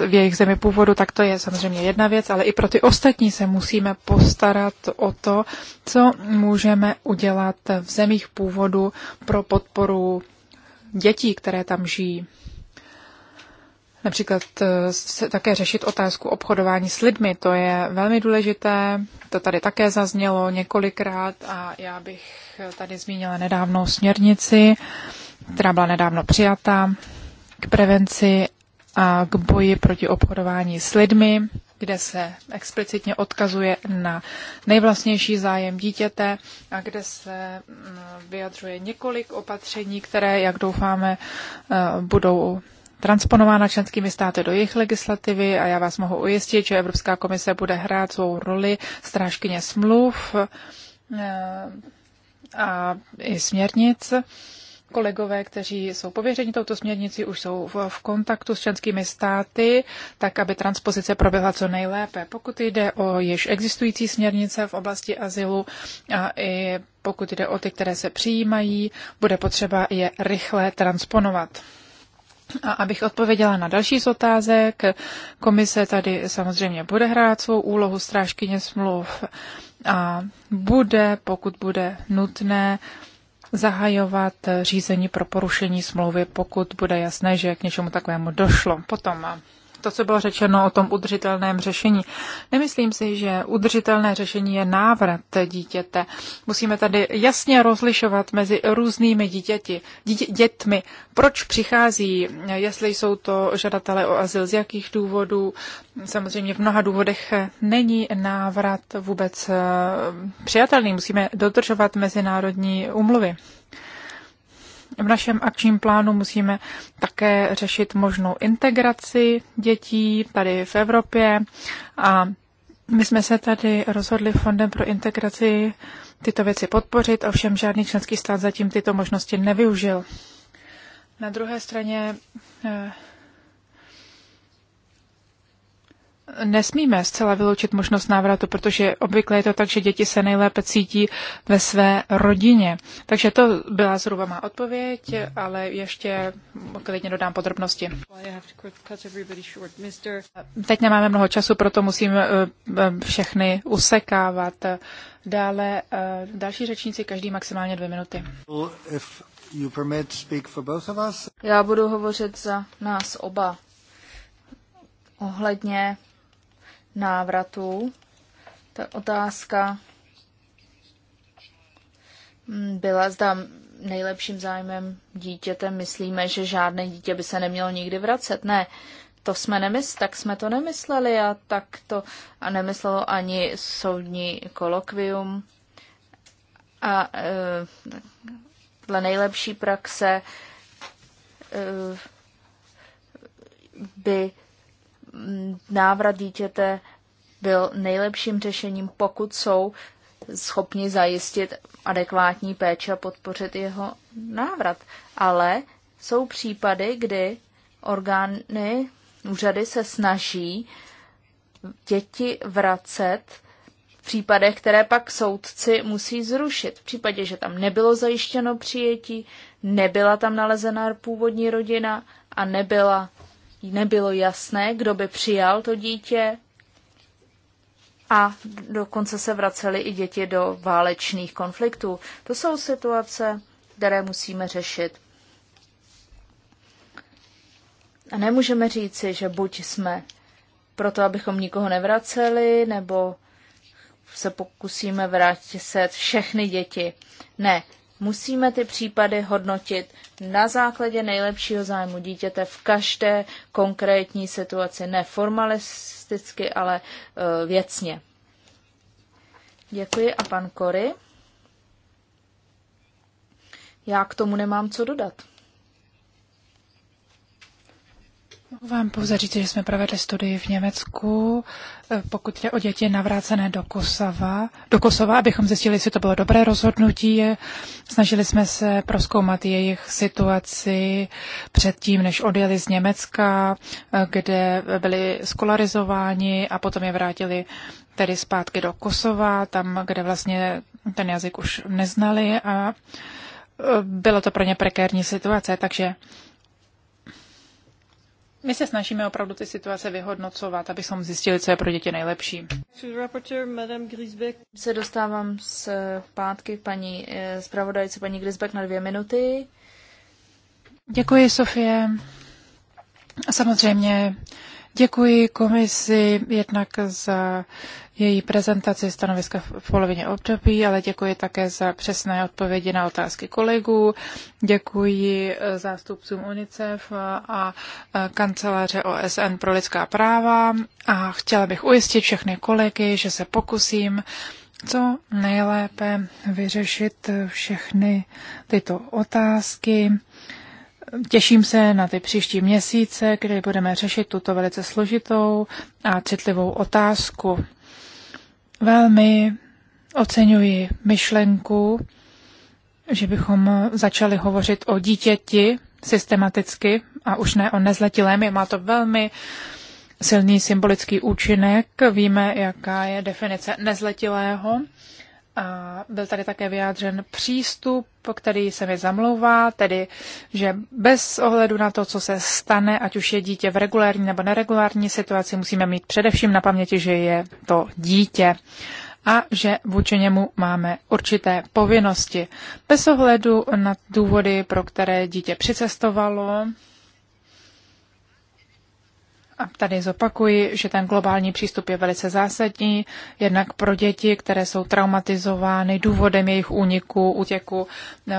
v jejich zemi původu, tak to je samozřejmě jedna věc, ale i pro ty ostatní se musíme postarat o to, co můžeme udělat v zemích původu pro podporu dětí, které tam žijí. Například eh, se také řešit otázku obchodování s lidmi, to je velmi důležité, to tady také zaznělo několikrát a já bych tady zmínila nedávnou směrnici která byla nedávno přijata k prevenci a k boji proti obchodování s lidmi, kde se explicitně odkazuje na nejvlastnější zájem dítěte a kde se mm, vyjadřuje několik opatření, které, jak doufáme, eh, budou transponována členskými státy do jejich legislativy a já vás mohu ujistit, že Evropská komise bude hrát svou roli strážkyně smluv eh, a i směrnic Kolegové, kteří jsou pověřeni touto směrnici, už jsou v kontaktu s členskými státy, tak aby transpozice proběhla co nejlépe. Pokud jde o již existující směrnice v oblasti azylu a i pokud jde o ty, které se přijímají, bude potřeba je rychle transponovat. A abych odpověděla na další z otázek, komise tady samozřejmě bude hrát svou úlohu strážkyně smluv a bude, pokud bude nutné, zahajovat řízení pro porušení smlouvy, pokud bude jasné, že k něčemu takovému došlo. Potom to, co bylo řečeno o tom udržitelném řešení. Nemyslím si, že udržitelné řešení je návrat dítěte. Musíme tady jasně rozlišovat mezi různými dítěti, dítě, dětmi. Proč přichází, jestli jsou to žadatelé o azyl, z jakých důvodů. Samozřejmě v mnoha důvodech není návrat vůbec eh, přijatelný. Musíme dodržovat mezinárodní umluvy v našem akčním plánu musíme také řešit možnou integraci dětí tady v Evropě a my jsme se tady rozhodli Fondem pro integraci tyto věci podpořit, ovšem žádný členský stát zatím tyto možnosti nevyužil. Na druhé straně eh, nesmíme zcela vyloučit možnost návratu, protože obvykle je to tak, že děti se nejlépe cítí ve své rodině. Takže to byla zhruba má odpověď, ale ještě klidně dodám podrobnosti. Teď nemáme mnoho času, proto musím eh, eh, všechny usekávat. Dále eh, další řečníci, každý maximálně dvě minuty. Já budu hovořit za nás oba ohledně návratu. Ta otázka mm, byla, zda nejlepším zájmem dítěte myslíme, že žádné dítě by se nemělo nikdy vracet. Ne, to jsme nemysl, tak jsme to nemysleli a tak to a nemyslelo ani soudní kolokvium. A e, dle nejlepší praxe e, by návrat dítěte byl nejlepším řešením, pokud jsou schopni zajistit adekvátní péči a podpořit jeho návrat. Ale jsou případy, kdy orgány, úřady se snaží děti vracet v případech, které pak soudci musí zrušit. V případě, že tam nebylo zajištěno přijetí, nebyla tam nalezená původní rodina a nebyla nebylo jasné, kdo by přijal to dítě a dokonce se vracely i děti do válečných konfliktů. To jsou situace, které musíme řešit. A nemůžeme říci, že buď jsme proto, abychom nikoho nevraceli, nebo se pokusíme vrátit se všechny děti. Ne, Musíme ty případy hodnotit na základě nejlepšího zájmu dítěte v každé konkrétní situaci, ne formalisticky, ale e, věcně. Děkuji a pan Kory. Já k tomu nemám co dodat. Mohu vám pouze říct, že jsme provedli studii v Německu, e, pokud jde o děti navrácené do Kosova, do Kosova, abychom zjistili, jestli to bylo dobré rozhodnutí. Snažili jsme se proskoumat jejich situaci předtím, než odjeli z Německa, e, kde byli skolarizováni a potom je vrátili tedy zpátky do Kosova, tam, kde vlastně ten jazyk už neznali a e, bylo to pro ně prekérní situace, takže my se snažíme opravdu ty situace vyhodnocovat, abychom zjistili, co je pro děti nejlepší. Se dostávám z pátky paní eh, zpravodajce paní Grisbeck na dvě minuty. Děkuji, Sofie. Samozřejmě děkuji komisi jednak za její prezentaci stanoviska v polovině období, ale děkuji také za přesné odpovědi na otázky kolegů. Děkuji eh, zástupcům UNICEF a eh, kanceláře OSN pro lidská práva a chtěla bych ujistit všechny kolegy, že se pokusím co nejlépe vyřešit eh, všechny tyto otázky. Těším se na ty příští měsíce, kdy budeme řešit tuto velice složitou a citlivou otázku. Velmi oceňuji myšlenku, že bychom začali hovořit o dítěti systematicky a už ne o nezletilém. Je má to velmi silný symbolický účinek. Víme, jaká je definice nezletilého. A byl tady také vyjádřen přístup, který se mi zamlouvá, tedy, že bez ohledu na to, co se stane, ať už je dítě v regulární nebo neregulární situaci, musíme mít především na paměti, že je to dítě a že vůči němu máme určité povinnosti. Bez ohledu na důvody, pro které dítě přicestovalo, a tady zopakuji, že ten globální přístup je velice zásadní, jednak pro děti, které jsou traumatizovány důvodem jejich úniku, útěku,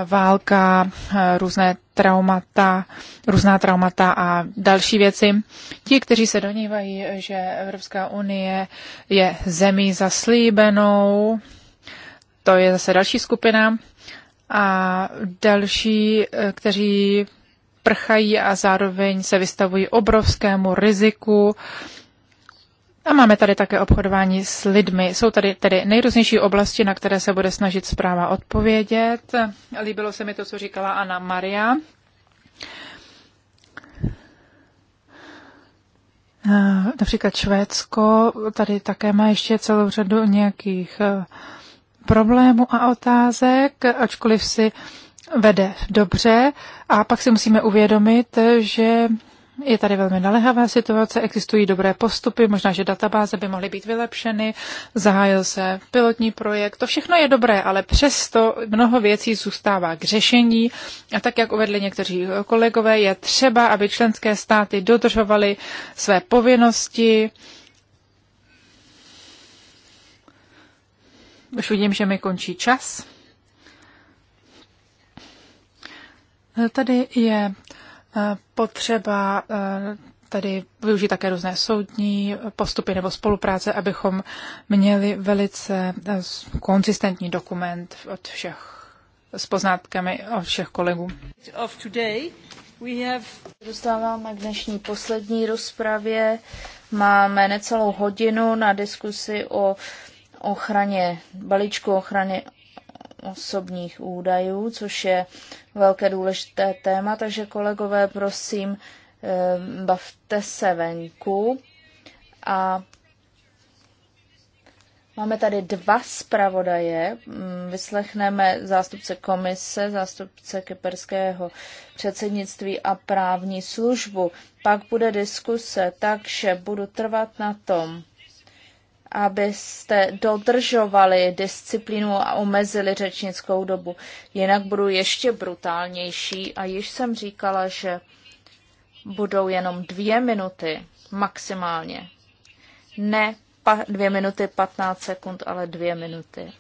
válka, různé traumata, různá traumata a další věci. Ti, kteří se donívají, že Evropská unie je zemí zaslíbenou, to je zase další skupina, a další, kteří prchají a zároveň se vystavují obrovskému riziku. A máme tady také obchodování s lidmi. Jsou tady tedy nejrůznější oblasti, na které se bude snažit zpráva odpovědět. Líbilo se mi to, co říkala Anna Maria. Eh, například Švédsko, tady také má ještě celou řadu nějakých eh, problémů a otázek, ačkoliv si vede dobře a pak si musíme uvědomit, že je tady velmi naléhavá situace, existují dobré postupy, možná, že databáze by mohly být vylepšeny, zahájil se pilotní projekt, to všechno je dobré, ale přesto mnoho věcí zůstává k řešení a tak, jak uvedli někteří kolegové, je třeba, aby členské státy dodržovaly své povinnosti. Už vidím, že mi končí čas. Tady je eh, potřeba eh, tady využít také různé soudní postupy nebo spolupráce, abychom měli velice eh, konzistentní dokument od všech s poznátkami od všech kolegů. Dostáváme k dnešní poslední rozpravě. Máme necelou hodinu na diskusi o ochraně, balíčku ochraně osobních údajů, což je velké důležité téma, takže kolegové, prosím, eh, bavte se venku. A máme tady dva zpravodaje. Mm, vyslechneme zástupce komise, zástupce kyperského předsednictví a právní službu. Pak bude diskuse, takže budu trvat na tom, abyste dodržovali disciplínu a omezili řečnickou dobu. Jinak budu ještě brutálnější a již jsem říkala, že budou jenom dvě minuty maximálně. Ne pa- dvě minuty 15 sekund, ale dvě minuty.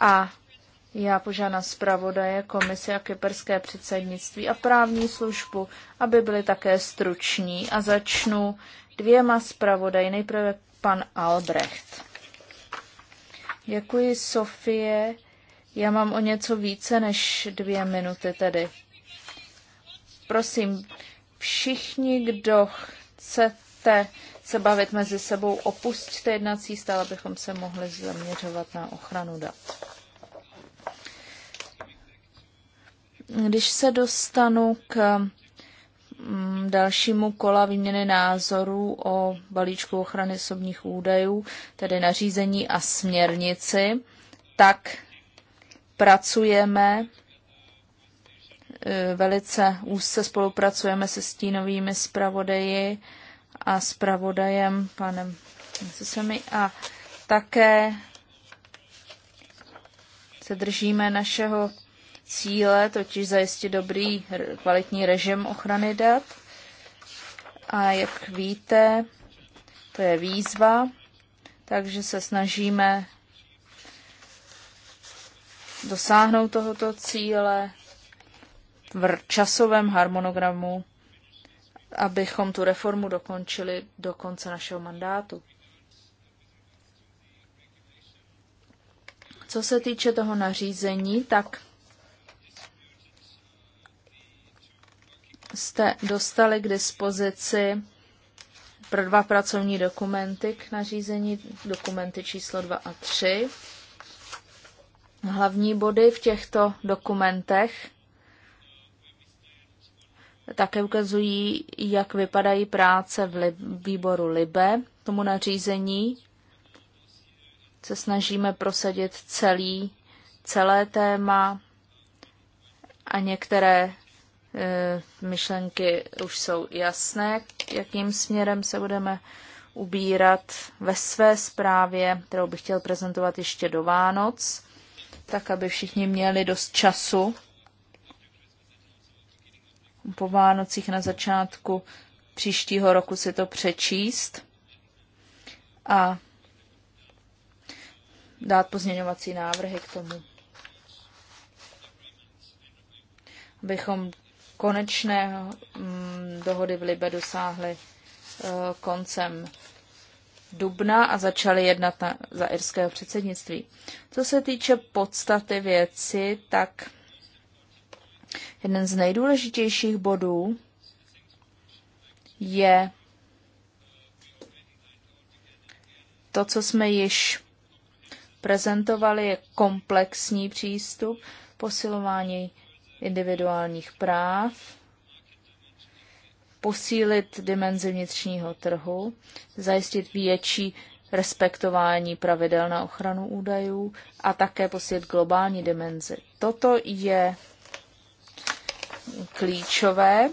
A já požádám zpravodaje, komise a kyperské předsednictví a právní službu, aby byli také struční a začnu dvěma zpravodaji. Nejprve pan Albrecht. Děkuji, Sofie. Já mám o něco více než dvě minuty tedy. Prosím, všichni, kdo chcete se bavit mezi sebou, opustte jednací stál, abychom se mohli zaměřovat na ochranu dat. Když se dostanu k mm, dalšímu kola výměny názorů o balíčku ochrany osobních údajů, tedy nařízení a směrnici, tak pracujeme e, velice úzce spolupracujeme se stínovými zpravodeji a zpravodajem panem Sesemi a také se držíme našeho cíle, totiž zajistit dobrý kvalitní režim ochrany dat. A jak víte, to je výzva, takže se snažíme dosáhnout tohoto cíle v časovém harmonogramu, abychom tu reformu dokončili do konce našeho mandátu. Co se týče toho nařízení, tak jste dostali k dispozici pro dva pracovní dokumenty k nařízení, dokumenty číslo 2 a 3. Hlavní body v těchto dokumentech také ukazují, jak vypadají práce v li- výboru LIBE tomu nařízení. Se snažíme prosadit celý, celé téma a některé E, myšlenky už jsou jasné, jakým směrem se budeme ubírat ve své zprávě, kterou bych chtěl prezentovat ještě do Vánoc, tak aby všichni měli dost času po Vánocích na začátku příštího roku si to přečíst a dát pozměňovací návrhy k tomu. Abychom konečné mm, dohody v Libe dosáhly eh, koncem dubna a začaly jednat na, za irského předsednictví. Co se týče podstaty věci, tak jeden z nejdůležitějších bodů je to, co jsme již prezentovali, je komplexní přístup, posilování individuálních práv, posílit dimenzi vnitřního trhu, zajistit větší respektování pravidel na ochranu údajů a také posílit globální dimenzi. Toto je klíčové.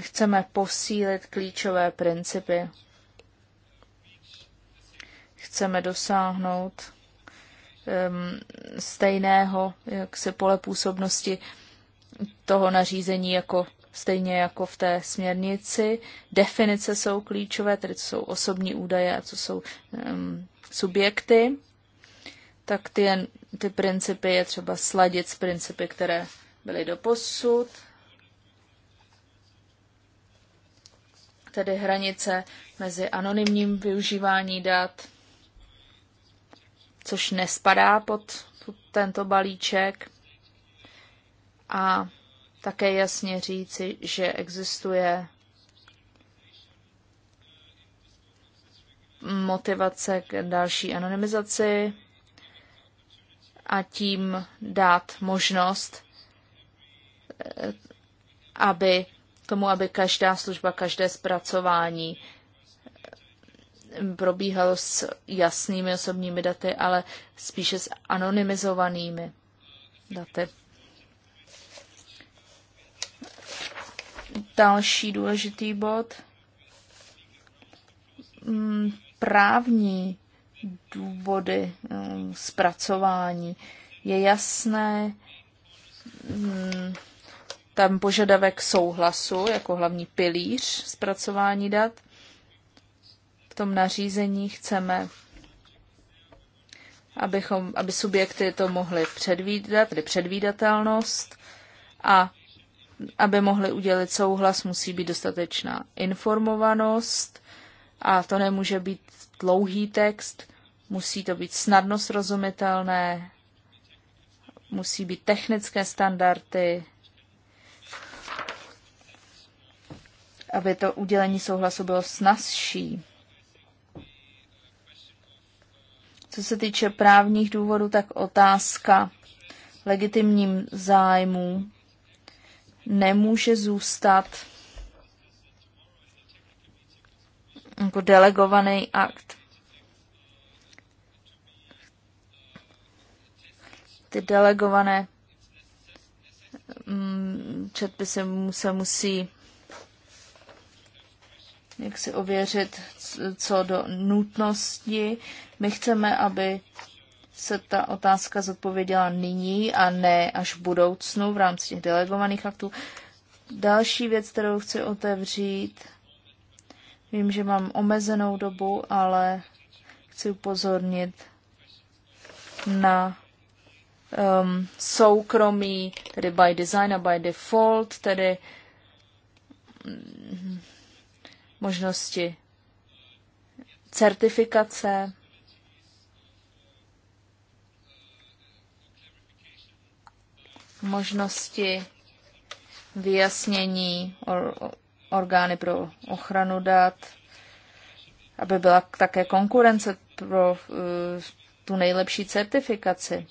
Chceme posílit klíčové principy. Chceme dosáhnout Um, stejného jak se pole působnosti toho nařízení jako stejně jako v té směrnici. Definice jsou klíčové, tedy co jsou osobní údaje a co jsou um, subjekty. Tak ty, ty principy je třeba sladit s principy, které byly do posud. Tedy hranice mezi anonymním využívání dat což nespadá pod tento balíček. A také jasně říci, že existuje motivace k další anonymizaci a tím dát možnost, eh, aby tomu, aby každá služba, každé zpracování probíhalo s jasnými osobními daty, ale spíše s anonymizovanými daty. Další důležitý bod. Mm, právní důvody mm, zpracování. Je jasné, tam mm, požadavek souhlasu jako hlavní pilíř zpracování dat – v tom nařízení chceme, abychom, aby subjekty to mohly předvídat, tedy předvídatelnost a aby mohli udělit souhlas, musí být dostatečná informovanost a to nemůže být dlouhý text, musí to být snadno srozumitelné, musí být technické standardy, aby to udělení souhlasu bylo snazší. Co se týče právních důvodů, tak otázka legitimním zájmu nemůže zůstat jako delegovaný akt. Ty delegované předpisy mm, se musí jak si ověřit co do nutnosti. My chceme, aby se ta otázka zodpověděla nyní a ne až v budoucnu v rámci těch delegovaných aktů. Další věc, kterou chci otevřít, vím, že mám omezenou dobu, ale chci upozornit na um, soukromí, tedy by design a by default, tedy možnosti certifikace, možnosti vyjasnění or, orgány pro ochranu dat, aby byla také konkurence pro uh, tu nejlepší certifikaci.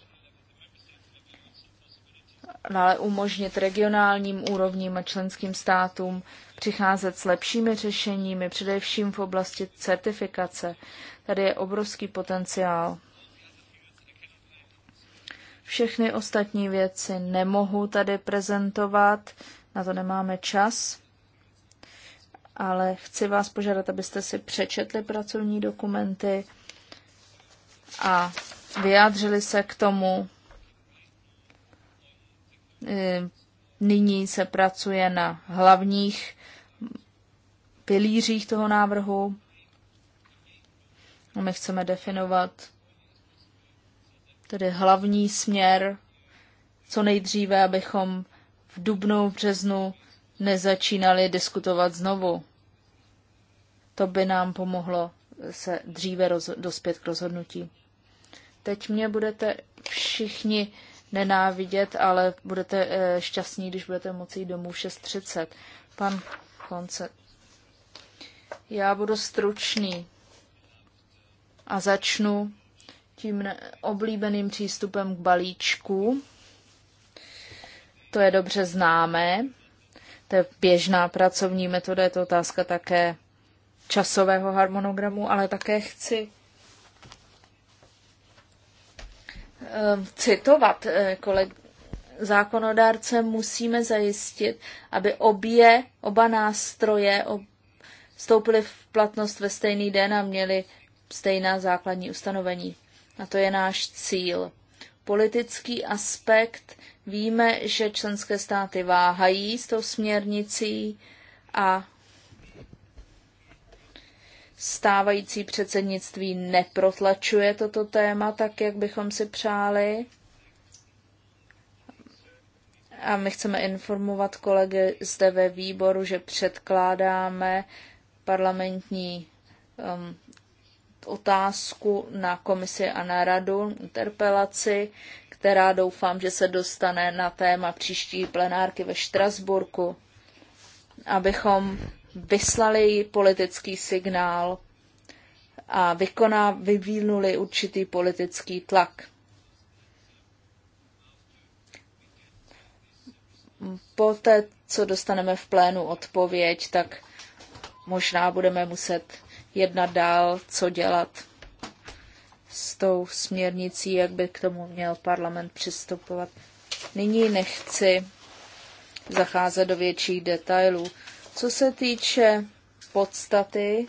No, ale umožnit regionálním úrovním a členským státům přicházet s lepšími řešeními, především v oblasti certifikace. Tady je obrovský potenciál. Všechny ostatní věci nemohu tady prezentovat, na to nemáme čas, ale chci vás požádat, abyste si přečetli pracovní dokumenty a vyjádřili se k tomu, Eh, nyní se pracuje na hlavních pilířích toho návrhu. No, my chceme definovat tedy hlavní směr co nejdříve, abychom v dubnu, v březnu nezačínali diskutovat znovu. To by nám pomohlo se dříve roz- dospět k rozhodnutí. Teď mě budete všichni nenávidět, ale budete eh, šťastní, když budete moci jít domů 6.30. Pan Konce. Já budu stručný a začnu tím oblíbeným přístupem k balíčku. To je dobře známé. To je běžná pracovní metoda, je to otázka také časového harmonogramu, ale také chci Eh, citovat eh, koleg, zákonodárce, musíme zajistit, aby obě, oba nástroje vstoupily v platnost ve stejný den a měly stejná základní ustanovení. A to je náš cíl. Politický aspekt. Víme, že členské státy váhají s tou směrnicí a Stávající předsednictví neprotlačuje toto téma tak, jak bychom si přáli. A my chceme informovat kolegy zde ve výboru, že předkládáme parlamentní um, otázku na komisi a na radu, interpelaci, která doufám, že se dostane na téma příští plenárky ve Štrasburku, abychom vyslali politický signál a vykoná, vyvinuli určitý politický tlak. Poté, co dostaneme v plénu odpověď, tak možná budeme muset jednat dál, co dělat s tou směrnicí, jak by k tomu měl parlament přistupovat. Nyní nechci zacházet do větších detailů. Co se týče podstaty,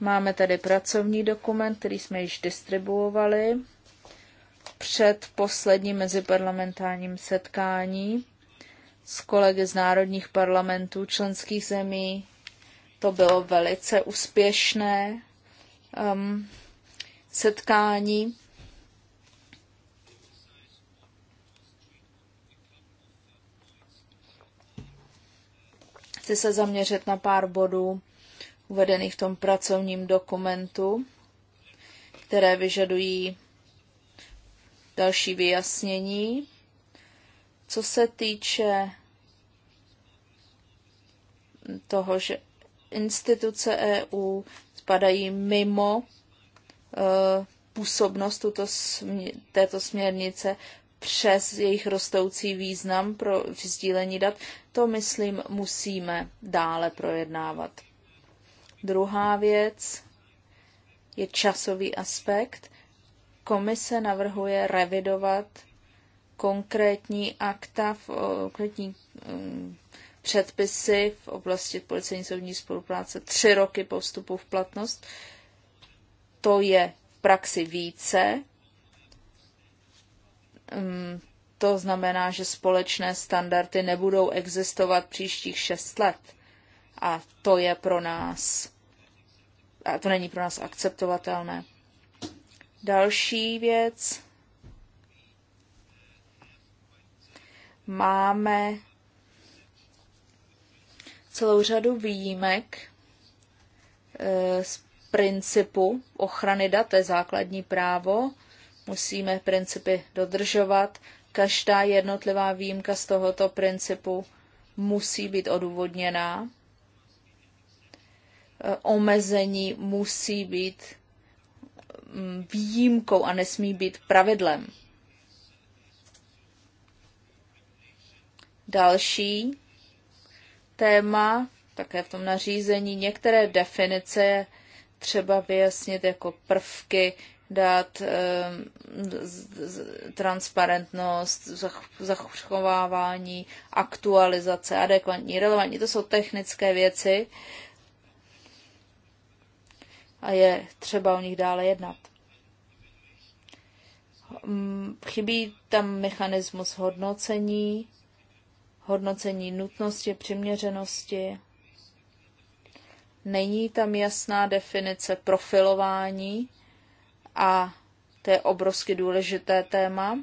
máme tady pracovní dokument, který jsme již distribuovali před posledním meziparlamentárním setkání s kolegy z národních parlamentů členských zemí. To bylo velice úspěšné um, setkání Chci se zaměřit na pár bodů uvedených v tom pracovním dokumentu, které vyžadují další vyjasnění. Co se týče toho, že instituce EU spadají mimo eh, působnost tuto, této směrnice, přes jejich rostoucí význam pro sdílení dat, to myslím musíme dále projednávat. Druhá věc je časový aspekt. Komise navrhuje revidovat konkrétní akta, v, konkrétní um, předpisy v oblasti policejní soudní spolupráce tři roky po vstupu v platnost. To je v praxi více, to znamená, že společné standardy nebudou existovat příštích šest let. A to je pro nás, a to není pro nás akceptovatelné. Další věc. Máme celou řadu výjimek eh, z principu ochrany dat, to je základní právo, Musíme principy dodržovat. Každá jednotlivá výjimka z tohoto principu musí být odůvodněná. E, omezení musí být mm, výjimkou a nesmí být pravidlem. Další téma, také v tom nařízení, některé definice třeba vyjasnit jako prvky dát ehm, transparentnost, zachovávání, aktualizace, adekvatní, relevantní. To jsou technické věci a je třeba o nich dále jednat. Hm, chybí tam mechanismus hodnocení, hodnocení nutnosti, přiměřenosti. Není tam jasná definice profilování a to je obrovsky důležité téma.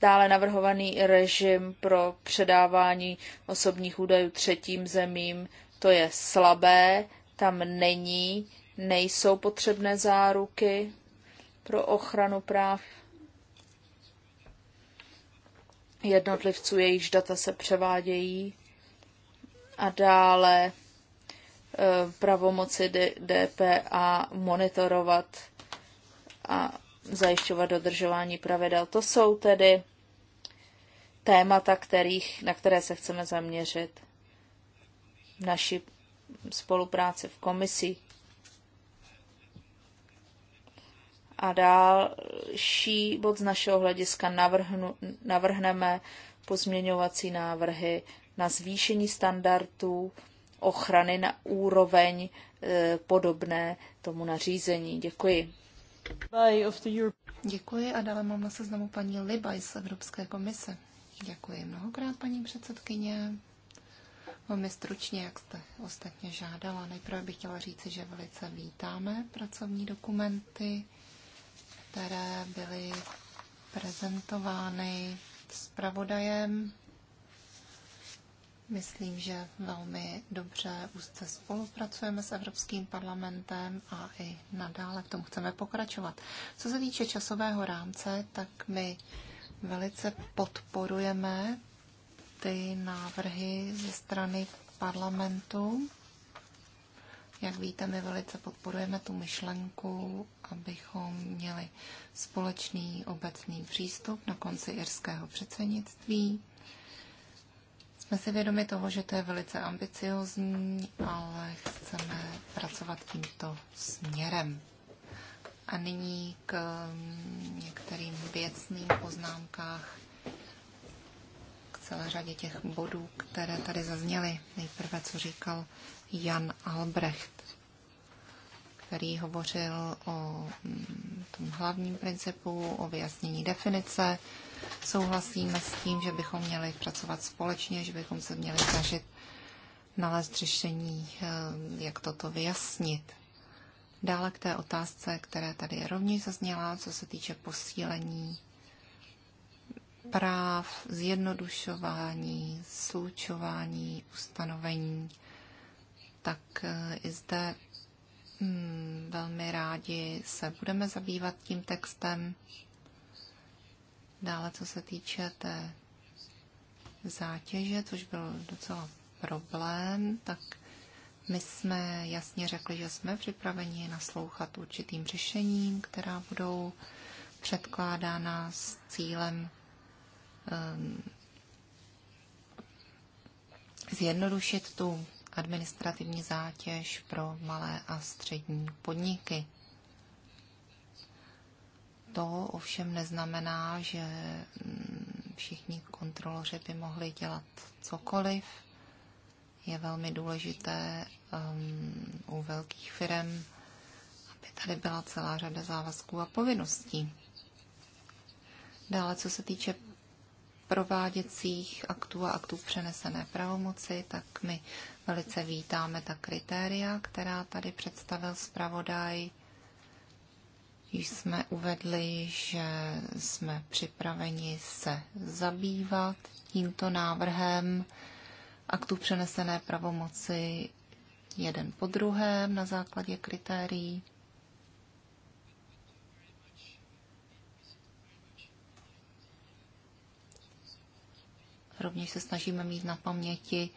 Dále navrhovaný režim pro předávání osobních údajů třetím zemím, to je slabé, tam není, nejsou potřebné záruky pro ochranu práv jednotlivců, jejichž data se převádějí. A dále Eh, pravomoci DPA monitorovat a zajišťovat dodržování pravidel. To jsou tedy témata, kterých, na které se chceme zaměřit v naší spolupráci v komisi. A další bod z našeho hlediska navrhnu, navrhneme pozměňovací návrhy na zvýšení standardů ochrany na úroveň eh, podobné tomu nařízení. Děkuji. Děkuji a dále mám na seznamu paní Libaj z Evropské komise. Děkuji mnohokrát, paní předsedkyně. Velmi stručně, jak jste ostatně žádala. Nejprve bych chtěla říci, že velice vítáme pracovní dokumenty, které byly prezentovány zpravodajem. Myslím, že velmi dobře úzce spolupracujeme s Evropským parlamentem a i nadále v tom chceme pokračovat. Co se týče časového rámce, tak my velice podporujeme ty návrhy ze strany parlamentu. Jak víte, my velice podporujeme tu myšlenku, abychom měli společný obecný přístup na konci irského předsednictví jsme si vědomi toho, že to je velice ambiciozní, ale chceme pracovat tímto směrem. A nyní k um, některým věcným poznámkách k celé řadě těch bodů, které tady zazněly. Nejprve, co říkal Jan Albrecht, který hovořil o mm, tom hlavním principu, o vyjasnění definice, souhlasíme s tím, že bychom měli pracovat společně, že bychom se měli snažit nalézt řešení, eh, jak toto vyjasnit. Dále k té otázce, která tady je rovněž zazněla, co se týče posílení práv, zjednodušování, slučování, ustanovení, tak eh, i zde hm, velmi rádi se budeme zabývat tím textem. Dále, co se týče té zátěže, což byl docela problém, tak my jsme jasně řekli, že jsme připraveni naslouchat určitým řešením, která budou předkládána s cílem um, zjednodušit tu administrativní zátěž pro malé a střední podniky. To ovšem neznamená, že mm, všichni kontroloři by mohli dělat cokoliv. Je velmi důležité um, u velkých firm, aby tady byla celá řada závazků a povinností. Dále, co se týče prováděcích aktů a aktů přenesené pravomoci, tak my velice vítáme ta kritéria, která tady představil zpravodaj jsme uvedli, že jsme připraveni se zabývat tímto návrhem aktu přenesené pravomoci jeden po druhém na základě kritérií. Rovněž se snažíme mít na paměti,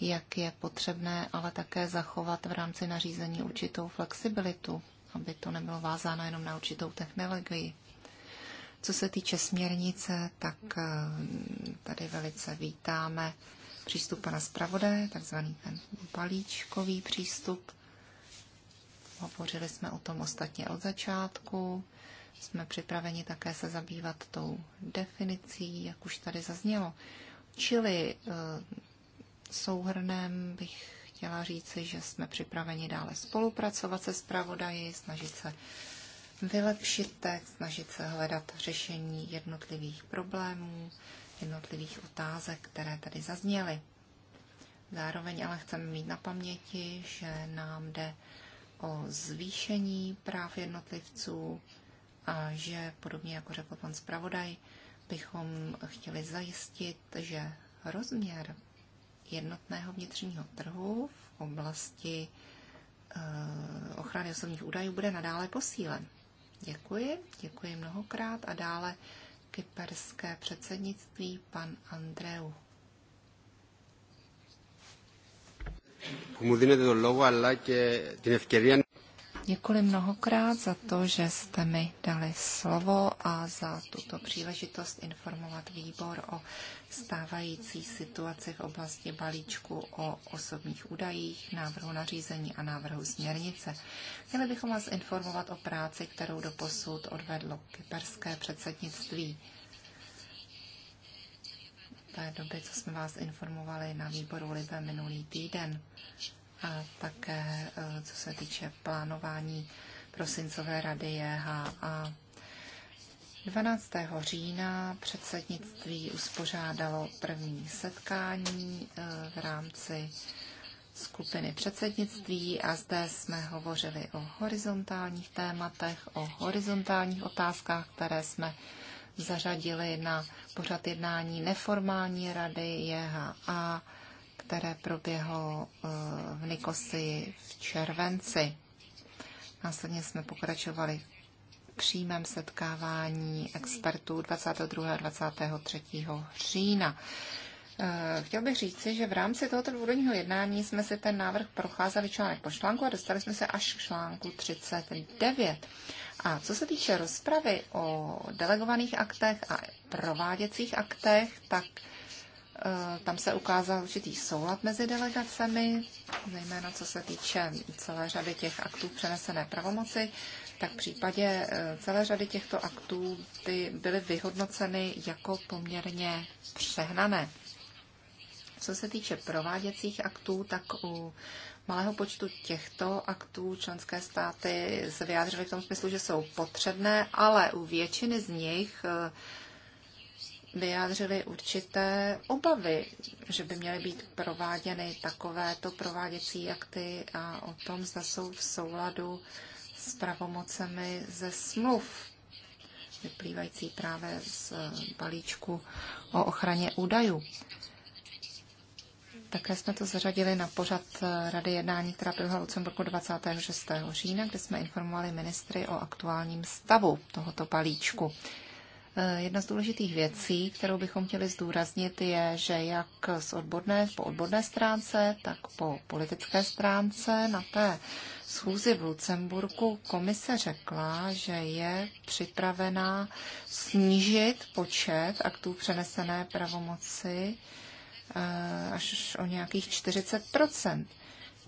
jak je potřebné, ale také zachovat v rámci nařízení určitou flexibilitu aby to nebylo vázáno jenom na určitou technologii. Co se týče směrnice, tak eh, tady velice vítáme přístup pana zpravodaje, takzvaný ten balíčkový přístup. Hovořili jsme o tom ostatně od začátku. Jsme připraveni také se zabývat tou definicí, jak už tady zaznělo. Čili eh, souhrnem bych chtěla říci, že jsme připraveni dále spolupracovat se zpravodaji, snažit se vylepšit text, snažit se hledat řešení jednotlivých problémů, jednotlivých otázek, které tady zazněly. Zároveň ale chceme mít na paměti, že nám jde o zvýšení práv jednotlivců a že, podobně jako řekl pan zpravodaj, bychom chtěli zajistit, že rozměr jednotného vnitřního trhu v oblasti eh, ochrany osobních údajů bude nadále posílen. Děkuji, děkuji mnohokrát a dále kyperské předsednictví pan Andreu. που μου δίνετε τον λόγο αλλά και την ευκαιρία Děkuji mnohokrát za to, že jste mi dali slovo a za tuto příležitost informovat výbor o stávající situaci v oblasti balíčku o osobních údajích, návrhu nařízení a návrhu směrnice. Měli bychom vás informovat o práci, kterou do posud odvedlo kyperské předsednictví té doby, co jsme vás informovali na výboru Libe minulý týden. A také, eh, co se týče plánování prosincové rady JHA. 12. října předsednictví uspořádalo první setkání eh, v rámci skupiny předsednictví a zde jsme hovořili o horizontálních tématech, o horizontálních otázkách, které jsme zařadili na pořad jednání neformální rady JHA které proběhlo eh, v Nikosii v červenci. Následně jsme pokračovali v přímém setkávání expertů 22. a 23. října. Eh, chtěl bych říci, že v rámci tohoto dvoudenního jednání jsme si ten návrh procházeli článek po článku a dostali jsme se až k článku 39. A co se týče rozpravy o delegovaných aktech a prováděcích aktech, tak Eh, tam se ukázal určitý soulad mezi delegacemi, zejména co se týče celé řady těch aktů přenesené pravomoci, tak v případě eh, celé řady těchto aktů by byly vyhodnoceny jako poměrně přehnané. Co se týče prováděcích aktů, tak u malého počtu těchto aktů členské státy se vyjádřily v tom smyslu, že jsou potřebné, ale u většiny z nich eh, vyjádřili určité obavy, že by měly být prováděny takovéto prováděcí akty a o tom, zda jsou v souladu s pravomocemi ze smluv vyplývající právě z eh, balíčku o ochraně údajů. Také jsme to zařadili na pořad eh, Rady jednání, která byla v Lucemburku 26. října, kde jsme informovali ministry o aktuálním stavu tohoto balíčku. Jedna z důležitých věcí, kterou bychom chtěli zdůraznit, je, že jak z odborné, po odborné stránce, tak po politické stránce na té schůzi v Lucemburku komise řekla, že je připravená snížit počet aktů přenesené pravomoci eh, až o nějakých 40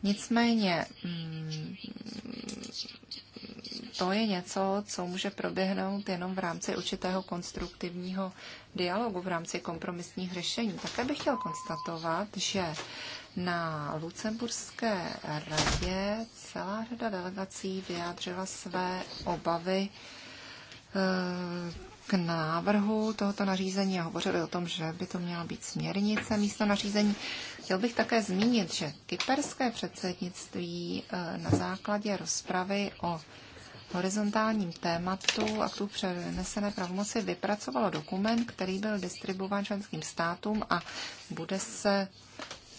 Nicméně mm, to je něco, co může proběhnout jenom v rámci určitého konstruktivního dialogu, v rámci kompromisních řešení. Také bych chtěl konstatovat, že na Lucemburské radě celá řada delegací vyjádřila své obavy eh, k návrhu tohoto nařízení a hovořili o tom, že by to měla být směrnice místo nařízení. Chtěl bych také zmínit, že kyperské předsednictví eh, na základě rozpravy o horizontálním tématu a tu přenesené pravomoci vypracovalo dokument, který byl distribuován členským státům a bude se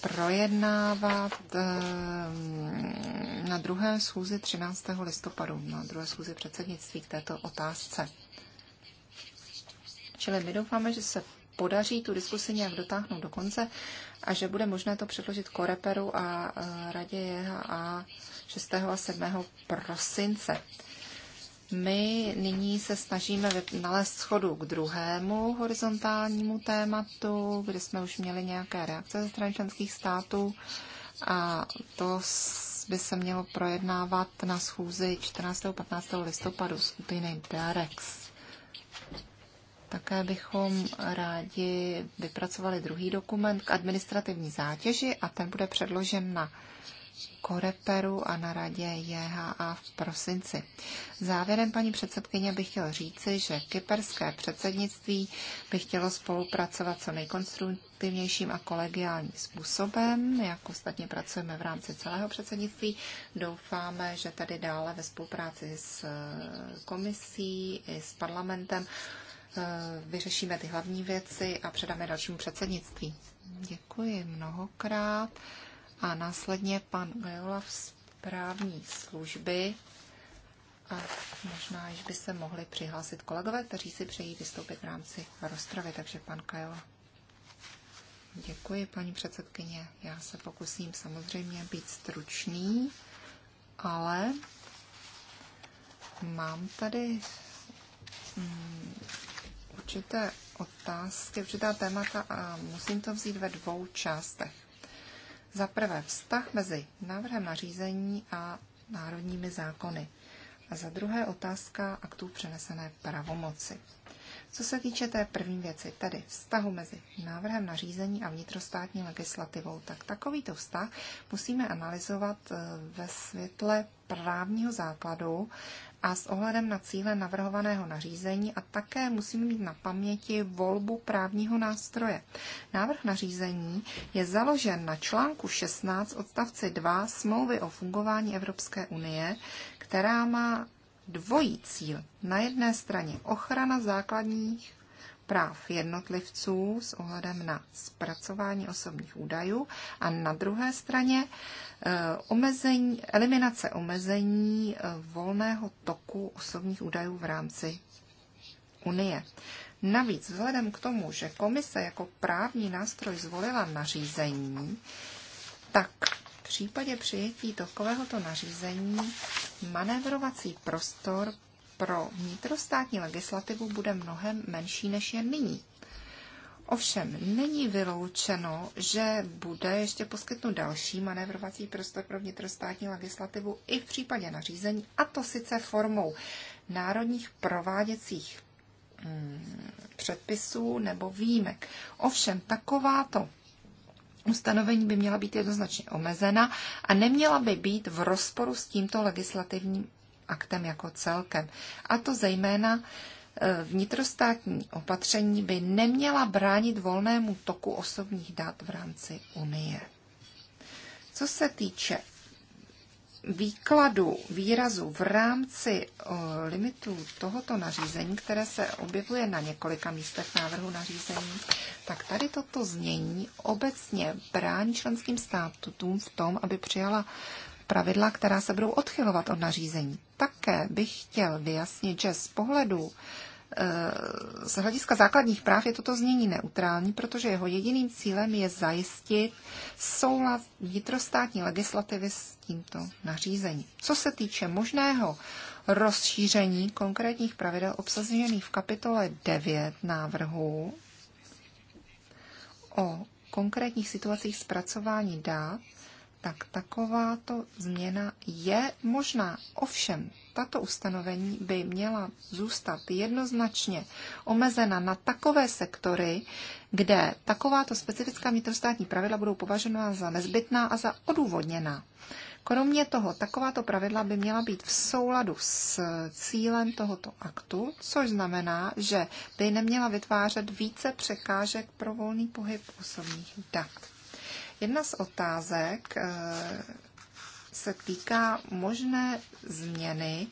projednávat eh, na druhé schůzi 13. listopadu, na druhé schůzi předsednictví k této otázce. Čili my doufáme, že se podaří tu diskusi nějak dotáhnout do konce a že bude možné to předložit Koreperu a e, Radě a 6. a 7. prosince. My nyní se snažíme nalézt schodu k druhému horizontálnímu tématu, kde jsme už měli nějaké reakce ze strany členských států a to by se mělo projednávat na schůzi 14. 15. listopadu skupiny DAREX. Také bychom rádi vypracovali druhý dokument k administrativní zátěži a ten bude předložen na Koreperu a na radě JHA v prosinci. Závěrem, paní předsedkyně, bych chtěl říci, že kyperské předsednictví by chtělo spolupracovat co nejkonstruktivnějším a kolegiálním způsobem, jak ostatně pracujeme v rámci celého předsednictví. Doufáme, že tady dále ve spolupráci s eh, komisí i s parlamentem Eh, vyřešíme ty hlavní věci a předáme dalšímu předsednictví. Děkuji mnohokrát. A následně pan Gajola z právní služby. A možná, již by se mohli přihlásit kolegové, kteří si přejí vystoupit v rámci rozpravy. Takže pan Kajola. Děkuji, paní předsedkyně. Já se pokusím samozřejmě být stručný, ale mám tady mm, určité otázky, určitá témata a musím to vzít ve dvou částech. Za prvé vztah mezi návrhem nařízení a národními zákony. A za druhé otázka aktů přenesené pravomoci. Co se týče té první věci, tedy vztahu mezi návrhem na řízení a vnitrostátní legislativou, tak takovýto vztah musíme analyzovat eh, ve světle právního základu a s ohledem na cíle navrhovaného nařízení a také musíme mít na paměti volbu právního nástroje. Návrh nařízení je založen na článku 16 odstavce 2 smlouvy o fungování Evropské unie, která má dvojí cíl. Na jedné straně ochrana základních práv jednotlivců s ohledem na zpracování osobních údajů a na druhé straně eh, omezení, eliminace omezení eh, volného toku osobních údajů v rámci Unie. Navíc vzhledem k tomu, že komise jako právní nástroj zvolila nařízení, tak případě přijetí takovéhoto nařízení manévrovací prostor pro vnitrostátní legislativu bude mnohem menší, než je nyní. Ovšem není vyloučeno, že bude ještě poskytnut další manévrovací prostor pro vnitrostátní legislativu i v případě nařízení, a to sice formou národních prováděcích hmm, předpisů nebo výjimek. Ovšem takováto ustanovení by měla být jednoznačně omezena a neměla by být v rozporu s tímto legislativním aktem jako celkem. A to zejména e, vnitrostátní opatření by neměla bránit volnému toku osobních dat v rámci Unie. Co se týče výkladu výrazu v rámci limitů tohoto nařízení, které se objevuje na několika místech návrhu nařízení, tak tady toto znění obecně brání členským státům v tom, aby přijala pravidla, která se budou odchylovat od nařízení. Také bych chtěl vyjasnit, že z pohledu Eh, z hlediska základních práv je toto znění neutrální, protože jeho jediným cílem je zajistit soulad vnitrostátní legislativy s tímto nařízením. Co se týče možného rozšíření konkrétních pravidel obsažených v kapitole 9 návrhu o konkrétních situacích zpracování dát, tak takováto změna je možná. Ovšem, tato ustanovení by měla zůstat jednoznačně omezena na takové sektory, kde takováto specifická vnitrostátní pravidla budou považována za nezbytná a za odůvodněná. Kromě toho, takováto pravidla by měla být v souladu s cílem tohoto aktu, což znamená, že by neměla vytvářet více překážek pro volný pohyb osobních dat. Jedna z otázek eh, se týká možné změny,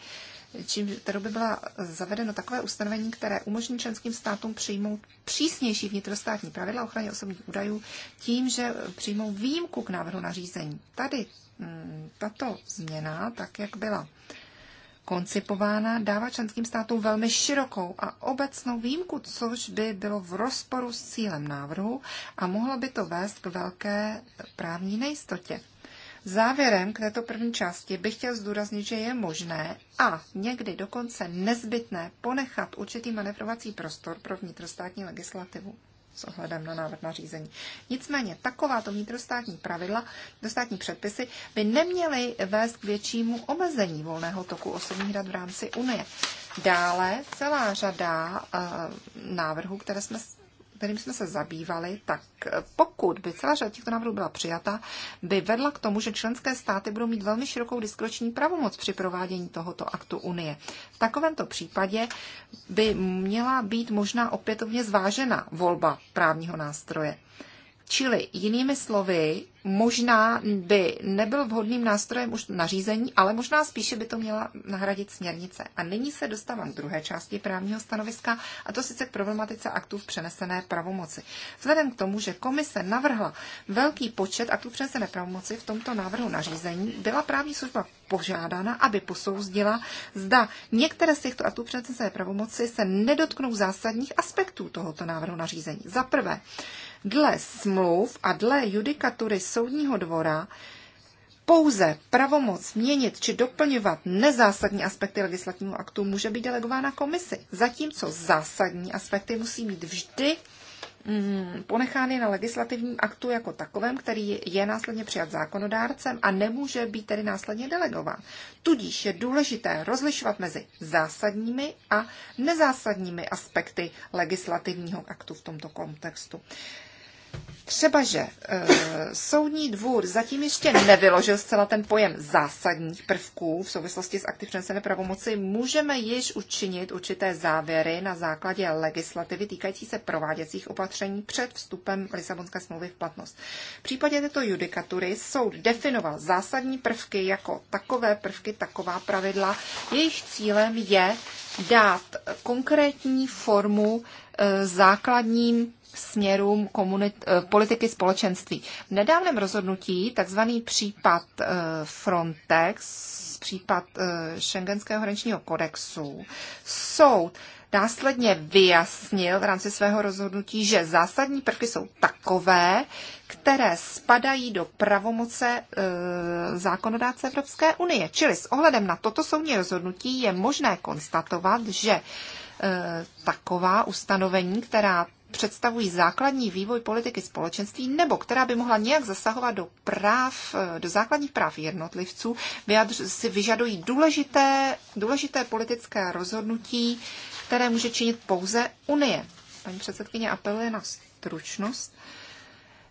čím, kterou by byla zavedeno takové ustanovení, které umožní členským státům přijmout přísnější vnitrostátní pravidla ochraně osobních údajů tím, že přijmou výjimku k návrhu nařízení. Tady mm, tato změna, tak jak byla koncipována, dává členským státům velmi širokou a obecnou výjimku, což by bylo v rozporu s cílem návrhu a mohlo by to vést k velké právní nejistotě. Závěrem k této první části bych chtěl zdůraznit, že je možné a někdy dokonce nezbytné ponechat určitý manevrovací prostor pro vnitrostátní legislativu s ohledem na návrh na řízení. Nicméně takováto vnitrostátní pravidla, vnitrostátní předpisy by neměly vést k většímu omezení volného toku osobních dat v rámci Unie. Dále celá řada e, návrhů, které jsme kterým jsme se zabývali, tak eh, pokud by celá řada těchto návrhů byla přijata, by vedla k tomu, že členské státy budou mít velmi širokou diskroční pravomoc při provádění tohoto aktu Unie. V takovémto případě by měla být možná opětovně zvážena volba právního nástroje. Čili jinými slovy, možná by nebyl vhodným nástrojem už nařízení, ale možná spíše by to měla nahradit směrnice. A nyní se dostávám k druhé části právního stanoviska, a to sice k problematice aktů v přenesené pravomoci. Vzhledem k tomu, že komise navrhla velký počet aktů v přenesené pravomoci v tomto návrhu nařízení, byla právní služba požádána, aby posouzdila, zda některé z těchto aktů přenesené pravomoci se nedotknou zásadních aspektů tohoto návrhu nařízení. Za prvé, Dle smluv a dle judikatury soudního dvora pouze pravomoc měnit či doplňovat nezásadní aspekty legislativního aktu může být delegována komisi, zatímco zásadní aspekty musí být vždy mm, ponechány na legislativním aktu jako takovém, který je následně přijat zákonodárcem a nemůže být tedy následně delegován. Tudíž je důležité rozlišovat mezi zásadními a nezásadními aspekty legislativního aktu v tomto kontextu třeba, že e, soudní dvůr zatím ještě nevyložil zcela ten pojem zásadních prvků v souvislosti s aktiv přenesené pravomoci, můžeme již učinit určité závěry na základě legislativy týkající se prováděcích opatření před vstupem Lisabonské smlouvy v platnost. V případě této judikatury soud definoval zásadní prvky jako takové prvky, taková pravidla. Jejich cílem je dát konkrétní formu e, základním směrům komunit, eh, politiky společenství. V nedávném rozhodnutí takzvaný případ eh, Frontex, případ eh, Schengenského hraničního kodexu, soud následně vyjasnil v rámci svého rozhodnutí, že zásadní prvky jsou takové, které spadají do pravomoce e, zákonodáce Evropské unie. Čili s ohledem na toto soudní rozhodnutí je možné konstatovat, že e, taková ustanovení, která představují základní vývoj politiky společenství nebo která by mohla nějak zasahovat do práv, eh, do základních práv jednotlivců, vyjadř, si vyžadují důležité, důležité politické rozhodnutí, které může činit pouze Unie. Paní předsedkyně apeluje na stručnost.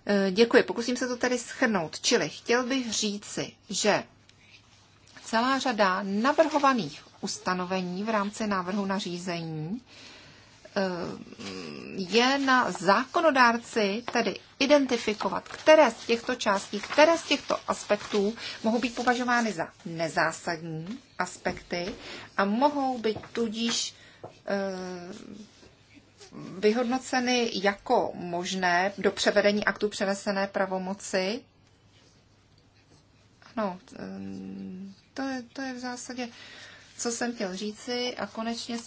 Eh, děkuji, pokusím se to tady schrnout. Čili chtěl bych říci, že celá řada navrhovaných ustanovení v rámci návrhu na řízení je na zákonodárci tedy identifikovat, které z těchto částí, které z těchto aspektů mohou být považovány za nezásadní aspekty a mohou být tudíž eh, vyhodnoceny jako možné do převedení aktu přenesené pravomoci. Ano, eh, to je, to je v zásadě, co jsem chtěl říci a konečně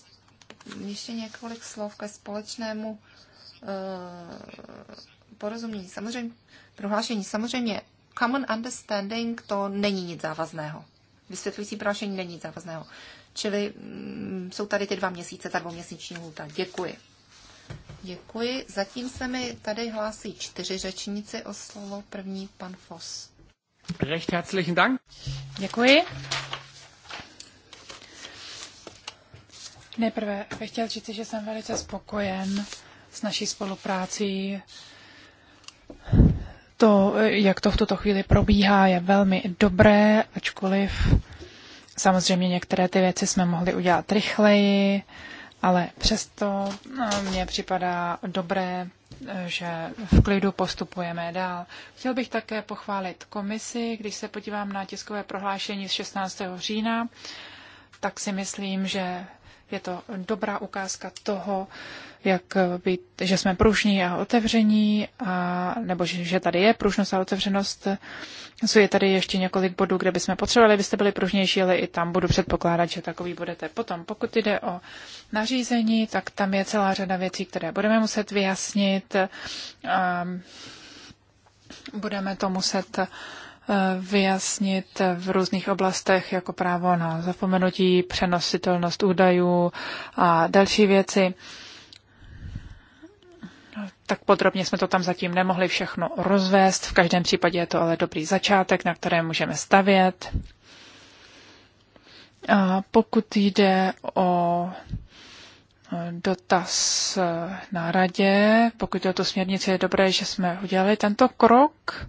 ještě několik slov ke společnému eh, porozumění. Samozřejmě, prohlášení. Samozřejmě, common understanding to není nic závazného. Vysvětlující prohlášení není nic závazného. Čili m, mm, jsou tady ty dva měsíce, ta dvouměsíční lhůta. Děkuji. Děkuji. Zatím se mi tady hlásí čtyři řečníci o slovo. První pan Fos. Recht herzlichen Dank. Děkuji. Nejprve bych chtěl říct, že jsem velice spokojen s naší spoluprácí. To, jak to v tuto chvíli probíhá, je velmi dobré, ačkoliv samozřejmě některé ty věci jsme mohli udělat rychleji, ale přesto no, mně připadá dobré, že v klidu postupujeme dál. Chtěl bych také pochválit komisi, když se podívám na tiskové prohlášení z 16. října, tak si myslím, že je to dobrá ukázka toho, jak být, že jsme pružní a otevření, a, nebo že, že tady je pružnost a otevřenost. Jsou je tady ještě několik bodů, kde bychom potřebovali, abyste byli pružnější, ale i tam budu předpokládat, že takový budete. Potom, pokud jde o nařízení, tak tam je celá řada věcí, které budeme muset vyjasnit. Ehm, budeme to muset Eh, vyjasnit v různých oblastech, jako právo na zapomenutí, přenositelnost údajů a další věci. Tak podrobně jsme to tam zatím nemohli všechno rozvést. V každém případě je to ale dobrý začátek, na kterém můžeme stavět. A pokud jde o dotaz eh, na radě, pokud je to směrnice, je dobré, že jsme udělali tento krok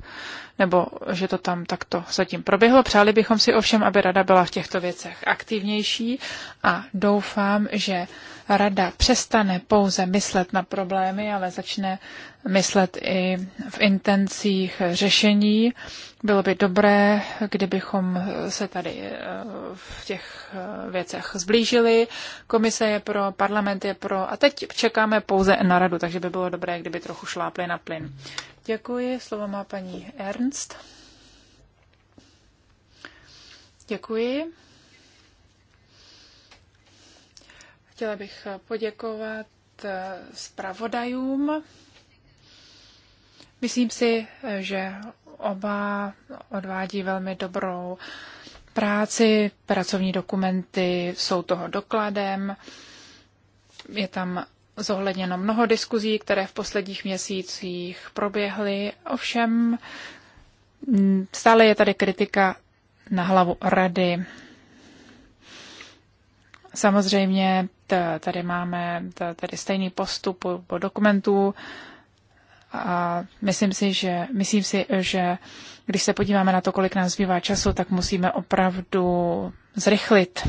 nebo že to tam takto zatím proběhlo. Přáli bychom si ovšem, aby rada byla v těchto věcech aktivnější a doufám, že rada přestane pouze myslet na problémy, ale začne myslet i v intencích řešení. Bylo by dobré, kdybychom se tady eh, v těch eh, věcech zblížili. Komise je pro, parlament je pro a teď čekáme pouze na radu, takže by bylo dobré, kdyby trochu šlápli na plyn. Děkuji. Slovo má paní Ernst. Děkuji. Chtěla bych poděkovat eh, zpravodajům. Myslím si, že oba odvádí velmi dobrou práci. Pracovní dokumenty jsou toho dokladem. Je tam zohledněno mnoho diskuzí, které v posledních měsících proběhly. Ovšem stále je tady kritika na hlavu rady. Samozřejmě tady máme tady stejný postup po dokumentů a myslím si, že, myslím si, že když se podíváme na to, kolik nás zbývá času, tak musíme opravdu zrychlit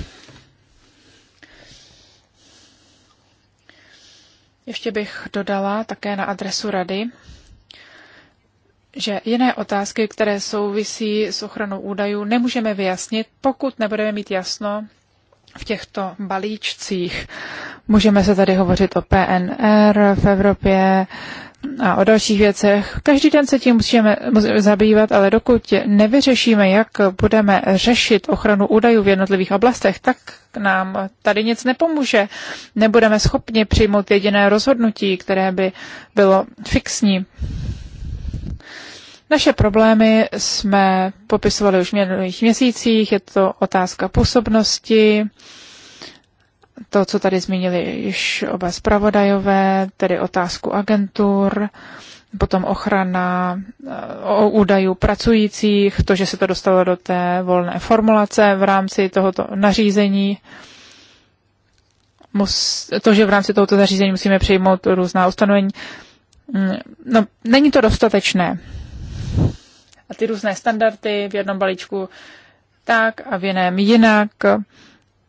Ještě bych dodala také na adresu rady, že jiné otázky, které souvisí s ochranou údajů, nemůžeme vyjasnit, pokud nebudeme mít jasno v těchto balíčcích. Můžeme se tady hovořit o PNR v Evropě a o dalších věcech. Každý den se tím musíme zabývat, ale dokud nevyřešíme, jak budeme řešit ochranu údajů v jednotlivých oblastech, tak nám tady nic nepomůže. Nebudeme schopni přijmout jediné rozhodnutí, které by bylo fixní. Naše problémy jsme popisovali už v minulých měsících, je to otázka působnosti, to, co tady zmínili již oba zpravodajové, tedy otázku agentur, potom ochrana eh, o údajů pracujících, to, že se to dostalo do té volné formulace v rámci tohoto nařízení, mus, to, že v rámci tohoto zařízení musíme přijmout různá ustanovení, mm, no, není to dostatečné a ty různé standardy v jednom balíčku tak a v jiném jinak,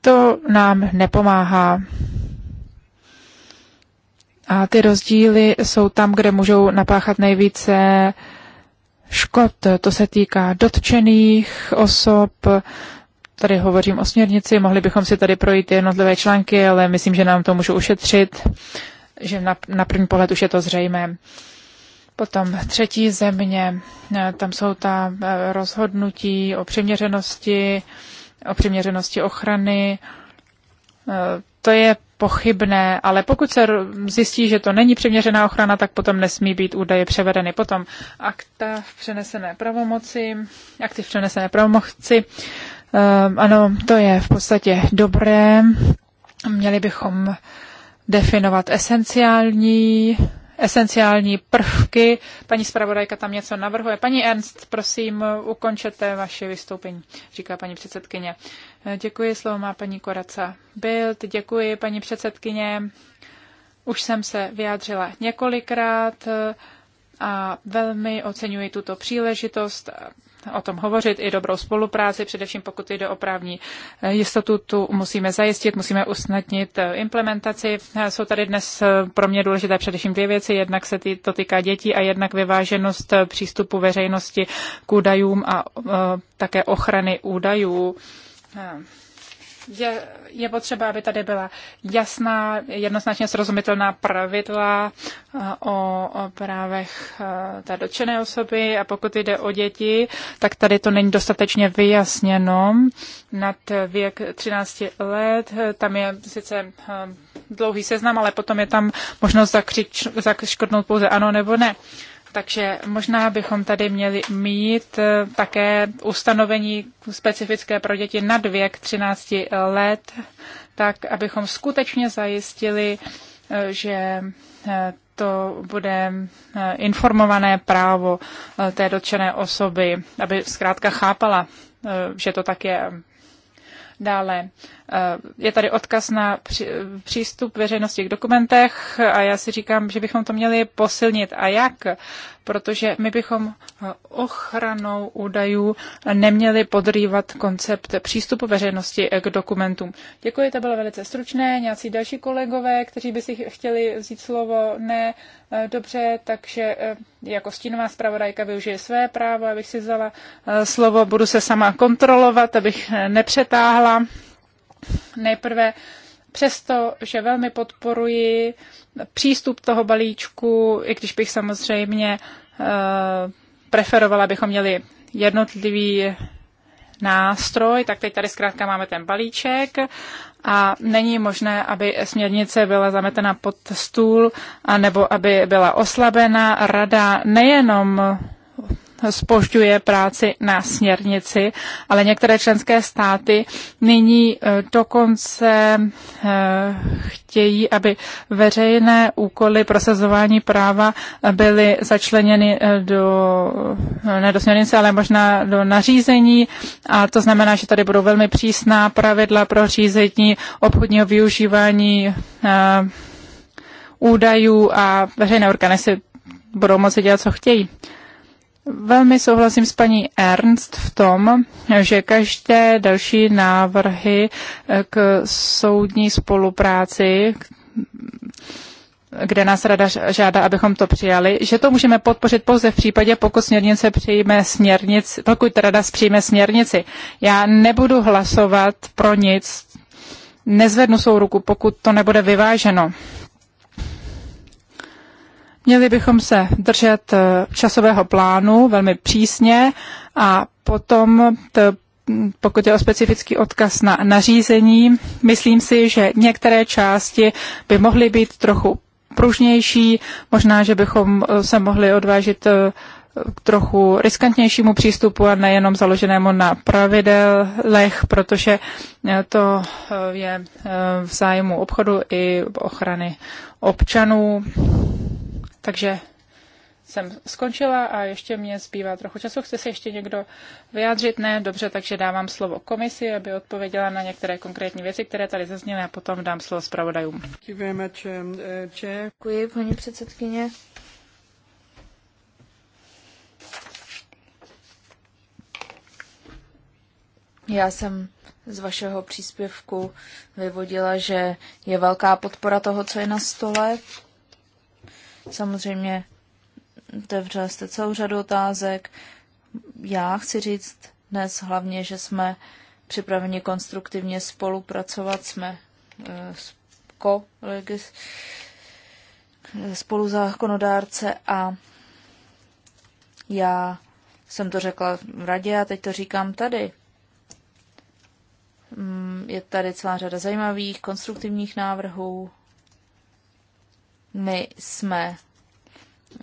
to nám nepomáhá. A ty rozdíly jsou tam, kde můžou napáchat nejvíce škod. To se týká dotčených osob, tady hovořím o směrnici, mohli bychom si tady projít jednotlivé články, ale myslím, že nám to můžu ušetřit, že na, na první pohled už je to zřejmé. Potom třetí země, eh, tam jsou ta eh, rozhodnutí o přiměřenosti, o přiměřenosti ochrany. Eh, to je pochybné, ale pokud se zjistí, že to není přiměřená ochrana, tak potom nesmí být údaje převedeny. Potom akta v přenesené pravomoci, akty v přenesené pravomoci, ehm, ano, to je v podstatě dobré. Měli bychom definovat esenciální esenciální prvky. Paní zpravodajka tam něco navrhuje. Paní Ernst, prosím, ukončete vaše vystoupení, říká paní předsedkyně. Děkuji, slovo má paní Koraca Bild. Děkuji, paní předsedkyně. Už jsem se vyjádřila několikrát a velmi oceňuji tuto příležitost o tom hovořit, i dobrou spolupráci, především pokud jde o právní jistotu, tu musíme zajistit, musíme usnadnit eh, implementaci. Eh, jsou tady dnes eh, pro mě důležité především dvě věci. Jednak se tý, to týká dětí a jednak vyváženost přístupu veřejnosti k údajům a také ochrany údajů je, je potřeba, aby tady byla jasná, jednoznačně srozumitelná pravidla eh, o, o právech eh, té dotčené osoby a pokud jde o děti, tak tady to není dostatečně vyjasněno. Nad věk 13 let, tam je sice eh, dlouhý seznam, ale potom je tam možnost zakřič, pouze ano nebo ne. Takže možná bychom tady měli mít eh, také ustanovení specifické pro děti nad věk 13 let, tak abychom skutečně zajistili, eh, že eh, to bude informované právo té dotčené osoby, aby zkrátka chápala, že to tak je. Dále eh, je tady odkaz na přístup veřejnosti k dokumentech a já si říkám, že bychom to měli posilnit. A jak? protože my bychom eh, ochranou údajů neměli podrývat koncept přístupu veřejnosti k dokumentům. Děkuji, to bylo velice stručné. Nějací další kolegové, kteří by si chtěli vzít slovo, ne, eh, dobře, takže eh, jako stínová zpravodajka využije své právo, abych si vzala slovo, budu se sama kontrolovat, abych nepřetáhla. Nejprve Přesto, že velmi podporuji přístup toho balíčku, i když bych samozřejmě eh, preferovala, abychom měli jednotlivý nástroj, tak teď tady zkrátka máme ten balíček a není možné, aby směrnice byla zametena pod stůl, nebo aby byla oslabena. Rada nejenom spožďuje práci na směrnici, ale některé členské státy nyní e, dokonce e, chtějí, aby veřejné úkoly prosazování práva byly začleněny e, do, no, ne do směrnice, ale možná do nařízení a to znamená, že tady budou velmi přísná pravidla pro řízení obchodního využívání údajů a veřejné orgány budou moci dělat, co chtějí. Velmi souhlasím s paní Ernst v tom, že každé další návrhy eh, k soudní spolupráci, kde nás rada žádá, abychom to přijali, že to můžeme podpořit pouze v případě, pokud směrnice přijme směrnici, pokud rada přijme směrnici. Já nebudu hlasovat pro nic, nezvednu svou ruku, pokud to nebude vyváženo. Měli bychom se držet eh, časového plánu velmi přísně a potom, to, pokud je o specifický odkaz na nařízení, myslím si, že některé části by mohly být trochu pružnější, možná, že bychom eh, se mohli odvážit eh, k trochu riskantnějšímu přístupu a nejenom založenému na pravidelech, protože to je v zájmu obchodu i ochrany občanů. Takže jsem skončila a ještě mě zbývá trochu času. Chce se ještě někdo vyjádřit? Ne, dobře, takže dávám slovo komisi, aby odpověděla na některé konkrétní věci, které tady zazněly a potom dám slovo zpravodajům. Um, uh, Děkuji, paní předsedkyně. Já jsem z vašeho příspěvku vyvodila, že je velká podpora toho, co je na stole. Samozřejmě otevřel jste celou řadu otázek. Já chci říct dnes hlavně, že jsme připraveni konstruktivně spolupracovat. Jsme ko eh, zákonodárce a já jsem to řekla v radě a teď to říkám tady. Mm, je tady celá řada zajímavých, konstruktivních návrhů. My jsme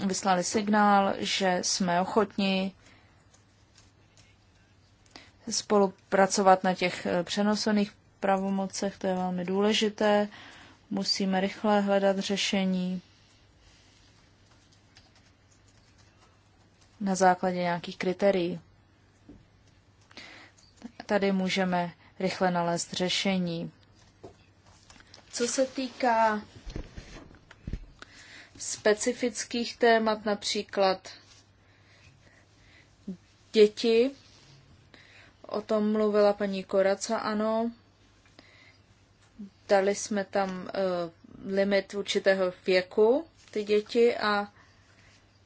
vyslali signál, že jsme ochotni spolupracovat na těch eh, přenosených pravomocech, to je velmi důležité. Musíme rychle hledat řešení na základě nějakých kritérií. Tady můžeme rychle nalézt řešení. Co se týká specifických témat, například děti. O tom mluvila paní Koraca, ano. Dali jsme tam uh, limit určitého věku ty děti a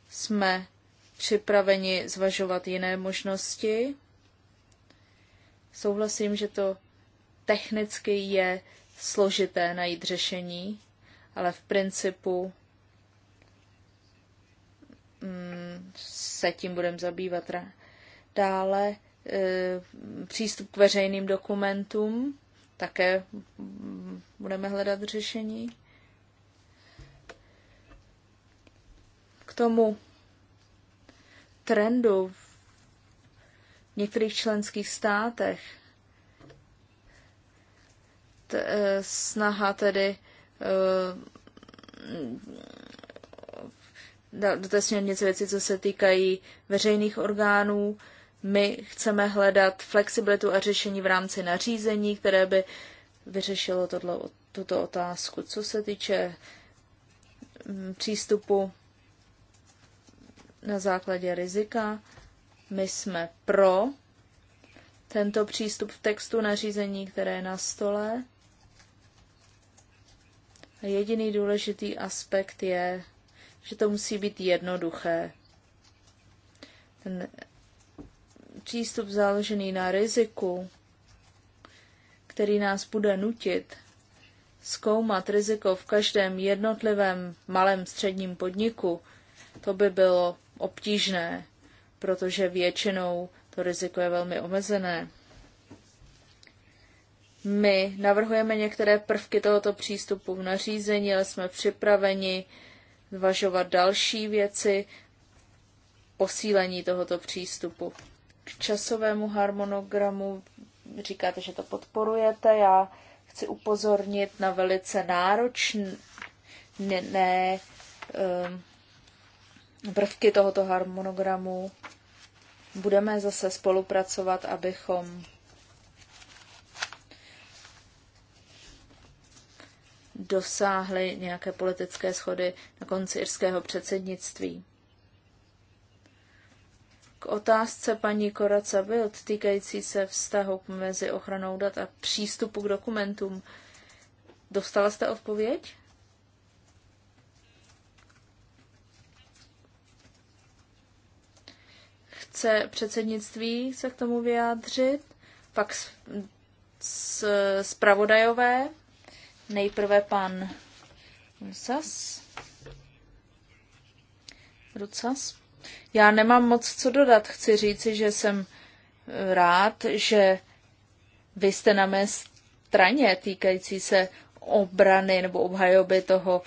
jsme připraveni zvažovat jiné možnosti. Souhlasím, že to technicky je složité najít řešení, ale v principu se tím budeme zabývat dále. E, přístup k veřejným dokumentům, také budeme hledat řešení. K tomu trendu v některých členských státech e, snaha tedy e, do té směrnice věci, co se týkají veřejných orgánů. My chceme hledat flexibilitu a řešení v rámci nařízení, které by vyřešilo tohle, tuto otázku. Co se týče mm, přístupu na základě rizika, my jsme pro tento přístup v textu nařízení, které je na stole. A Jediný důležitý aspekt je že to musí být jednoduché. Ten přístup založený na riziku, který nás bude nutit zkoumat riziko v každém jednotlivém malém středním podniku, to by bylo obtížné, protože většinou to riziko je velmi omezené. My navrhujeme některé prvky tohoto přístupu v nařízení, ale jsme připraveni zvažovat další věci, posílení tohoto přístupu. K časovému harmonogramu říkáte, že to podporujete. Já chci upozornit na velice náročné ne, um, prvky tohoto harmonogramu. Budeme zase spolupracovat, abychom dosáhly nějaké politické schody na konci irského předsednictví. K otázce paní Koraca Wild týkající se vztahu mezi ochranou dat a přístupu k dokumentům. Dostala jste odpověď? Chce předsednictví se k tomu vyjádřit? Pak s, s, zpravodajové? Nejprve pan Rucas. Rucas. Já nemám moc co dodat. Chci říci, že jsem rád, že vy jste na mé straně týkající se obrany nebo obhajoby toho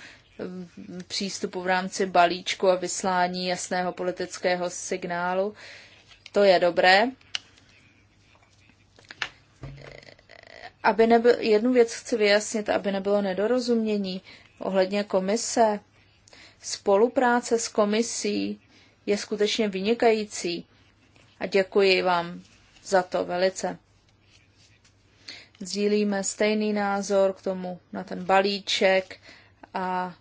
přístupu v rámci balíčku a vyslání jasného politického signálu. To je dobré. aby nebyl, jednu věc chci vyjasnit, aby nebylo nedorozumění ohledně komise. Spolupráce s komisí je skutečně vynikající a děkuji vám za to velice. Sdílíme stejný názor k tomu na ten balíček a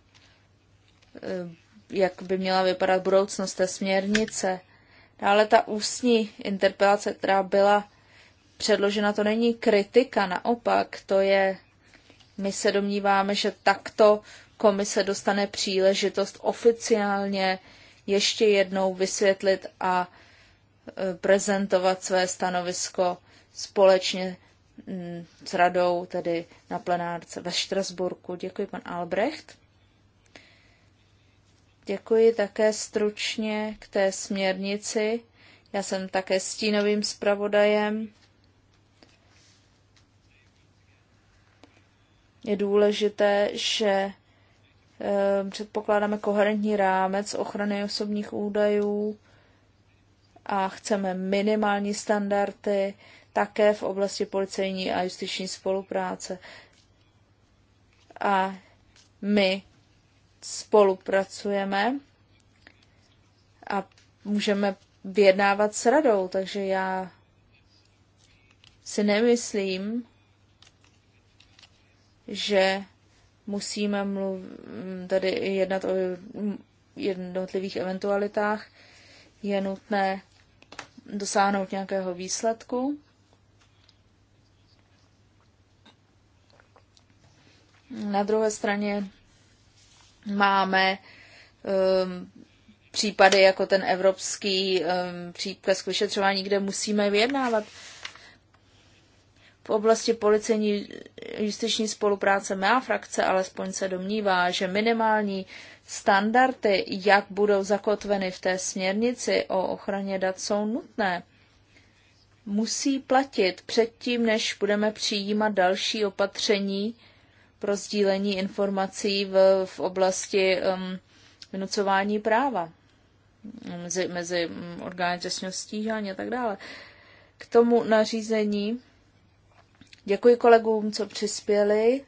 e, jak by měla vypadat budoucnost té směrnice. Dále ta ústní interpelace, která byla předložena, to není kritika, naopak, to je, my se domníváme, že takto komise dostane příležitost oficiálně ještě jednou vysvětlit a e, prezentovat své stanovisko společně s radou, tedy na plenárce ve Štrasburku. Děkuji, pan Albrecht. Děkuji také stručně k té směrnici. Já jsem také stínovým zpravodajem je důležité, že eh, předpokládáme koherentní rámec ochrany osobních údajů a chceme minimální standardy také v oblasti policejní a justiční spolupráce. A my spolupracujeme a můžeme vyjednávat s radou, takže já si nemyslím, že musíme mluv, tady jednat o jednotlivých eventualitách, je nutné dosáhnout nějakého výsledku. Na druhé straně máme um, případy jako ten evropský um, příkaz k vyšetřování, kde musíme vyjednávat v oblasti policejní justiční spolupráce má frakce alespoň se domnívá, že minimální standardy, jak budou zakotveny v té směrnici o ochraně dat, jsou nutné. Musí platit předtím, než budeme přijímat další opatření pro sdílení informací v, v oblasti um, vynucování práva mezi, mezi mm, orgány trestního stíhání a tak dále. K tomu nařízení Děkuji kolegům, co přispěli,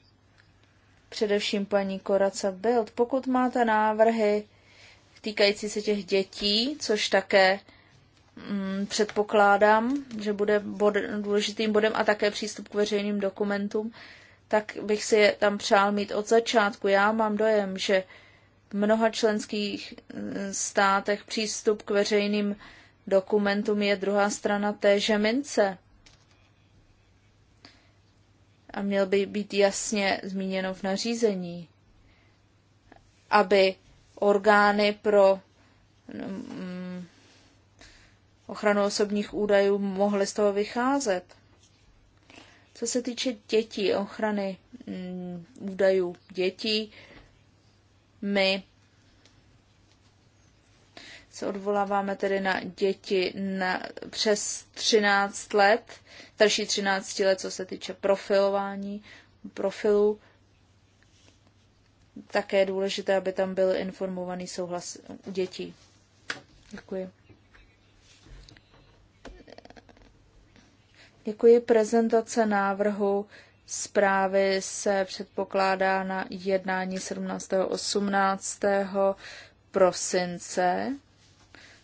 především paní Koraca Bild. Pokud máte návrhy týkající se těch dětí, což také mm, předpokládám, že bude bod, důležitým bodem a také přístup k veřejným dokumentům, tak bych si je tam přál mít od začátku. Já mám dojem, že v mnoha členských mm, státech přístup k veřejným dokumentům je druhá strana téže mince a měl by být jasně zmíněno v nařízení, aby orgány pro mm, ochranu osobních údajů mohly z toho vycházet. Co se týče dětí, ochrany mm, údajů dětí, my se odvoláváme tedy na děti na, přes 13 let, starší 13 let, co se týče profilování, profilu. Také je důležité, aby tam byl informovaný souhlas dětí. Děkuji. Děkuji. Prezentace návrhu zprávy se předpokládá na jednání 17. 18. prosince.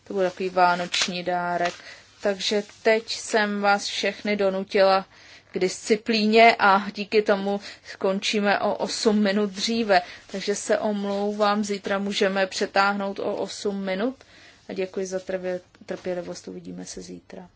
To byl takový vánoční dárek. Takže teď jsem vás všechny donutila k disciplíně a díky tomu skončíme o 8 minut dříve. Takže se omlouvám, zítra můžeme přetáhnout o 8 minut a děkuji za trpělivost, uvidíme se zítra.